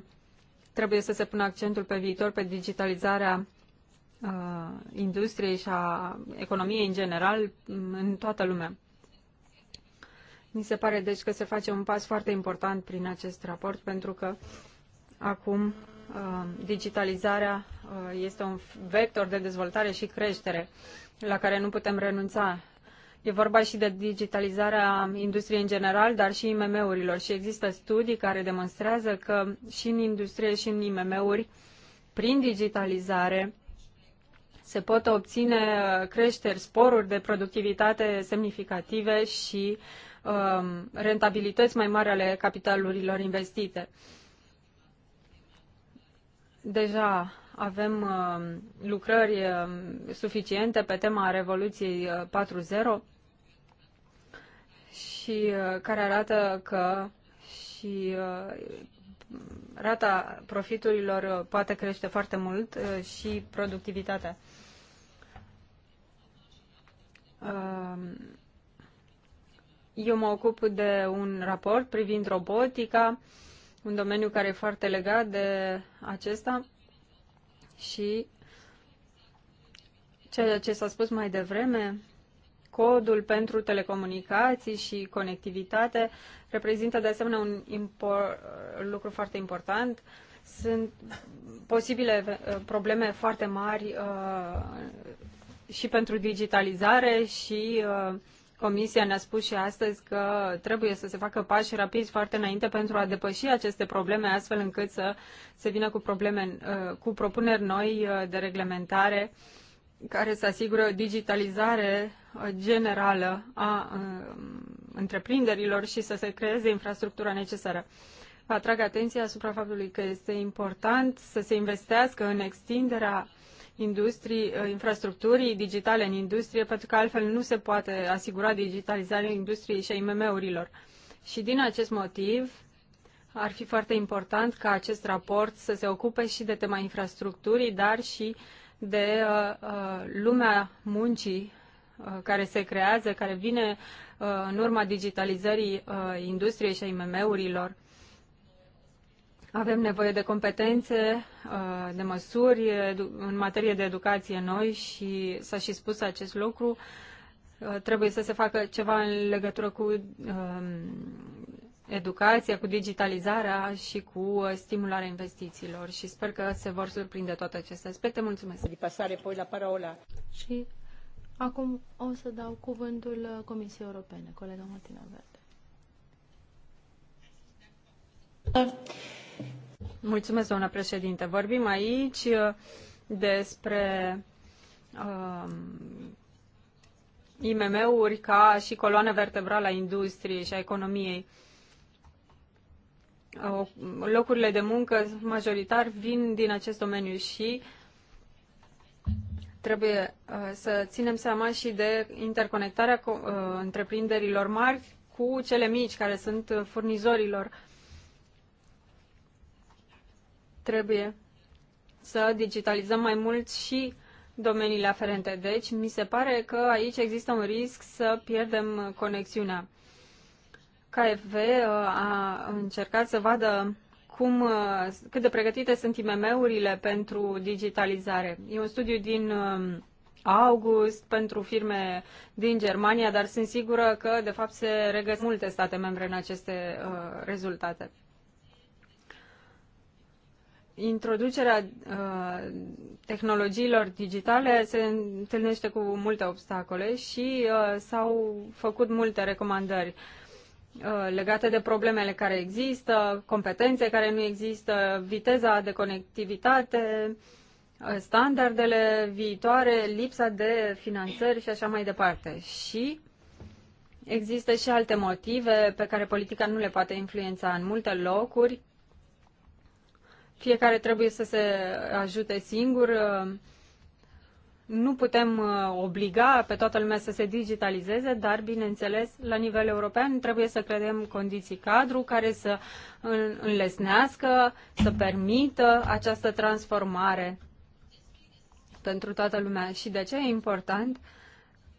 trebuie să se pună accentul pe viitor pe digitalizarea uh, industriei și a economiei în general mm, în toată lumea. Mi se pare deci că se face un pas foarte important prin acest raport pentru că acum uh, digitalizarea este un vector de dezvoltare și creștere la care nu putem renunța E vorba și de digitalizarea industriei în general, dar și IMM-urilor. Și există studii care demonstrează că și în industrie și în IMM-uri, prin digitalizare, se pot obține uh, creșteri, sporuri de productivitate semnificative și um, rentabilități mai mari ale capitalurilor investite. Deja avem uh, lucrări uh, suficiente pe tema Revoluției 4.0 uh, și uh, care arată că și uh, rata profiturilor uh, poate crește foarte mult și productivitatea. Um, eu mă ocup de un raport privind robotica, un domeniu care e foarte legat de acesta și ceea ce s-a spus mai devreme codul pentru telecomunicații și conectivitate reprezintă de asemenea un impor, lucru foarte important. Sunt posibile probleme foarte mari uh, și pentru digitalizare și uh, Comisia ne-a spus și astăzi că trebuie să se facă pași rapizi foarte înainte pentru a depăși aceste probleme, astfel încât să se vină cu, probleme, uh, cu propuneri noi uh, de reglementare care să asigure o digitalizare generală a um, întreprinderilor și să se creeze infrastructura necesară. Vă atrag atenția asupra faptului că este important să se investească în extinderea industrii, uh, infrastructurii digitale în industrie, pentru că altfel nu se poate asigura digitalizarea industriei și a IMM-urilor. Și din acest motiv ar fi foarte important ca acest raport să se ocupe și de tema infrastructurii, dar și de uh, uh lumea muncii Uh, care se creează, care vine uh, în urma digitalizării uh, industriei și a IMM-urilor. Avem nevoie de competențe, de măsuri în materie de educație noi și s-a și spus acest lucru. Trebuie să se facă ceva în legătură cu um, educația, cu digitalizarea și cu stimularea investițiilor și sper că se vor surprinde toate aceste aspecte. Mulțumesc! De pasare la parola. Și Acum o să dau cuvântul uh, Comisiei Europene, colega Martina Verde. Mulțumesc, doamnă președinte. Vorbim aici uh, despre uh, um, IMM-uri ca și coloană vertebrală a industriei și a economiei. Uh, locurile de muncă majoritar vin din acest domeniu și uh, Trebuie uh, să ținem seama și de interconectarea uh, întreprinderilor mari cu cele mici, care sunt uh, furnizorilor. Trebuie să digitalizăm mai mult și domeniile aferente. Deci, mi se pare că aici există un risc să pierdem conexiunea. KFV a încercat să vadă cum, uh, cât de pregătite sunt IMM-urile pentru digitalizare. E un studiu din um, august pentru firme din Germania, dar sunt sigură că, de fapt, se regăsesc multe state membre în aceste uh, rezultate. Introducerea uh, tehnologiilor digitale se întâlnește cu multe obstacole și uh, s-au făcut multe recomandări. Uh, Uh, legate de problemele care există, competențe care nu există, viteza de conectivitate, uh, standardele viitoare, lipsa de finanțări și așa mai departe. Și există și alte motive pe care politica nu le poate influența în multe locuri. Fiecare trebuie să se ajute singur, uh, nu putem uh, obliga pe toată lumea să se digitalizeze, dar, bineînțeles, la nivel european trebuie să creăm condiții cadru care să înlesnească, să permită această transformare pentru toată lumea. Și de ce e important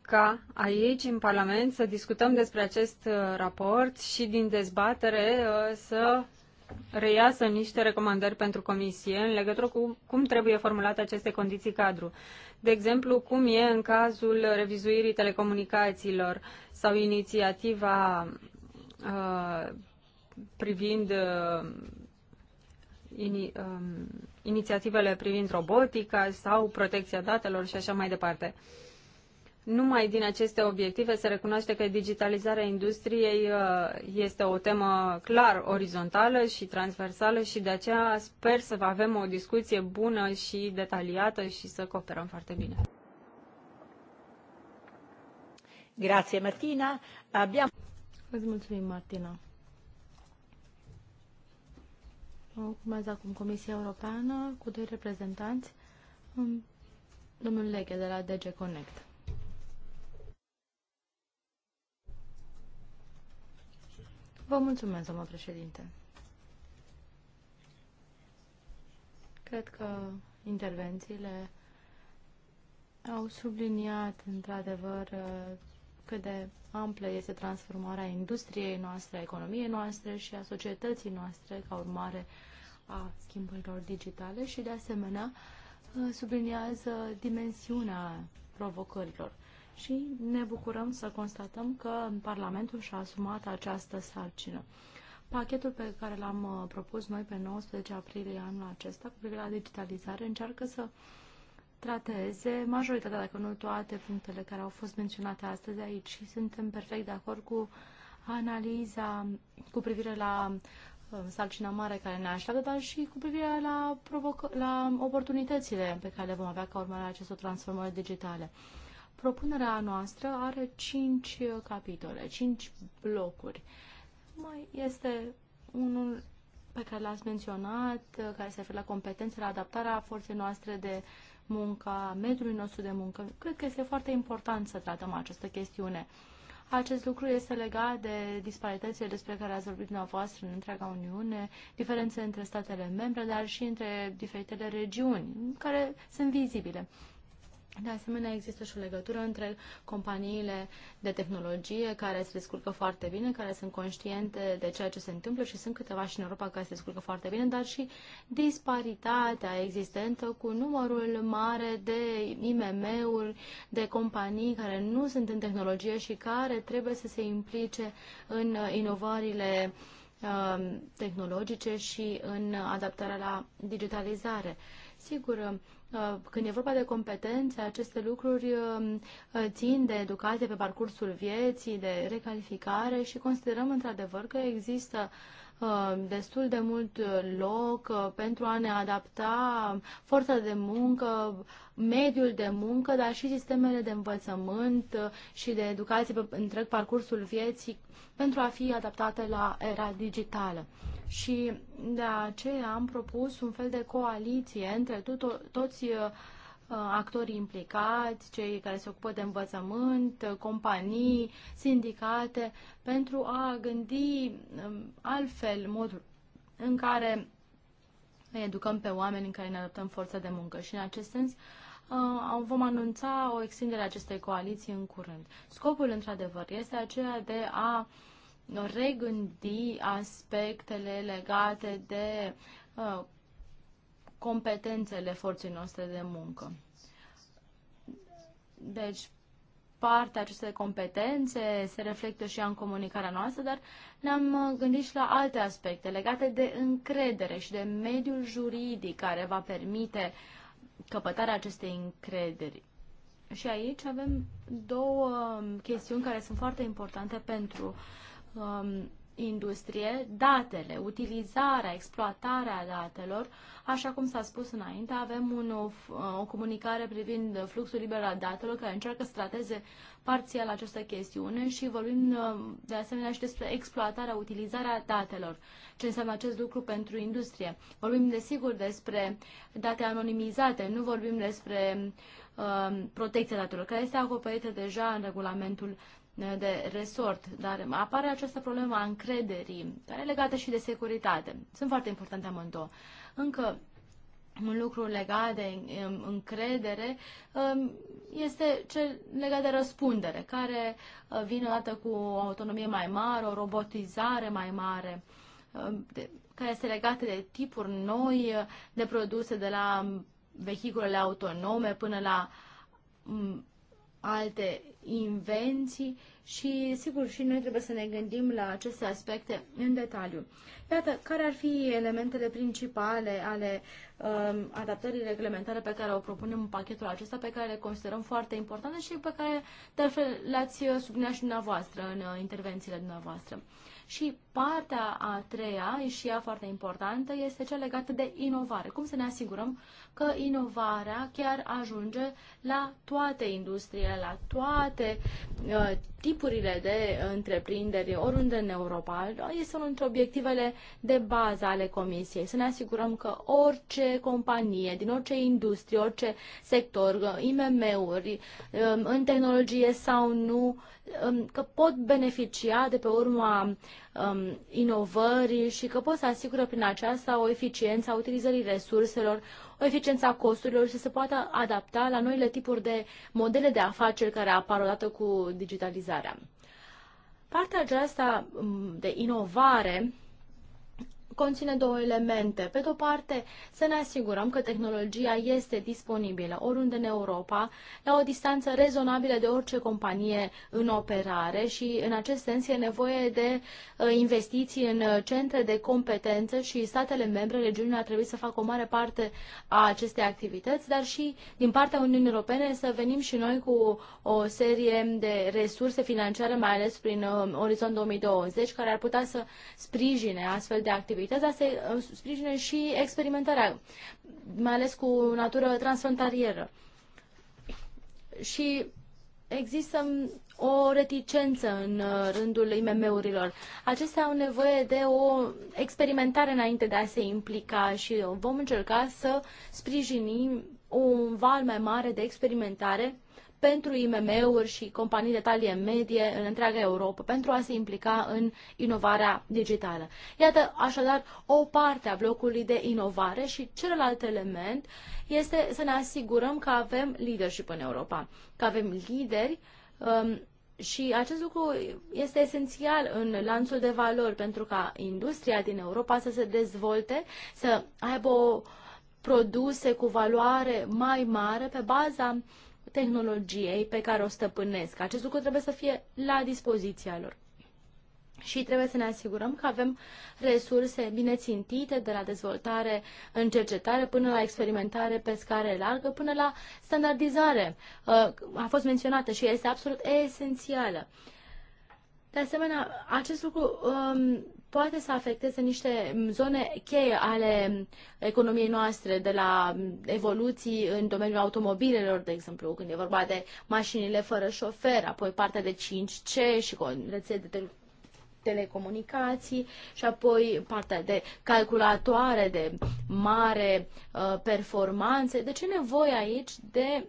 ca aici, în Parlament, să discutăm despre acest uh, raport și din dezbatere uh, să reiasă niște recomandări pentru comisie în legătură cu cum trebuie formulate aceste condiții cadru. De exemplu, cum e în cazul revizuirii telecomunicațiilor sau inițiativa uh, privind uh, ini, uh, inițiativele privind robotica sau protecția datelor și așa mai departe. Uh, numai din aceste obiective se recunoaște că digitalizarea industriei uh, este o temă clar orizontală și transversală și de aceea sper să avem o discuție bună și detaliată și să cooperăm foarte bine. Grazie Martina. Abbiamo... Îți mulțumim, Martina. Urmează acum Comisia Europeană cu doi reprezentanți, domnul Leche de la DG Connect. Vă mulțumesc, domnul președinte. Cred că intervențiile au subliniat, într-adevăr, cât de amplă este transformarea industriei noastre, a economiei noastre și a societății noastre ca urmare a schimbărilor digitale și, de asemenea, subliniază dimensiunea provocărilor și ne bucurăm să constatăm că Parlamentul și-a asumat această sarcină. Pachetul pe care l-am uh, propus noi pe 19 aprilie anul acesta cu privire la digitalizare încearcă să trateze majoritatea, dacă nu toate punctele care au fost menționate astăzi aici și suntem perfect de acord cu analiza cu privire la uh, sarcina mare care ne așteaptă, dar și cu privire la, la oportunitățile pe care le vom avea ca urmare a acestor transformări digitale. Propunerea noastră are cinci capitole, cinci blocuri. Mai este unul pe care l-ați menționat, care se referă la competențele, la adaptarea forței noastre de muncă, a mediului nostru de muncă. Cred că este foarte important să tratăm această chestiune. Acest lucru este legat de disparitățile despre care ați vorbit dumneavoastră în întreaga Uniune, diferențe între statele membre, dar și între diferitele regiuni, care sunt vizibile. De asemenea, există și o legătură între companiile de tehnologie care se descurcă foarte bine, care sunt conștiente de ceea ce se întâmplă și sunt câteva și în Europa care se descurcă foarte bine, dar și disparitatea existentă cu numărul mare de IMM-uri, de companii care nu sunt în tehnologie și care trebuie să se implice în inovările um, tehnologice și în adaptarea la digitalizare. Sigur, Uh, când e vorba de competențe, aceste lucruri um, uh, țin de educație pe parcursul vieții, de recalificare și considerăm într-adevăr că există Uh, destul de mult loc uh, pentru a ne adapta forța de muncă, mediul de muncă, dar și sistemele de învățământ uh, și de educație pe întreg parcursul vieții pentru a fi adaptate la era digitală. Și de aceea am propus un fel de coaliție între toți Uh, actorii implicați, cei care se ocupă de învățământ, uh, companii, sindicate, pentru a gândi um, altfel modul în care îi educăm pe oameni în care ne adaptăm forța de muncă. Și în acest sens uh, vom anunța o extindere a acestei coaliții în curând. Scopul, într-adevăr, este aceea de a regândi aspectele legate de competențele forței noastre de muncă. Deci, partea acestei competențe se reflectă și în comunicarea noastră, dar ne-am gândit și la alte aspecte legate de încredere și de mediul juridic care va permite căpătarea acestei încrederi. Și aici avem două chestiuni care sunt foarte importante pentru um, industrie, datele, utilizarea, exploatarea datelor. Așa cum s-a spus înainte, avem un, o, o comunicare privind fluxul liber al datelor care încearcă să trateze parțial această chestiune și vorbim uh, de asemenea și despre exploatarea, utilizarea datelor. Ce înseamnă acest lucru pentru industrie? Vorbim desigur despre date anonimizate, nu vorbim despre uh, protecția datelor, care este acoperită deja în regulamentul de resort, dar apare această problemă a încrederii, care e legată și de securitate. Sunt foarte importante amândouă. Încă un lucru legat de um, încredere um, este cel legat de răspundere, care uh, vine odată cu o autonomie mai mare, o robotizare mai mare, um, care este legată de tipuri noi uh, de produse, de la vehiculele autonome până la alte invenții și, sigur, și noi trebuie să ne gândim la aceste aspecte în detaliu. Iată, care ar fi elementele principale ale um, adaptării reglementare pe care o propunem în pachetul acesta, pe care le considerăm foarte importante și pe care, de altfel, le-ați subliniat și dumneavoastră în uh, intervențiile dumneavoastră. Uh, și partea a treia, și ea foarte importantă, este cea legată de inovare. Cum să ne asigurăm că inovarea chiar ajunge la toate industriile, la toate uh, tipurile de întreprinderi, oriunde în Europa. Este unul dintre obiectivele de bază ale Comisiei. Să ne asigurăm că orice companie, din orice industrie, orice sector, uh, IMM-uri, um, în tehnologie sau nu, Um, că pot beneficia de pe urma um, inovării și că pot să asigură prin aceasta o eficiență a utilizării resurselor, o eficiență a costurilor și să se poată adapta la noile tipuri de modele de afaceri care apar odată cu digitalizarea. Partea aceasta um, de inovare conține două elemente. Pe de o parte, să ne asigurăm că tehnologia este disponibilă oriunde în Europa, la o distanță rezonabilă de orice companie în operare și în acest sens e nevoie de uh, investiții în uh, centre de competență și statele membre, regiunile ar trebui să facă o mare parte a acestei activități, dar și din partea Uniunii Europene să venim și noi cu o serie de resurse financiare, mai ales prin uh, Orizont 2020, care ar putea să sprijine astfel de activități activități, dar se uh, sprijină și experimentarea, mai ales cu natură transfrontalieră. Și există um, o reticență în uh, rândul IMM-urilor. Acestea au nevoie de o experimentare înainte de a se implica și vom încerca să sprijinim un val mai mare de experimentare pentru IMM-uri și companii de talie medie în întreaga Europa, pentru a se implica în inovarea digitală. Iată așadar o parte a blocului de inovare și celălalt element este să ne asigurăm că avem leadership în Europa, că avem lideri um, și acest lucru este esențial în lanțul de valori pentru ca industria din Europa să se dezvolte, să aibă o produse cu valoare mai mare pe baza tehnologiei pe care o stăpânesc. Acest lucru trebuie să fie la dispoziția lor. Și trebuie să ne asigurăm că avem resurse bine țintite de la dezvoltare în cercetare până la experimentare pe scară largă, până la standardizare. Uh, a fost menționată și este absolut esențială. De asemenea, acest lucru um, poate să afecteze niște zone cheie ale economiei noastre, de la evoluții în domeniul automobilelor, de exemplu, când e vorba de mașinile fără șofer, apoi partea de 5C și rețele de telecomunicații și apoi partea de calculatoare de mare uh, performanțe. De deci ce nevoie aici de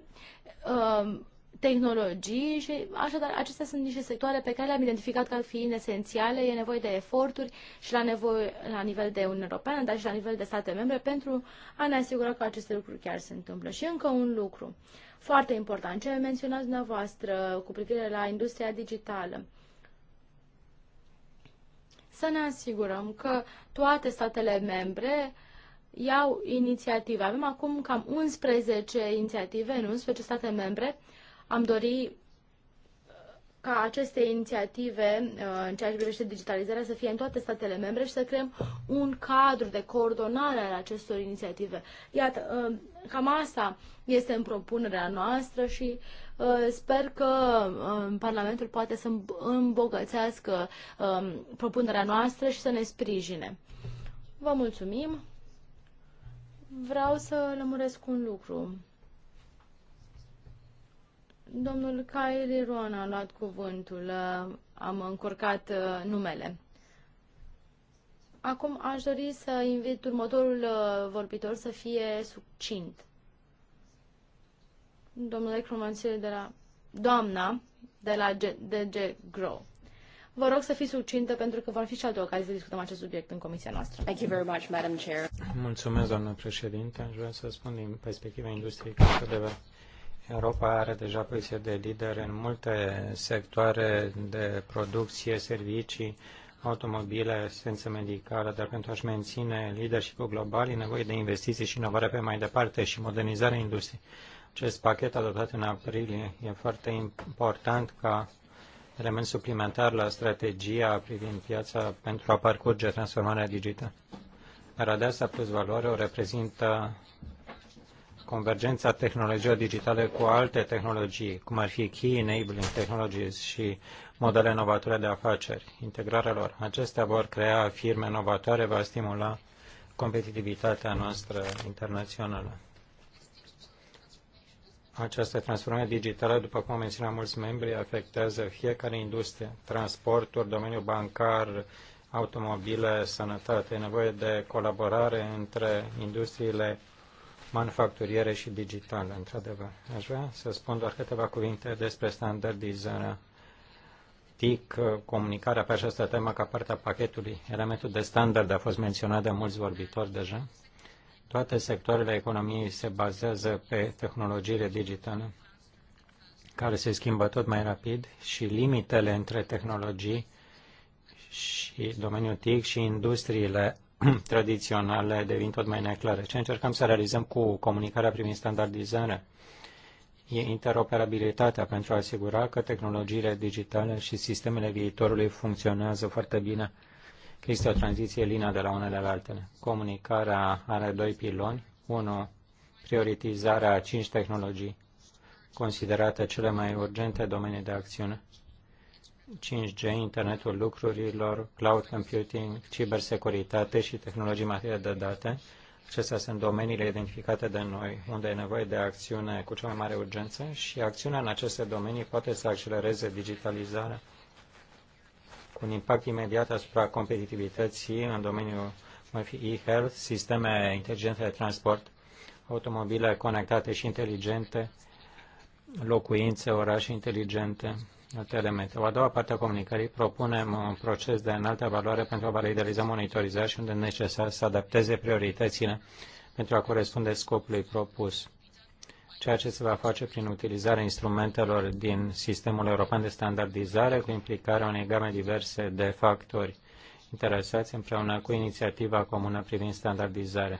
uh, tehnologii și așadar acestea sunt niște sectoare pe care le-am identificat ca fiind esențiale, e nevoie de eforturi și la, nevoie, la nivel de Uniunea Europeană, dar și la nivel de state membre pentru a ne asigura că aceste lucruri chiar se întâmplă. Și încă un lucru foarte important, ce menționați dumneavoastră cu privire la industria digitală. Să ne asigurăm că toate statele membre iau inițiative. Avem acum cam 11 inițiative în 11 state membre am dori uh, ca aceste inițiative uh, în ceea ce privește digitalizarea să fie în toate statele membre și să creăm un cadru de coordonare al acestor inițiative. Iată, uh, cam asta este în propunerea noastră și sper că Parlamentul poate să îmbogățească propunerea noastră și să ne sprijine. Vă mulțumim! Vreau să lămuresc un lucru. Domnul Kairi Ron a luat cuvântul, uh, am încurcat uh, numele. Acum aș dori să invit următorul uh, vorbitor să fie succint. Domnule Cromanțel de la doamna de la DG Grow. Vă rog să fiți succintă pentru că vor fi și alte ocazii să discutăm acest subiect în comisia noastră. Thank you very much, Madam Chair. Mulțumesc, doamnă președinte. Aș vrea să spun din perspectiva industriei câteva Europa are deja poziție de lider în multe sectoare de producție, servicii, automobile, esență medicală, dar pentru a-și menține leadership-ul global e nevoie de investiții și inovare pe mai departe și modernizarea industriei. Acest pachet adoptat în aprilie e foarte important ca element suplimentar la strategia privind piața pentru a parcurge transformarea digitală. Radea plus valoare o reprezintă convergența tehnologiilor digitale cu alte tehnologii, cum ar fi Key Enabling Technologies și modele inovatoare de afaceri, integrarea lor. Acestea vor crea firme inovatoare, va stimula competitivitatea noastră internațională. Această transformare digitală, după cum menționam mulți membri, afectează fiecare industrie, transporturi, domeniul bancar, automobile, sănătate. E nevoie de colaborare între industriile manufacturiere și digitală, într-adevăr. Aș vrea să spun doar câteva cuvinte despre standardizarea TIC, comunicarea pe această temă ca parte a pachetului. Elementul de standard a fost menționat de mulți vorbitori deja. Toate sectoarele economiei se bazează pe tehnologiile digitale, care se schimbă tot mai rapid și limitele între tehnologii și domeniul TIC și industriile tradiționale devin tot mai neclare. Ce încercăm să realizăm cu comunicarea privind standardizarea e interoperabilitatea pentru a asigura că tehnologiile digitale și sistemele viitorului funcționează foarte bine, că există o tranziție lină de la unele la altele. Comunicarea are doi piloni. Unul, prioritizarea a cinci tehnologii considerate cele mai urgente domenii de acțiune 5G, internetul lucrurilor, cloud computing, cibersecuritate și tehnologii materie de date. Acestea sunt domeniile identificate de noi unde e nevoie de acțiune cu cea mai mare urgență și acțiunea în aceste domenii poate să accelereze digitalizarea cu un impact imediat asupra competitivității în domeniul e-health, sisteme inteligente de transport, automobile conectate și inteligente, locuințe, orașe inteligente alte elemente. O a doua parte a comunicării propunem un proces de înaltă valoare pentru a validariza, monitoriza și unde necesar să adapteze prioritățile pentru a corespunde scopului propus ceea ce se va face prin utilizarea instrumentelor din sistemul european de standardizare cu implicarea unei game diverse de factori interesați împreună cu inițiativa comună privind standardizarea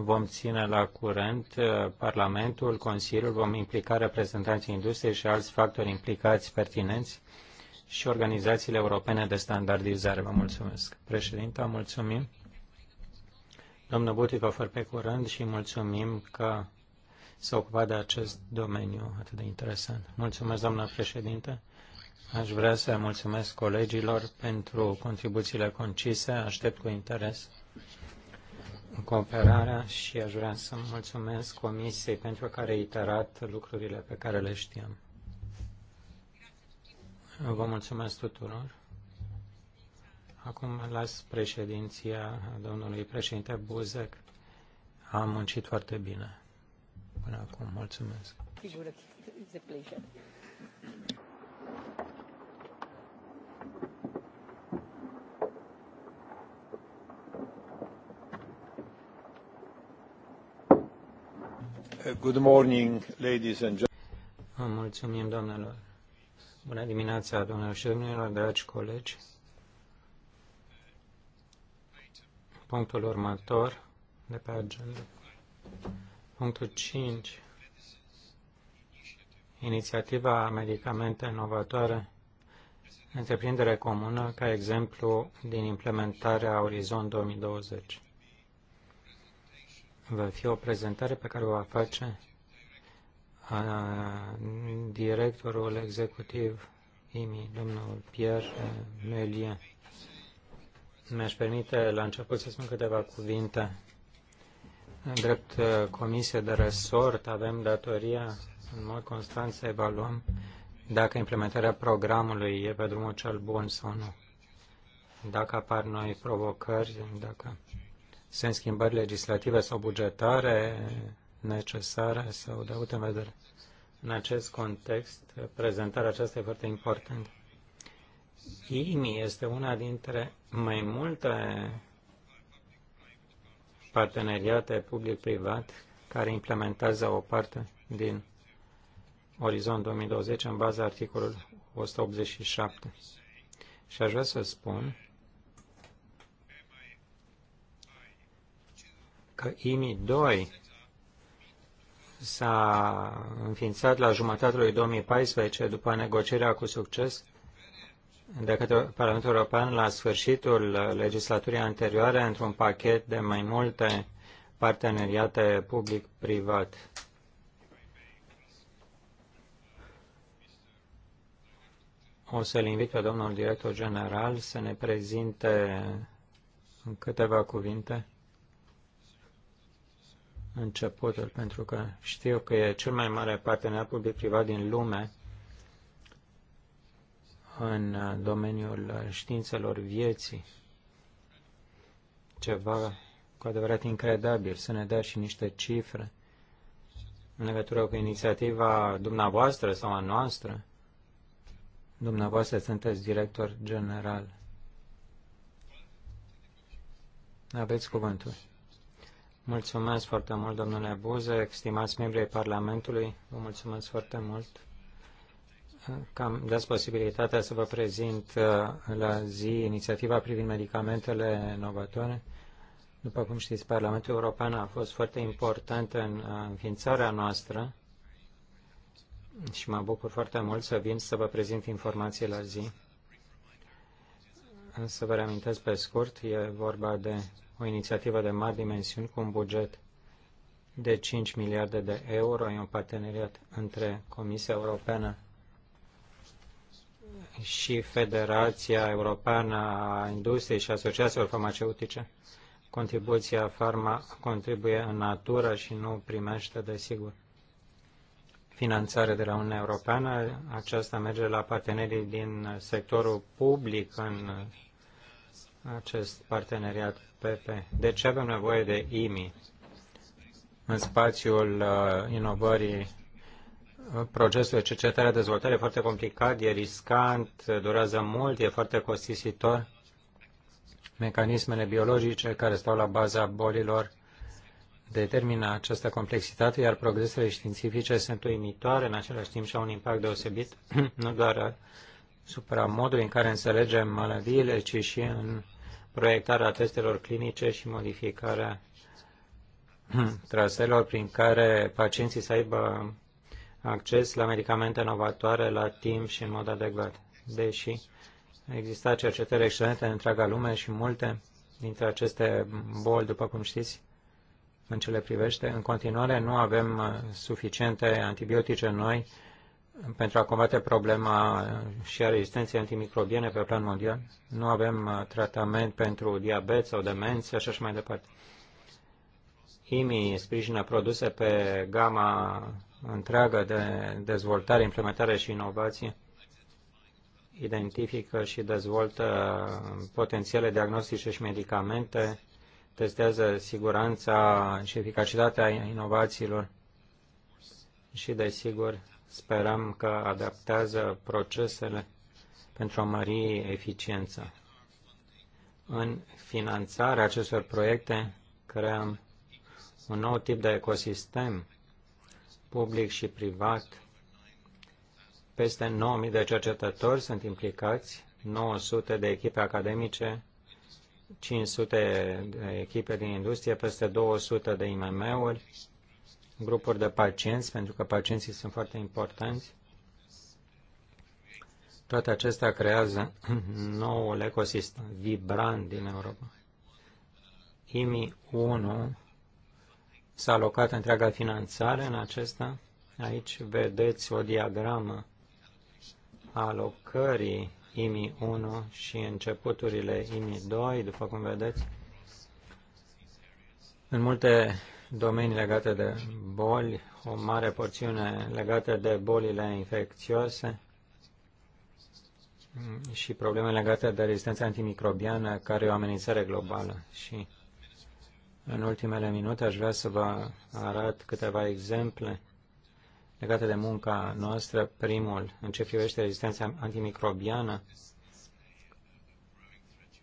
vom ține la curent uh, Parlamentul, Consiliul, vom implica reprezentanții industriei și alți factori implicați pertinenți și organizațiile europene de standardizare. Vă mulțumesc. Președinta, mulțumim. Domnul Butikofer, pe curând și mulțumim că s-a ocupat de acest domeniu atât de interesant. Mulțumesc, doamnă președinte. Aș vrea să mulțumesc colegilor pentru contribuțiile concise. Aștept cu interes cooperarea și aș vrea să mulțumesc Comisiei pentru că a reiterat lucrurile pe care le știam. Vă mulțumesc tuturor. Acum las președinția domnului președinte Buzek. Am muncit foarte bine până acum. Mulțumesc. Good morning, ladies and gentlemen. Mulțumim, doamnelor. Bună dimineața, doamnelor și domnilor, dragi colegi. Punctul următor de pe agenda. Punctul 5. Inițiativa Medicamente Inovatoare, întreprindere comună ca exemplu din implementarea Orizont 2020 va fi o prezentare pe care o va face a, directorul executiv IMI, domnul Pierre Melie. Mi-aș permite la început să spun câteva cuvinte. În drept uh, comisie de resort avem datoria în mod constant să evaluăm dacă implementarea programului e pe drumul cel bun sau nu. Dacă apar noi provocări, dacă sunt schimbări legislative sau bugetare necesare sau de avut în vedere. În acest context, prezentarea aceasta e foarte importantă. IMI este una dintre mai multe parteneriate public-privat care implementează o parte din Orizont 2020 în baza articolului 187. Și aș vrea să spun că IMI 2 s-a înființat la jumătatea lui 2014 după negocierea cu succes de către Parlamentul European la sfârșitul legislaturii anterioare într-un pachet de mai multe parteneriate public-privat. O să-l invit pe domnul director general să ne prezinte în câteva cuvinte începutul, pentru că știu că e cel mai mare partener public-privat din lume în uh, domeniul uh, științelor vieții. Ceva cu adevărat incredibil să ne dea și niște cifre în legătură cu inițiativa dumneavoastră sau a noastră. Dumneavoastră sunteți director general. Aveți cuvântul. Mulțumesc foarte mult, domnule Buzek, stimați membrii Parlamentului, vă mulțumesc foarte mult că am dat posibilitatea să vă prezint uh, la zi inițiativa privind medicamentele inovatoare. După cum știți, Parlamentul European a fost foarte important în uh, înființarea noastră și mă bucur foarte mult să vin să vă prezint informații la zi. Să vă reamintesc pe scurt, e vorba de o inițiativă de mari dimensiuni cu un buget de 5 miliarde de euro. E un parteneriat între Comisia Europeană și Federația Europeană a Industriei și Asociațiilor Farmaceutice. Contribuția Pharma contribuie în natură și nu primește, desigur, finanțare de la Uniunea Europeană. Aceasta merge la partenerii din sectorul public în acest parteneriat PP. De ce avem nevoie de IMI în spațiul uh, inovării? Uh, procesul de cercetare-dezvoltare de e foarte complicat, e riscant, durează mult, e foarte costisitor. Mecanismele biologice care stau la baza bolilor determină această complexitate, iar progresele științifice sunt uimitoare în același timp și au un impact deosebit, nu doar uh, supra modului în care înțelegem maladiile, ci și în proiectarea testelor clinice și modificarea traselor prin care pacienții să aibă acces la medicamente novatoare la timp și în mod adecvat. Deși exista cercetări excelente în întreaga lume și multe dintre aceste boli, după cum știți, în ce le privește, în continuare nu avem uh, suficiente antibiotice noi pentru a combate problema și a rezistenței antimicrobiene pe plan mondial. Nu avem uh, tratament pentru diabet sau demență și așa și mai departe. IMI sprijină produse pe gama întreagă de dezvoltare, implementare și inovație. Identifică și dezvoltă potențiale diagnostice și medicamente, testează siguranța și eficacitatea inovațiilor și, desigur, Sperăm că adaptează procesele pentru a mări eficiența. În finanțarea acestor proiecte creăm un nou tip de ecosistem public și privat. Peste 9.000 de cercetători sunt implicați, 900 de echipe academice, 500 de echipe din industrie, peste 200 de IMM-uri, grupuri de pacienți, pentru că pacienții sunt foarte importanți. Toate acestea creează noul ecosistem vibrant din Europa. IMI 1 s-a alocat întreaga finanțare în acesta. Aici vedeți o diagramă alocării IMI 1 și începuturile IMI 2, după cum vedeți. În multe domenii legate de boli, o mare porțiune legată de bolile infecțioase și probleme legate de rezistența antimicrobiană, care e o amenințare globală. Și în ultimele minute aș vrea să vă arăt câteva exemple legate de munca noastră. Primul, în ce privește rezistența antimicrobiană,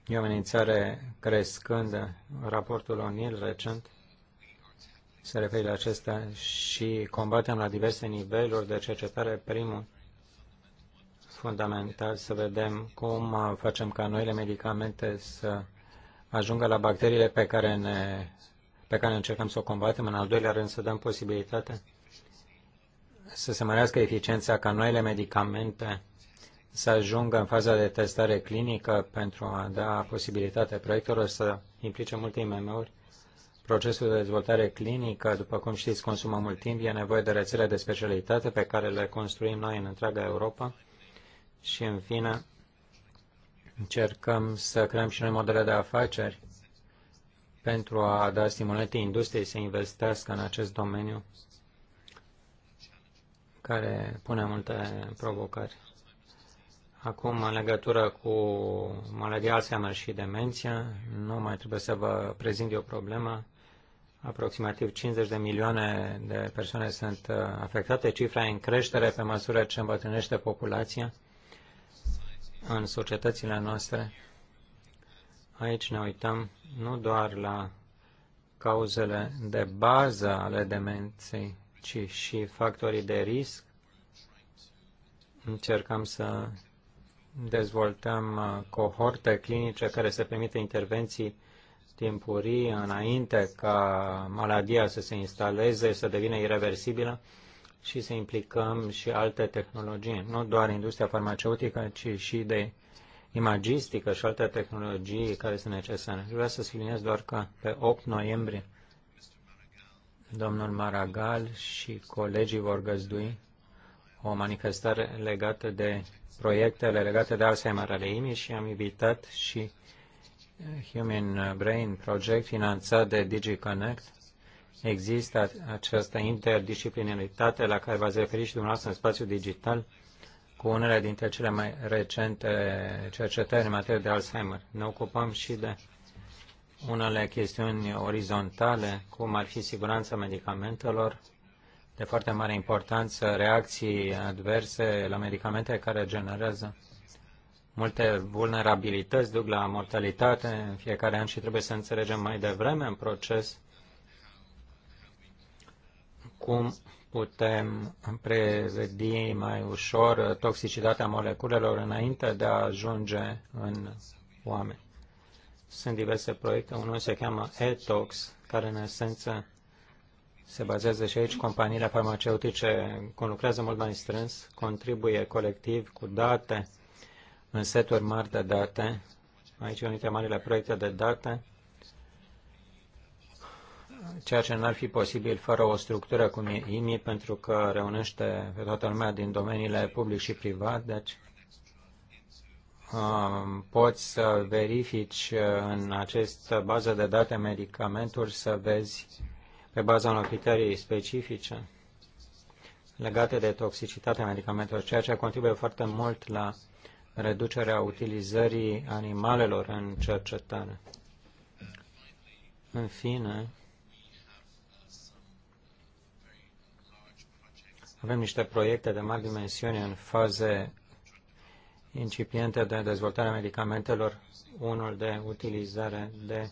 e o amenințare crescândă. Raportul ONIL recent se referi la acesta și combatem la diverse niveluri de cercetare. Primul, fundamental, să vedem cum facem ca noile medicamente să ajungă la bacteriile pe care, ne, pe care încercăm să o combatem. În al doilea rând, să dăm posibilitatea să se mărească eficiența ca noile medicamente să ajungă în faza de testare clinică pentru a da posibilitatea proiectelor să implice multe IMM-uri Procesul de dezvoltare clinică, după cum știți, consumă mult timp, e nevoie de rețele de specialitate pe care le construim noi în întreaga Europa și, în fine, încercăm să creăm și noi modele de afaceri pentru a da stimulente industriei să investească în acest domeniu care pune multe provocări. Acum, în legătură cu maladia Alzheimer și demenția, nu mai trebuie să vă prezint eu problema aproximativ 50 de milioane de persoane sunt uh, afectate. Cifra în creștere pe măsură ce îmbătrânește populația în societățile noastre. Aici ne uităm nu doar la cauzele de bază ale demenței, ci și factorii de risc. Încercăm să dezvoltăm uh, cohorte clinice care să permită intervenții timpurii înainte ca maladia să se instaleze, să devină irreversibilă și să implicăm și alte tehnologii, nu doar industria farmaceutică, ci și de imagistică și alte tehnologii care sunt necesare. Vreau să subliniez doar că pe 8 noiembrie domnul Maragal și colegii vor găzdui o manifestare legată de proiectele legate de Alzheimer ale IMI și am invitat și Human Brain Project finanțat de DigiConnect. Există această interdisciplinaritate la care v-ați referit și dumneavoastră în spațiul digital cu unele dintre cele mai recente cercetări în materie de Alzheimer. Ne ocupăm și de unele chestiuni orizontale, cum ar fi siguranța medicamentelor, de foarte mare importanță, reacții adverse la medicamente care generează Multe vulnerabilități duc la mortalitate în fiecare an și trebuie să înțelegem mai devreme în proces cum putem prevedi mai ușor toxicitatea moleculelor înainte de a ajunge în oameni. Sunt diverse proiecte, unul se cheamă ETOX, care în esență se bazează și aici companiile farmaceutice conlucrează mult mai strâns, contribuie colectiv cu date în seturi mari de date. Aici e unul dintre marile proiecte de date, ceea ce n-ar fi posibil fără o structură cum e IMI, pentru că reunește pe toată lumea din domeniile public și privat, deci um, poți să verifici în această bază de date medicamenturi, să vezi pe baza unor criterii specifice legate de toxicitatea medicamentelor, ceea ce contribuie foarte mult la reducerea utilizării animalelor în cercetare. În fine, avem niște proiecte de mari dimensiuni în faze incipiente de dezvoltare a medicamentelor, unul de utilizare de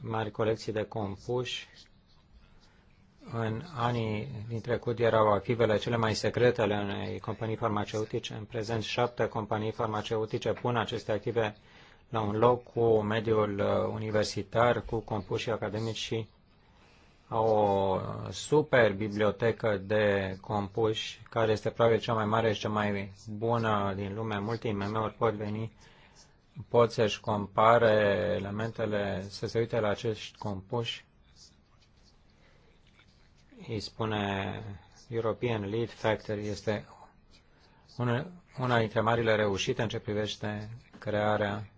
mari colecții de compuși în anii din trecut erau activele cele mai secrete ale unei companii farmaceutice. În prezent, șapte companii farmaceutice pun aceste active la un loc cu mediul uh, universitar, cu compuși academici și au o super bibliotecă de compuși, care este probabil cea mai mare și cea mai bună din lume. Multe IMM-uri pot veni, pot să-și compare elementele, să se uite la acești compuși îi spune European Lead Factor, este una, una dintre marile reușite în ce privește crearea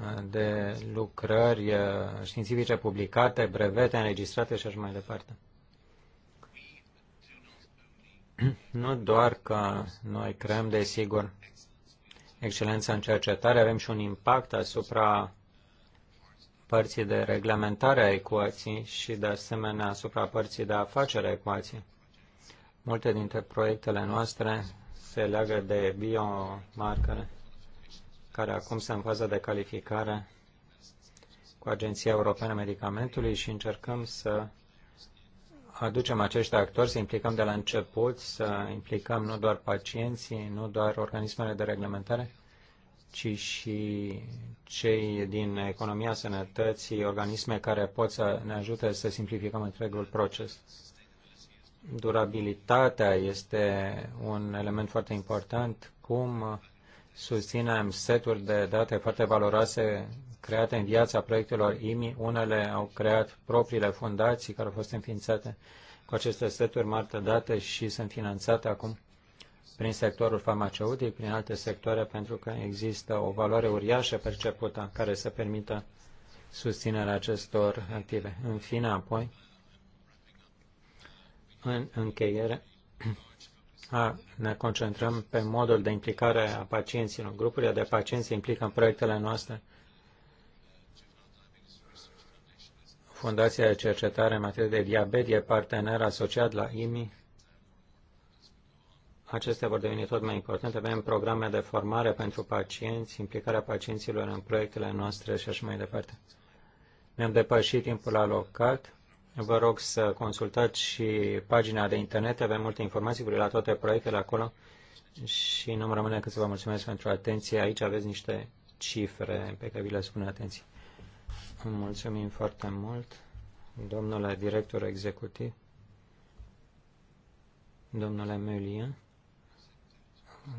uh, de lucrări uh, științifice publicate, brevete înregistrate și așa mai departe. Nu doar că noi creăm, desigur, excelența în cercetare, avem și un impact asupra părții de reglementare a ecuației și, de asemenea, asupra părții de afacere a ecuației. Multe dintre proiectele noastre se leagă de biomarcare, care acum sunt în fază de calificare cu Agenția Europeană a Medicamentului și încercăm să aducem acești actori, să implicăm de la început, să implicăm nu doar pacienții, nu doar organismele de reglementare, ci și cei din economia sănătății, organisme care pot să ne ajute să simplificăm întregul proces. Durabilitatea este un element foarte important. Cum susținem seturi de date foarte valoroase create în viața proiectelor IMI. Unele au creat propriile fundații care au fost înființate cu aceste seturi mari de date și sunt finanțate acum prin sectorul farmaceutic, prin alte sectoare, pentru că există o valoare uriașă percepută care să permită susținerea acestor active. În fine, apoi, în încheiere, a, ne concentrăm pe modul de implicare a pacienților. Grupurile de pacienți implică în proiectele noastre Fundația de Cercetare în materie de diabet e partener asociat la IMI Acestea vor deveni tot mai importante. Avem programe de formare pentru pacienți, implicarea pacienților în proiectele noastre și așa mai departe. Ne-am depășit timpul alocat. Vă rog să consultați și pagina de internet. Avem multe informații cu la toate proiectele acolo și nu-mi rămâne decât să vă mulțumesc pentru atenție. Aici aveți niște cifre pe care vi le spun atenție. Mulțumim foarte mult, domnule director executiv, domnule Meulien.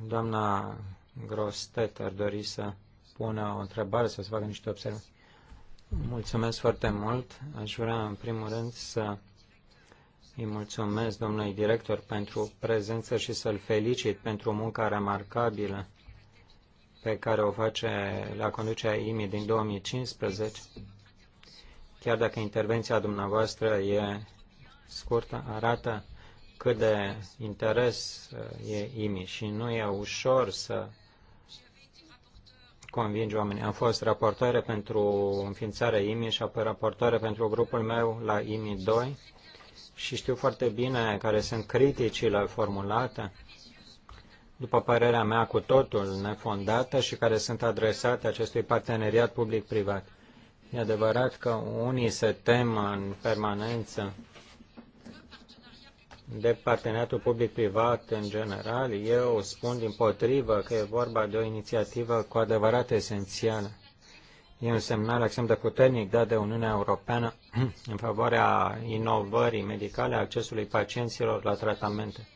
Doamna Grostet ar dori să pună o întrebare să se facă niște observații. Mulțumesc foarte mult. Aș vrea, în primul rând, să îi mulțumesc domnului director pentru prezență și să-l felicit pentru munca remarcabilă pe care o face la conducerea IMI din 2015. Chiar dacă intervenția dumneavoastră e scurtă, arată cât de interes uh, e IMI și nu e ușor să convingi oamenii. Am fost raportoare pentru înființarea IMI și apoi raportoare pentru grupul meu la IMI 2 și știu foarte bine care sunt criticile formulate, după părerea mea cu totul nefondată și care sunt adresate acestui parteneriat public-privat. E adevărat că unii se tem în permanență de parteneriatul public-privat în general, eu spun din potrivă că e vorba de o inițiativă cu adevărat esențială. E un semnal extrem de puternic dat de Uniunea Europeană în favoarea inovării medicale, a accesului pacienților la tratamente.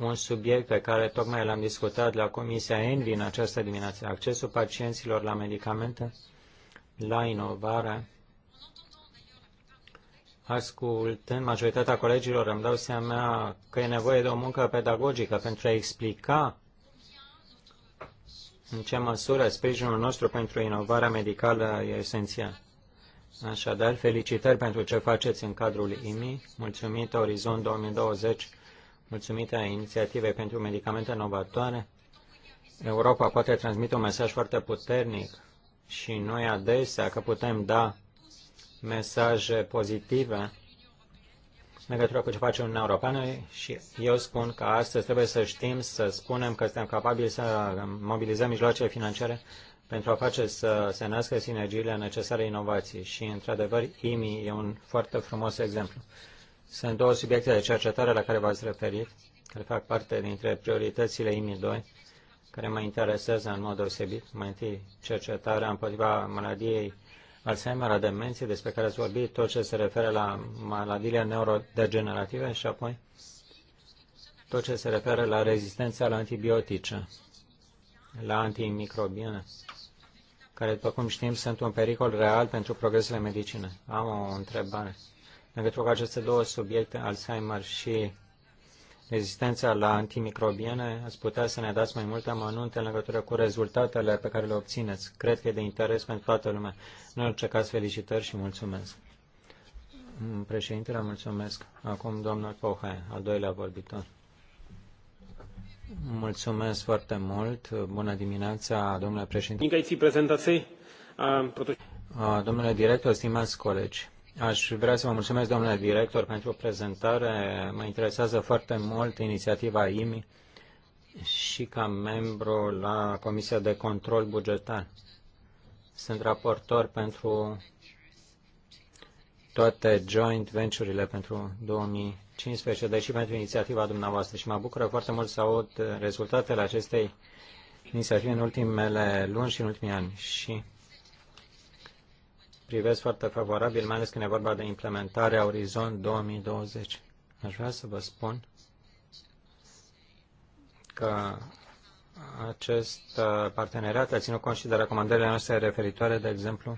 Un subiect pe care tocmai l-am discutat la Comisia Envi în această dimineață, accesul pacienților la medicamente, la inovare, Ascultând majoritatea colegilor, îmi dau seama că e nevoie de o muncă pedagogică pentru a explica în ce măsură sprijinul nostru pentru inovarea medicală e esențial. Așadar, felicitări pentru ce faceți în cadrul IMI, mulțumită Orizont 2020, mulțumită inițiativei pentru medicamente inovatoare. Europa poate transmite un mesaj foarte puternic și noi adesea că putem da mesaje pozitive în legătură cu ce face Uniunea Europeană și eu spun că astăzi trebuie să știm, să spunem că suntem capabili să mobilizăm mijloacele financiare pentru a face să se nască sinergiile necesare inovației. Și, într-adevăr, IMI e un foarte frumos exemplu. Sunt două subiecte de cercetare la care v-ați referit, care fac parte dintre prioritățile IMI 2, care mă interesează în mod deosebit. Mai întâi, cercetarea împotriva maladiei Alzheimer, demenție, despre care ați vorbit, tot ce se referă la maladiile neurodegenerative și apoi tot ce se referă la rezistența la antibiotice, la antimicrobiene, care, după cum știm, sunt un pericol real pentru progresele medicine. Am o întrebare. În legătură cu aceste două subiecte, Alzheimer și rezistența la antimicrobiene, ați putea să ne dați mai multe amănunte în legătură cu rezultatele pe care le obțineți. Cred că e de interes pentru toată lumea. În orice caz, felicitări și mulțumesc. Președintele, mulțumesc. Acum domnul Pohai, al doilea vorbitor. Mulțumesc foarte mult. Bună dimineața, domnule președinte. Domnule director, stimați colegi. Aș vrea să vă mulțumesc, domnule director, pentru prezentare. Mă interesează foarte mult inițiativa IMI și ca membru la Comisia de Control Bugetar. Sunt raportor pentru toate joint venture-urile pentru 2015, dar și pentru inițiativa dumneavoastră și mă bucură foarte mult să aud rezultatele acestei inițiative în ultimele luni și în ultimii ani. Și privesc foarte favorabil, mai ales când e vorba de implementarea Orizont 2020. Aș vrea să vă spun că acest uh, parteneriat a ținut cont și de recomandările noastre referitoare, de exemplu,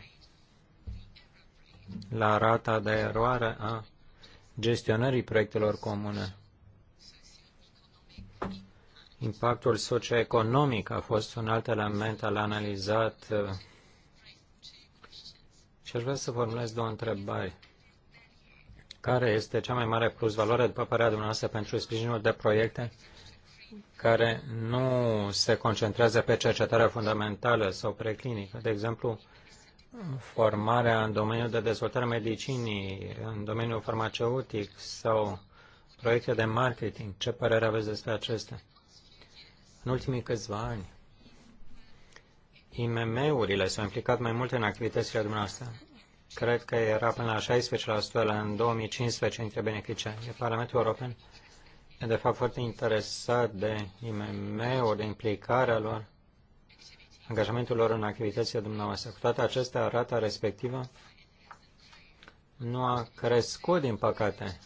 la rata de eroare a gestionării proiectelor comune. Impactul socioeconomic a fost un alt element al analizat uh, și aș vrea să formulez două întrebări. Care este cea mai mare plus valoare după părerea dumneavoastră, pentru sprijinul de proiecte care nu se concentrează pe cercetarea fundamentală sau preclinică? De exemplu, formarea în domeniul de dezvoltare medicinii, în domeniul farmaceutic sau proiecte de marketing. Ce părere aveți despre acestea? În ultimii câțiva ani, IMM-urile s-au implicat mai mult în activitățile dumneavoastră. Cred că era până la 16% în 2015 între beneficiari. Parlamentul European e de fapt foarte interesat de IMM-uri, de implicarea lor, angajamentul lor în activitățile dumneavoastră. Cu toate acestea, rata respectivă nu a crescut, din păcate.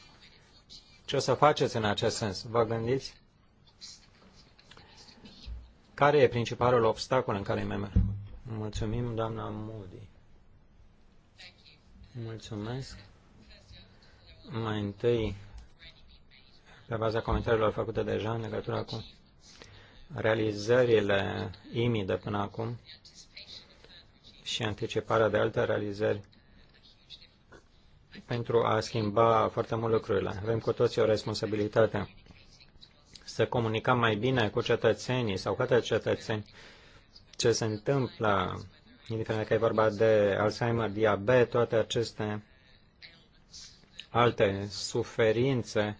Ce o să faceți în acest sens? Vă gândiți care e principalul obstacol în care merg? Mulțumim, doamna Moody. Mulțumesc. Mai întâi, pe baza comentariilor făcute deja în legătură cu realizările IMI de până acum și anticiparea de alte realizări pentru a schimba foarte mult lucrurile. Avem cu toții o responsabilitate să comunicăm mai bine cu cetățenii sau către cetățeni ce se întâmplă, indiferent că e vorba de Alzheimer, diabet, toate aceste alte suferințe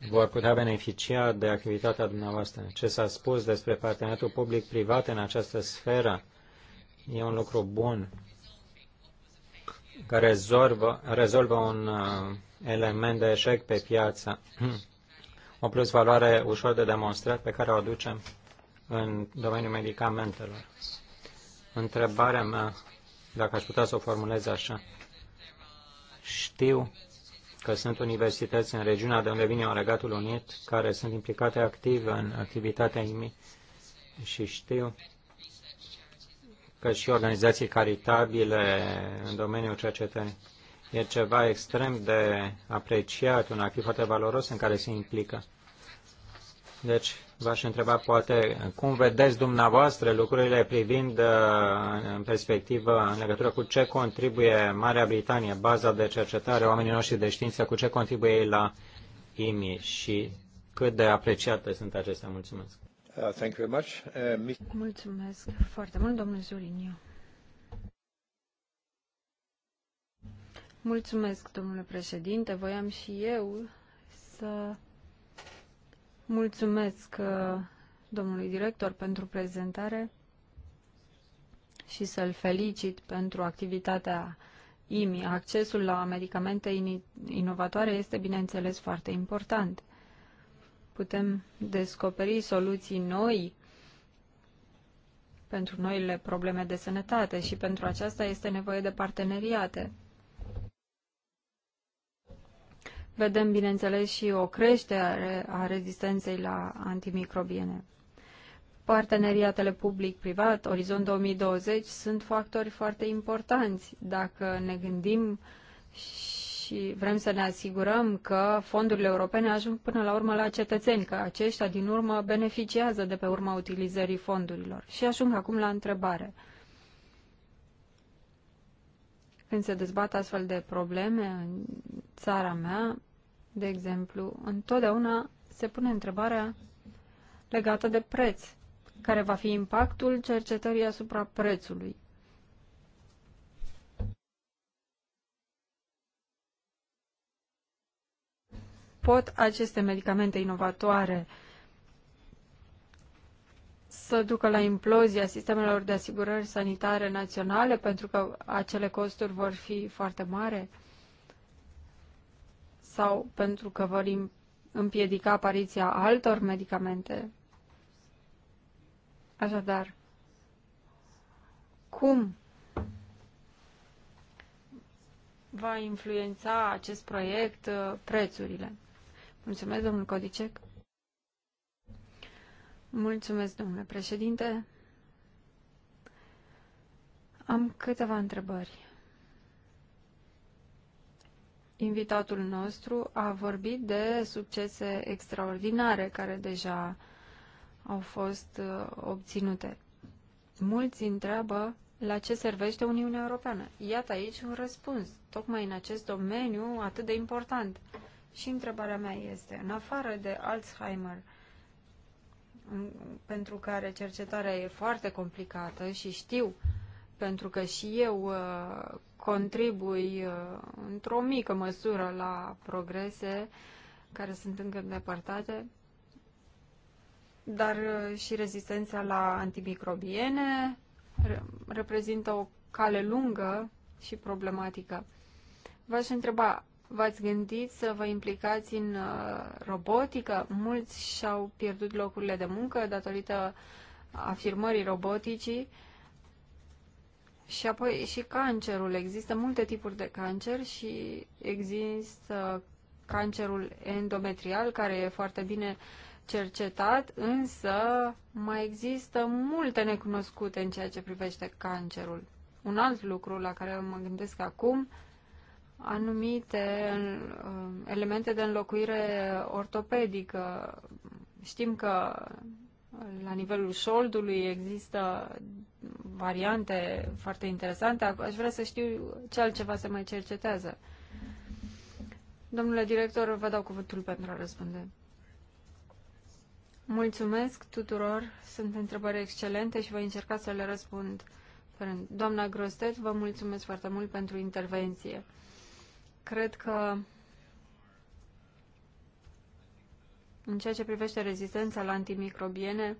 vor putea beneficia de activitatea dumneavoastră. Ce s-a spus despre parteneriatul public-privat în această sferă e un lucru bun care rezolvă, rezolvă un uh, element de eșec pe piață. O plus valoare ușor de demonstrat pe care o aducem în domeniul medicamentelor. Întrebarea mea, dacă aș putea să o formulez așa, știu că sunt universități în regiunea de unde vine eu, Regatul Unit, care sunt implicate activ în activitatea IMI și știu că și organizații caritabile în domeniul cercetării E ceva extrem de apreciat, un activ foarte valoros în care se implică. Deci, v-aș întreba poate cum vedeți dumneavoastră lucrurile privind uh, în perspectivă în legătură cu ce contribuie Marea Britanie, baza de cercetare, oamenii noștri de știință, cu ce contribuie ei la IMI și cât de apreciate sunt acestea. Mulțumesc. Uh, uh, Mulțumesc foarte mult, domnul Zuliniu. Mulțumesc, domnule președinte. Voiam și eu să mulțumesc uh, domnului director pentru prezentare și să-l felicit pentru activitatea IMI. Accesul la medicamente inovatoare este, bineînțeles, foarte important. Putem descoperi soluții noi pentru noile probleme de sănătate și pentru aceasta este nevoie de parteneriate. Vedem, bineînțeles, și o creștere a rezistenței la antimicrobiene. Parteneriatele public-privat, Orizont 2020, sunt factori foarte importanți dacă ne gândim și vrem să ne asigurăm că fondurile europene ajung până la urmă la cetățeni, că aceștia din urmă beneficiază de pe urma utilizării fondurilor. Și ajung acum la întrebare când se dezbat astfel de probleme în țara mea, de exemplu, întotdeauna se pune întrebarea legată de preț, care va fi impactul cercetării asupra prețului. Pot aceste medicamente inovatoare uh, să ducă la implozia sistemelor de asigurări sanitare naționale, pentru că acele costuri vor fi foarte mari? Sau pentru că vor împiedica apariția altor medicamente? Așadar, cum va influența acest proiect uh, prețurile? Mulțumesc, domnul Codicec. Mulțumesc, domnule președinte. Am câteva întrebări. Invitatul nostru a vorbit de succese extraordinare care deja au fost uh, obținute. Mulți întreabă la ce servește Uniunea Europeană. Iată aici un răspuns, tocmai în acest domeniu atât de important. Și întrebarea mea este, în afară de Alzheimer, pentru care cercetarea e foarte complicată și știu, pentru că și eu uh, contribui uh, într-o mică măsură la progrese care sunt încă îndepărtate, dar uh, și rezistența la antimicrobiene reprezintă o cale lungă și problematică. V-aș întreba, V-ați gândit să vă implicați în uh, robotică? Mulți și-au pierdut locurile de muncă datorită afirmării roboticii. Și apoi și cancerul. Există multe tipuri de cancer și există cancerul endometrial, care e foarte bine cercetat, însă mai există multe necunoscute în ceea ce privește cancerul. Un alt lucru la care mă gândesc acum anumite um, elemente de înlocuire ortopedică. Știm că la nivelul șoldului există variante foarte interesante. Aș vrea să știu ce altceva se mai cercetează. Domnule director, vă dau cuvântul pentru a răspunde. Mulțumesc tuturor, sunt întrebări excelente și voi încerca să le răspund. Doamna Grostet, vă mulțumesc foarte mult pentru intervenție. Cred că în ceea ce privește rezistența la antimicrobiene,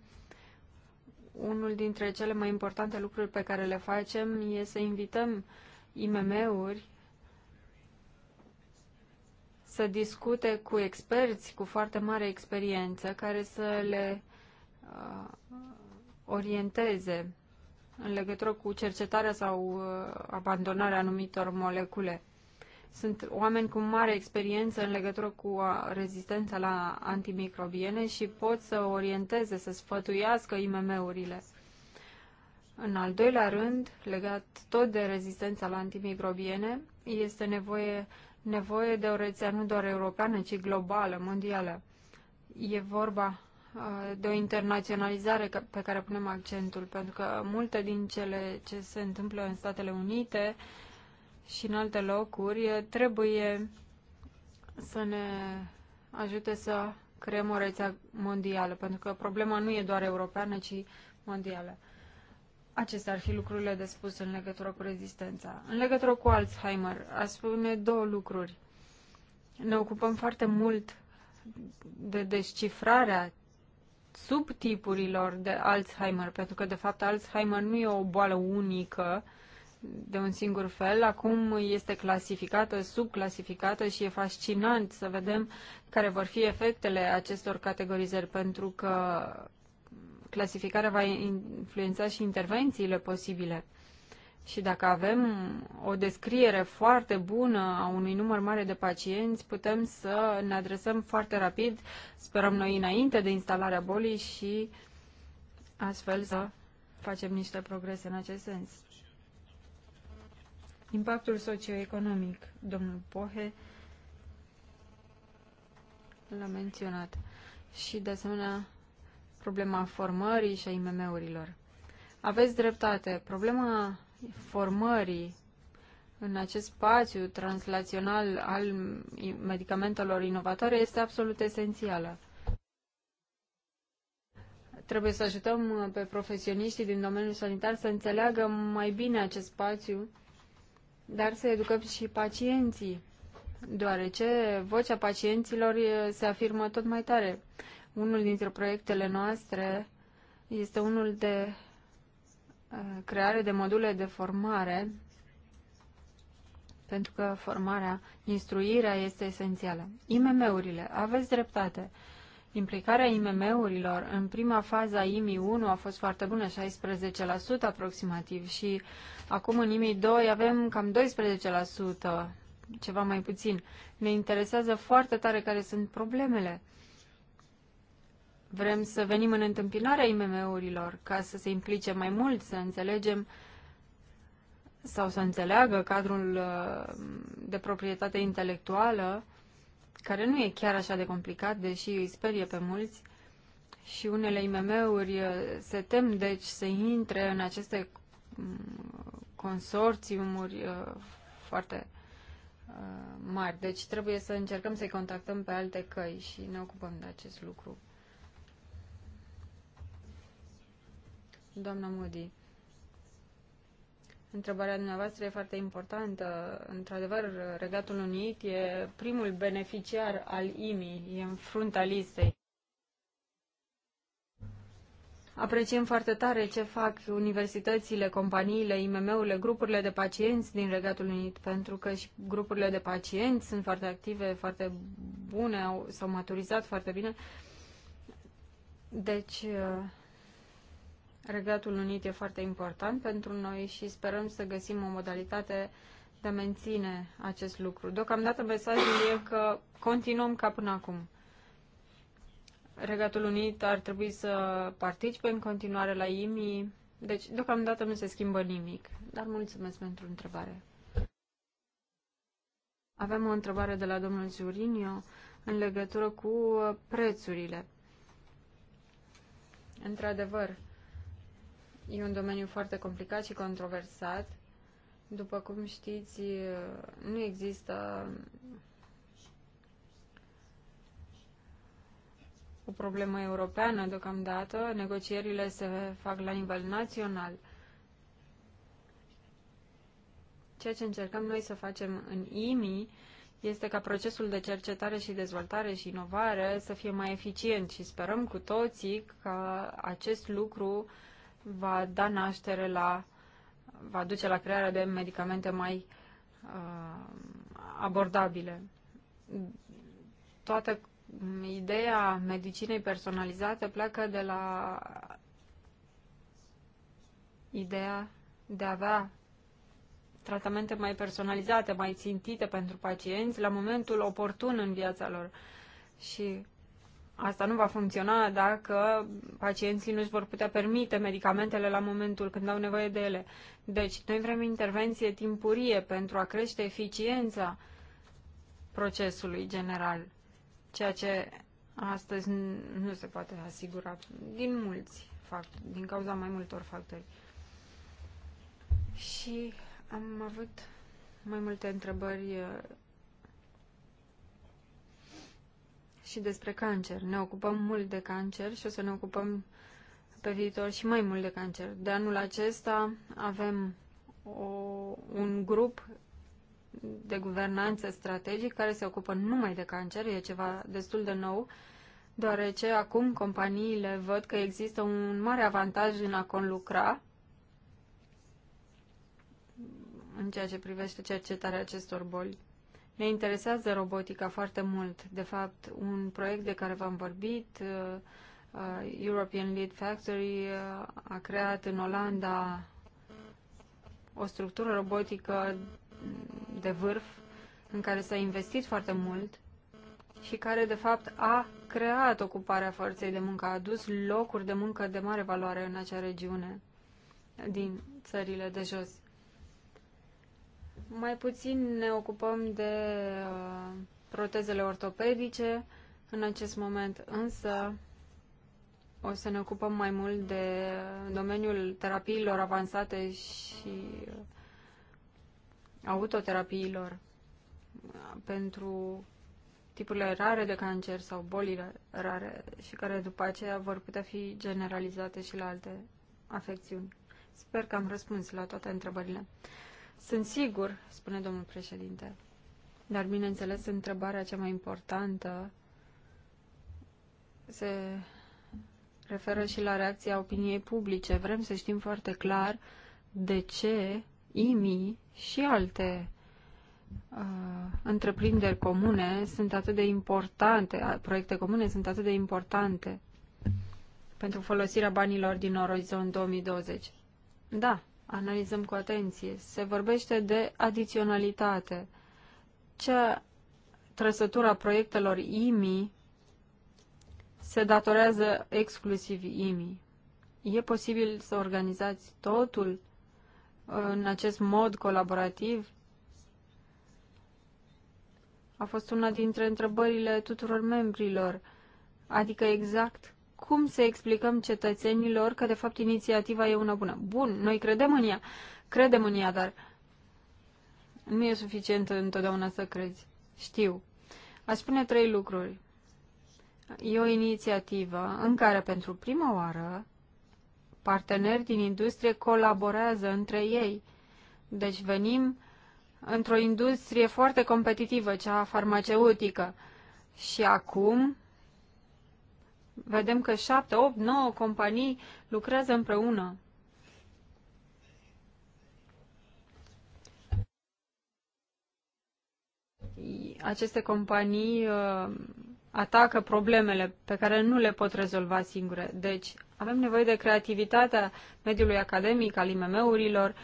unul dintre cele mai importante lucruri pe care le facem e să invităm IMM-uri să discute cu experți cu foarte mare experiență care să le uh, orienteze în legătură cu cercetarea sau uh, abandonarea anumitor molecule. Sunt oameni cu mare experiență în legătură cu uh, rezistența la antimicrobiene și pot să orienteze, să sfătuiască IMM-urile. În al doilea rând, legat tot de rezistența la antimicrobiene, este nevoie, nevoie de o rețea nu doar europeană, ci globală, mondială. E vorba uh, de o internaționalizare pe care punem accentul, pentru că multe din cele ce se întâmplă în Statele Unite uh, și în alte locuri, trebuie să ne ajute să creăm o rețea mondială, pentru că problema nu e doar europeană, ci mondială. Acestea ar fi lucrurile de spus în legătură cu rezistența. În legătură cu Alzheimer, a spune două lucruri. Ne ocupăm foarte mult de descifrarea subtipurilor de Alzheimer, pentru că, de fapt, Alzheimer nu e o boală unică, uh, de un singur fel. Acum este clasificată, subclasificată și e fascinant să vedem care vor fi efectele acestor categorizări, pentru că clasificarea va influența și intervențiile posibile. Și dacă avem o descriere foarte bună a unui număr mare de pacienți, putem să ne adresăm foarte rapid, sperăm noi înainte de instalarea bolii și astfel să facem niște progrese în acest sens. Impactul socioeconomic, domnul Pohe l-a menționat. Și, de asemenea, problema formării și a IMM-urilor. Aveți dreptate. Problema formării în acest spațiu translațional al medicamentelor inovatoare este absolut esențială. Trebuie să ajutăm pe profesioniștii din domeniul sanitar să înțeleagă mai bine acest spațiu dar să educăm și pacienții, deoarece vocea pacienților se afirmă tot mai tare. Unul dintre proiectele noastre este unul de creare de module de formare, pentru că formarea, instruirea este esențială. IMM-urile, aveți dreptate. Uh, Implicarea IMM-urilor în prima fază a IMI 1 a fost foarte bună, 16% aproximativ și acum în IMI 2 avem cam 12%, ceva mai puțin. Ne interesează foarte tare care sunt problemele. Vrem să venim în întâmpinarea IMM-urilor ca să se implice mai mult, să înțelegem sau să înțeleagă cadrul uh, de proprietate intelectuală care nu e chiar așa de complicat, deși îi sperie pe mulți, și unele IMM-uri uh, se tem, deci, să intre în aceste mm, consorțiumuri uh, foarte uh, mari. Deci trebuie să încercăm să-i contactăm pe alte căi și ne ocupăm de acest lucru. Doamna Moody. Întrebarea dumneavoastră e foarte importantă. Într-adevăr, Regatul Unit e primul beneficiar al IMI, e în frunta listei. Apreciem foarte tare ce fac universitățile, companiile, IMM-urile, grupurile de pacienți din Regatul Unit, pentru că și grupurile de pacienți sunt foarte active, foarte bune, s-au maturizat foarte bine. Deci, uh, Regatul Unit e foarte important pentru noi și sperăm să găsim o modalitate de a menține acest lucru. Deocamdată mesajul e că continuăm ca până acum. Regatul Unit ar trebui să participe în continuare la IMI, deci deocamdată nu se schimbă nimic. Dar mulțumesc pentru întrebare. Avem o întrebare de la domnul Zurinio în legătură cu prețurile. Într-adevăr, E un domeniu foarte complicat și controversat. După cum știți, nu există o problemă europeană deocamdată. Negocierile se fac la nivel național. Ceea ce încercăm noi să facem în IMI este ca procesul de cercetare și dezvoltare și inovare să fie mai eficient și sperăm cu toții ca acest lucru uh, va da naștere la, va duce la crearea de medicamente mai uh, abordabile. Toată ideea medicinei personalizate pleacă de la ideea de a avea tratamente mai personalizate, mai țintite pentru pacienți la momentul oportun în viața lor. Și Asta nu va funcționa dacă pacienții nu își vor putea permite medicamentele la momentul când au nevoie de ele. Deci, noi vrem intervenție timpurie pentru a crește eficiența procesului general, ceea ce astăzi nu se poate asigura din mulți factori, din cauza mai multor factori. Și am avut mai multe întrebări și despre cancer. Ne ocupăm mult de cancer și o să ne ocupăm pe viitor și mai mult de cancer. De anul acesta avem o, un grup de guvernanță strategic care se ocupă numai de cancer. E ceva destul de nou, deoarece acum companiile văd că există un mare avantaj în a conlucra în ceea ce privește cercetarea acestor boli. Ne interesează robotica foarte mult. De fapt, un proiect de care v-am vorbit, uh, uh, European Lead Factory, uh, a creat în Olanda o structură robotică de vârf în care s-a investit foarte mult și care, de fapt, a creat ocuparea forței de muncă, a adus locuri de muncă de mare valoare în acea regiune din țările de jos. Mai puțin ne ocupăm de uh, protezele ortopedice în acest moment, însă o să ne ocupăm mai mult de domeniul terapiilor avansate și uh, autoterapiilor pentru tipurile rare de cancer sau bolile rare și care după aceea vor putea fi generalizate și la alte afecțiuni. Sper că am răspuns la toate întrebările. Sunt sigur, spune domnul președinte. Dar, bineînțeles, întrebarea cea mai importantă se referă și la reacția opiniei publice. Vrem să știm foarte clar de ce IMI și alte uh, întreprinderi comune sunt atât de importante, proiecte comune sunt atât de importante pentru folosirea banilor din Orizont 2020. Da, analizăm cu atenție. Se vorbește de adiționalitate. Cea trăsătura proiectelor IMI se datorează exclusiv IMI. E posibil să organizați totul în acest mod colaborativ? A fost una dintre întrebările tuturor membrilor, adică exact cum să explicăm cetățenilor că, de fapt, inițiativa e una bună? Bun, noi credem în ea, credem în ea, dar nu e suficient întotdeauna să crezi. Știu. Aș spune trei lucruri. E o inițiativă în care, pentru prima oară, parteneri din industrie colaborează între ei. Deci venim într-o industrie foarte competitivă, cea farmaceutică. Și acum vedem că 7, 8, 9 companii lucrează împreună. Aceste companii uh, atacă problemele pe care nu le pot rezolva singure. Deci avem nevoie de creativitatea mediului academic, al IMM-urilor,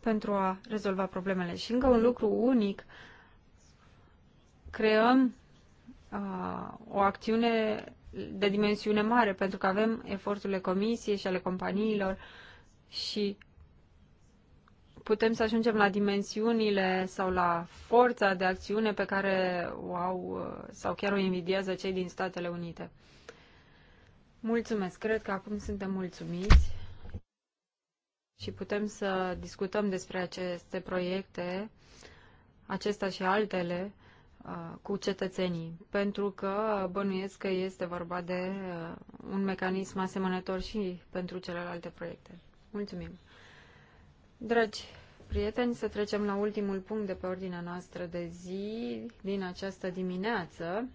pentru a rezolva problemele. Și încă un lucru unic, creăm o acțiune de dimensiune mare, pentru că avem eforturile comisiei și ale companiilor și putem să ajungem la dimensiunile sau la forța de acțiune pe care o au sau chiar o invidiază cei din Statele Unite. Mulțumesc, cred că acum suntem mulțumiți și putem să discutăm despre aceste proiecte, acesta și altele, cu cetățenii, pentru că bănuiesc că este vorba de un mecanism asemănător și pentru celelalte proiecte. Mulțumim! Dragi prieteni, să trecem la ultimul punct de pe ordinea noastră de zi din această dimineață.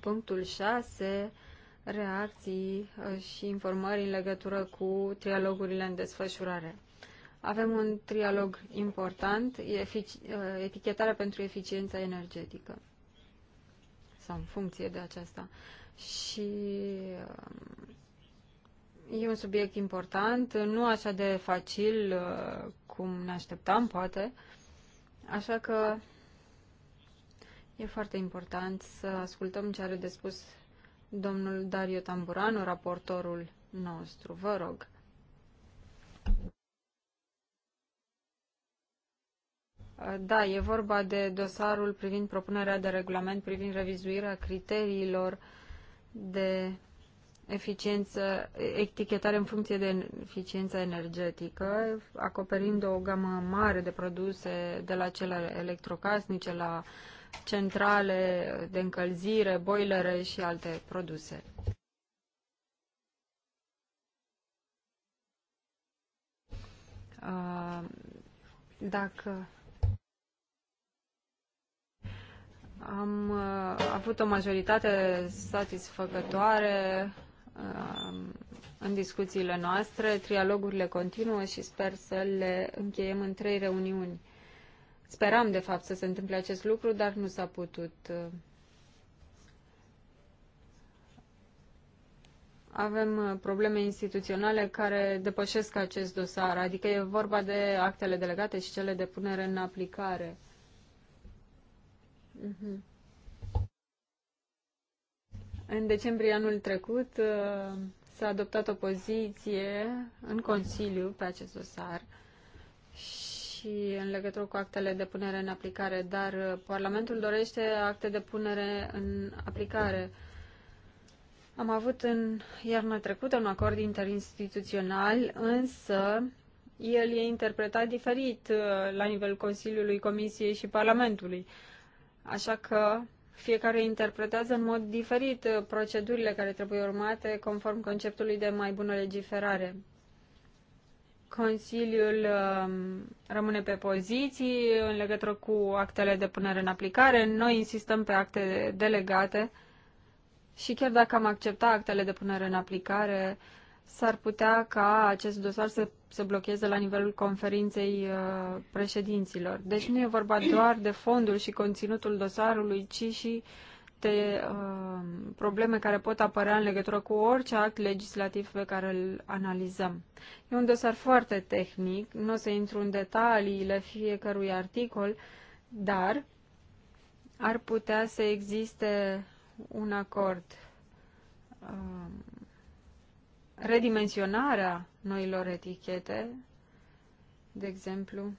Punctul 6, reacții și informări în legătură cu trialogurile în desfășurare. Avem un trialog important, uh, etichetarea pentru eficiența energetică sau în funcție de aceasta. Și um, e un subiect important, nu așa de facil uh, cum ne așteptam, poate, așa că e foarte important să ascultăm ce are de spus domnul Dario Tamburano, raportorul nostru. Vă rog. Da, e vorba de dosarul privind propunerea de regulament privind revizuirea criteriilor de eficiență, etichetare în funcție de eficiență energetică, acoperind o gamă mare de produse, de la cele electrocasnice la centrale de încălzire, boilere și alte produse. Ah, dacă Am uh, avut o majoritate satisfăcătoare uh, în discuțiile noastre, trialogurile continuă și sper să le încheiem în trei reuniuni. Speram, de fapt, să se întâmple acest lucru, dar nu s-a putut. Uh. Avem probleme instituționale care depășesc acest dosar, adică e vorba de actele delegate și cele de punere în aplicare. Mhm. În decembrie anul trecut uh, s-a adoptat o poziție în Consiliu pe acest dosar și în legătură cu actele de punere în aplicare, dar uh, Parlamentul dorește acte de punere în aplicare. Am avut în iarna trecută un acord interinstituțional, însă el e interpretat diferit uh, la nivelul Consiliului, Comisiei și Parlamentului. Uh, Așa că fiecare interpretează în mod diferit procedurile care trebuie urmate conform conceptului de mai bună legiferare. Consiliul um, rămâne pe poziții în legătură cu actele de punere în aplicare. Noi insistăm pe acte delegate și chiar dacă am acceptat actele de punere în aplicare, s-ar putea ca acest dosar să se blocheze la nivelul conferinței uh, președinților. Deci nu e vorba doar de fondul și conținutul dosarului, ci și de uh, probleme care pot apărea în legătură cu orice act legislativ pe care îl analizăm. E un dosar foarte tehnic, nu o să intru în detaliile fiecărui articol, dar ar putea să existe un acord. Uh, redimensionarea noilor etichete, de exemplu,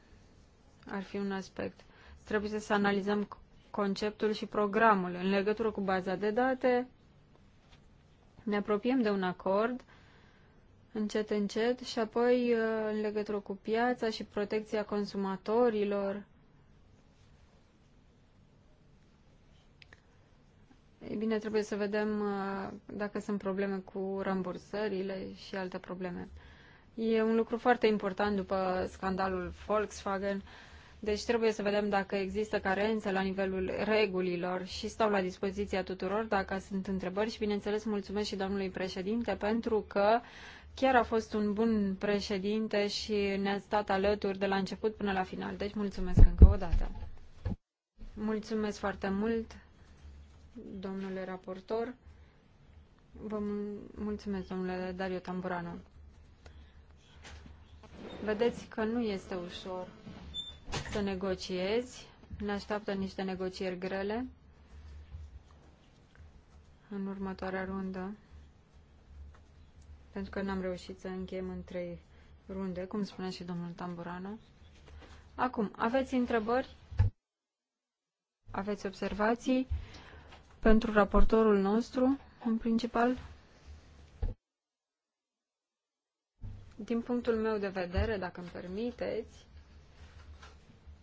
ar fi un aspect. Trebuie să analizăm conceptul și programul. În legătură cu baza de date, ne apropiem de un acord încet, încet și apoi uh, în legătură cu piața și protecția consumatorilor, E bine, trebuie să vedem uh, dacă sunt probleme cu rambursările și alte probleme. E un lucru foarte important după scandalul Volkswagen, deci trebuie să vedem dacă există carențe la nivelul regulilor și stau la dispoziția tuturor dacă sunt întrebări și, bineînțeles, mulțumesc și domnului președinte pentru că chiar a fost un bun președinte și ne-a stat alături de la început până la final. Deci mulțumesc încă o dată. Mulțumesc foarte mult domnule raportor. Vă mulțumesc, domnule Dario Tamburano. Vedeți că nu este ușor să negociezi. Ne așteaptă niște negocieri grele în următoarea rundă, pentru că n-am reușit să încheiem în trei runde, cum spunea și domnul Tamburano. Acum, aveți întrebări? Aveți observații? pentru raportorul nostru, în principal. Din punctul meu de vedere, dacă îmi permiteți,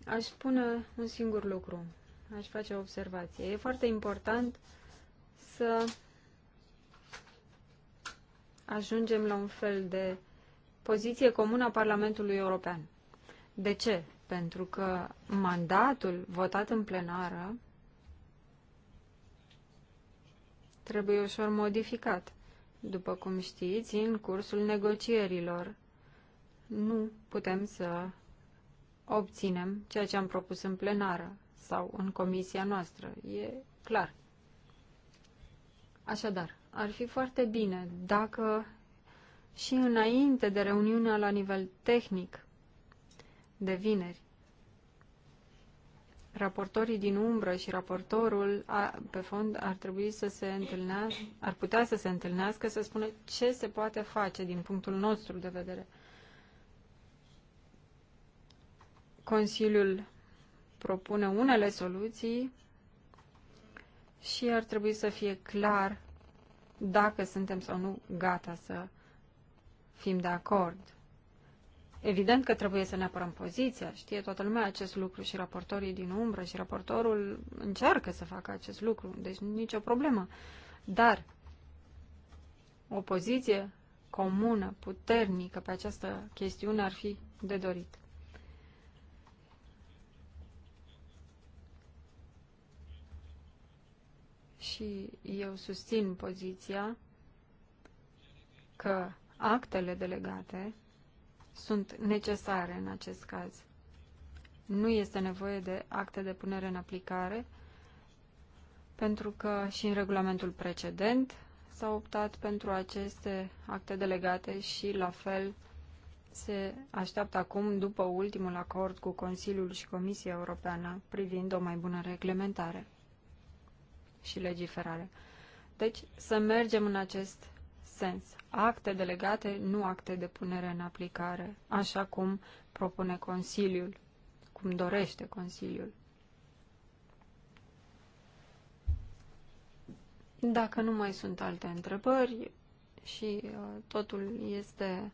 aș spune un singur lucru. Aș face o observație. E foarte important să ajungem la un fel de poziție comună a Parlamentului European. De ce? Pentru că mandatul votat în plenară trebuie ușor modificat. După cum știți, în cursul negocierilor nu putem să obținem ceea ce am propus în plenară sau în comisia noastră. E clar. Așadar, ar fi foarte bine dacă și înainte de reuniunea la nivel tehnic de vineri raportorii din umbră și raportorul a, pe fond ar trebui să se întâlnească, ar putea să se întâlnească, să spună ce se poate face din punctul nostru de vedere. Consiliul propune unele soluții și ar trebui să fie clar dacă suntem sau nu gata să fim de acord. Evident că trebuie să ne apărăm poziția, știe toată lumea acest lucru și raportorii din umbră și raportorul încearcă să facă acest lucru, deci nicio problemă. Dar o poziție comună, puternică pe această chestiune ar fi de dorit. Și eu susțin poziția că actele delegate sunt necesare în acest caz. Nu este nevoie de acte de punere în aplicare, pentru că și în regulamentul precedent s-a optat pentru aceste acte delegate și la fel se așteaptă acum după ultimul acord cu Consiliul și Comisia Europeană privind o mai bună reglementare și legiferare. Deci să mergem în acest sens. Acte delegate, nu acte de punere în aplicare, așa cum propune Consiliul, cum dorește Consiliul. Dacă nu mai sunt alte întrebări și uh, totul este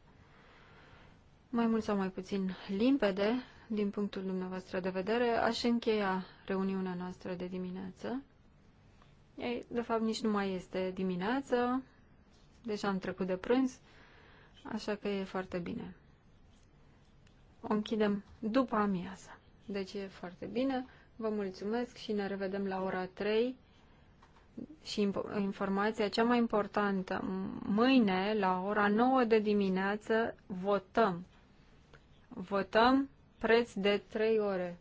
mai mult sau mai puțin limpede din punctul dumneavoastră de vedere, aș încheia reuniunea noastră de dimineață. Ei, de fapt, nici nu mai este dimineață, Deja am trecut de prânz, așa că e foarte bine. O închidem după amiază. Deci e foarte bine. Vă mulțumesc și ne revedem la ora 3. Și informația cea mai importantă, mâine la ora 9 de dimineață votăm. Votăm preț de 3 ore.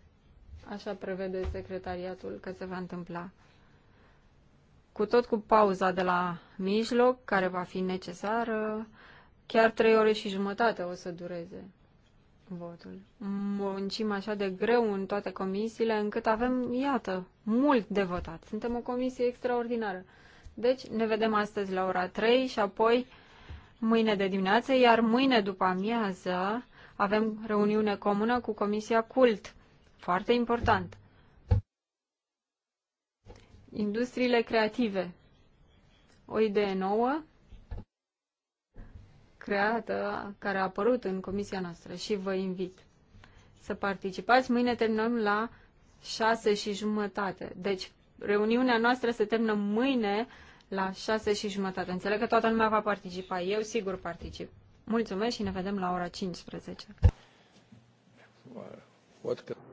Așa prevede secretariatul că se va întâmpla cu tot cu pauza de la mijloc, care va fi necesară, chiar trei ore și jumătate o să dureze votul. Muncim așa de greu în toate comisiile, încât avem, iată, mult de votat. Suntem o comisie extraordinară. Deci ne vedem astăzi la ora 3 și apoi mâine de dimineață, iar mâine după amiază avem reuniune comună cu Comisia Cult. Foarte important. Industriile creative. O idee nouă creată, care a apărut în comisia noastră și vă invit să participați. Mâine terminăm la 6 și jumătate. Deci, reuniunea noastră se termină mâine la 6 și jumătate. Înțeleg că toată lumea va participa. Eu sigur particip. Mulțumesc și ne vedem la ora 15. What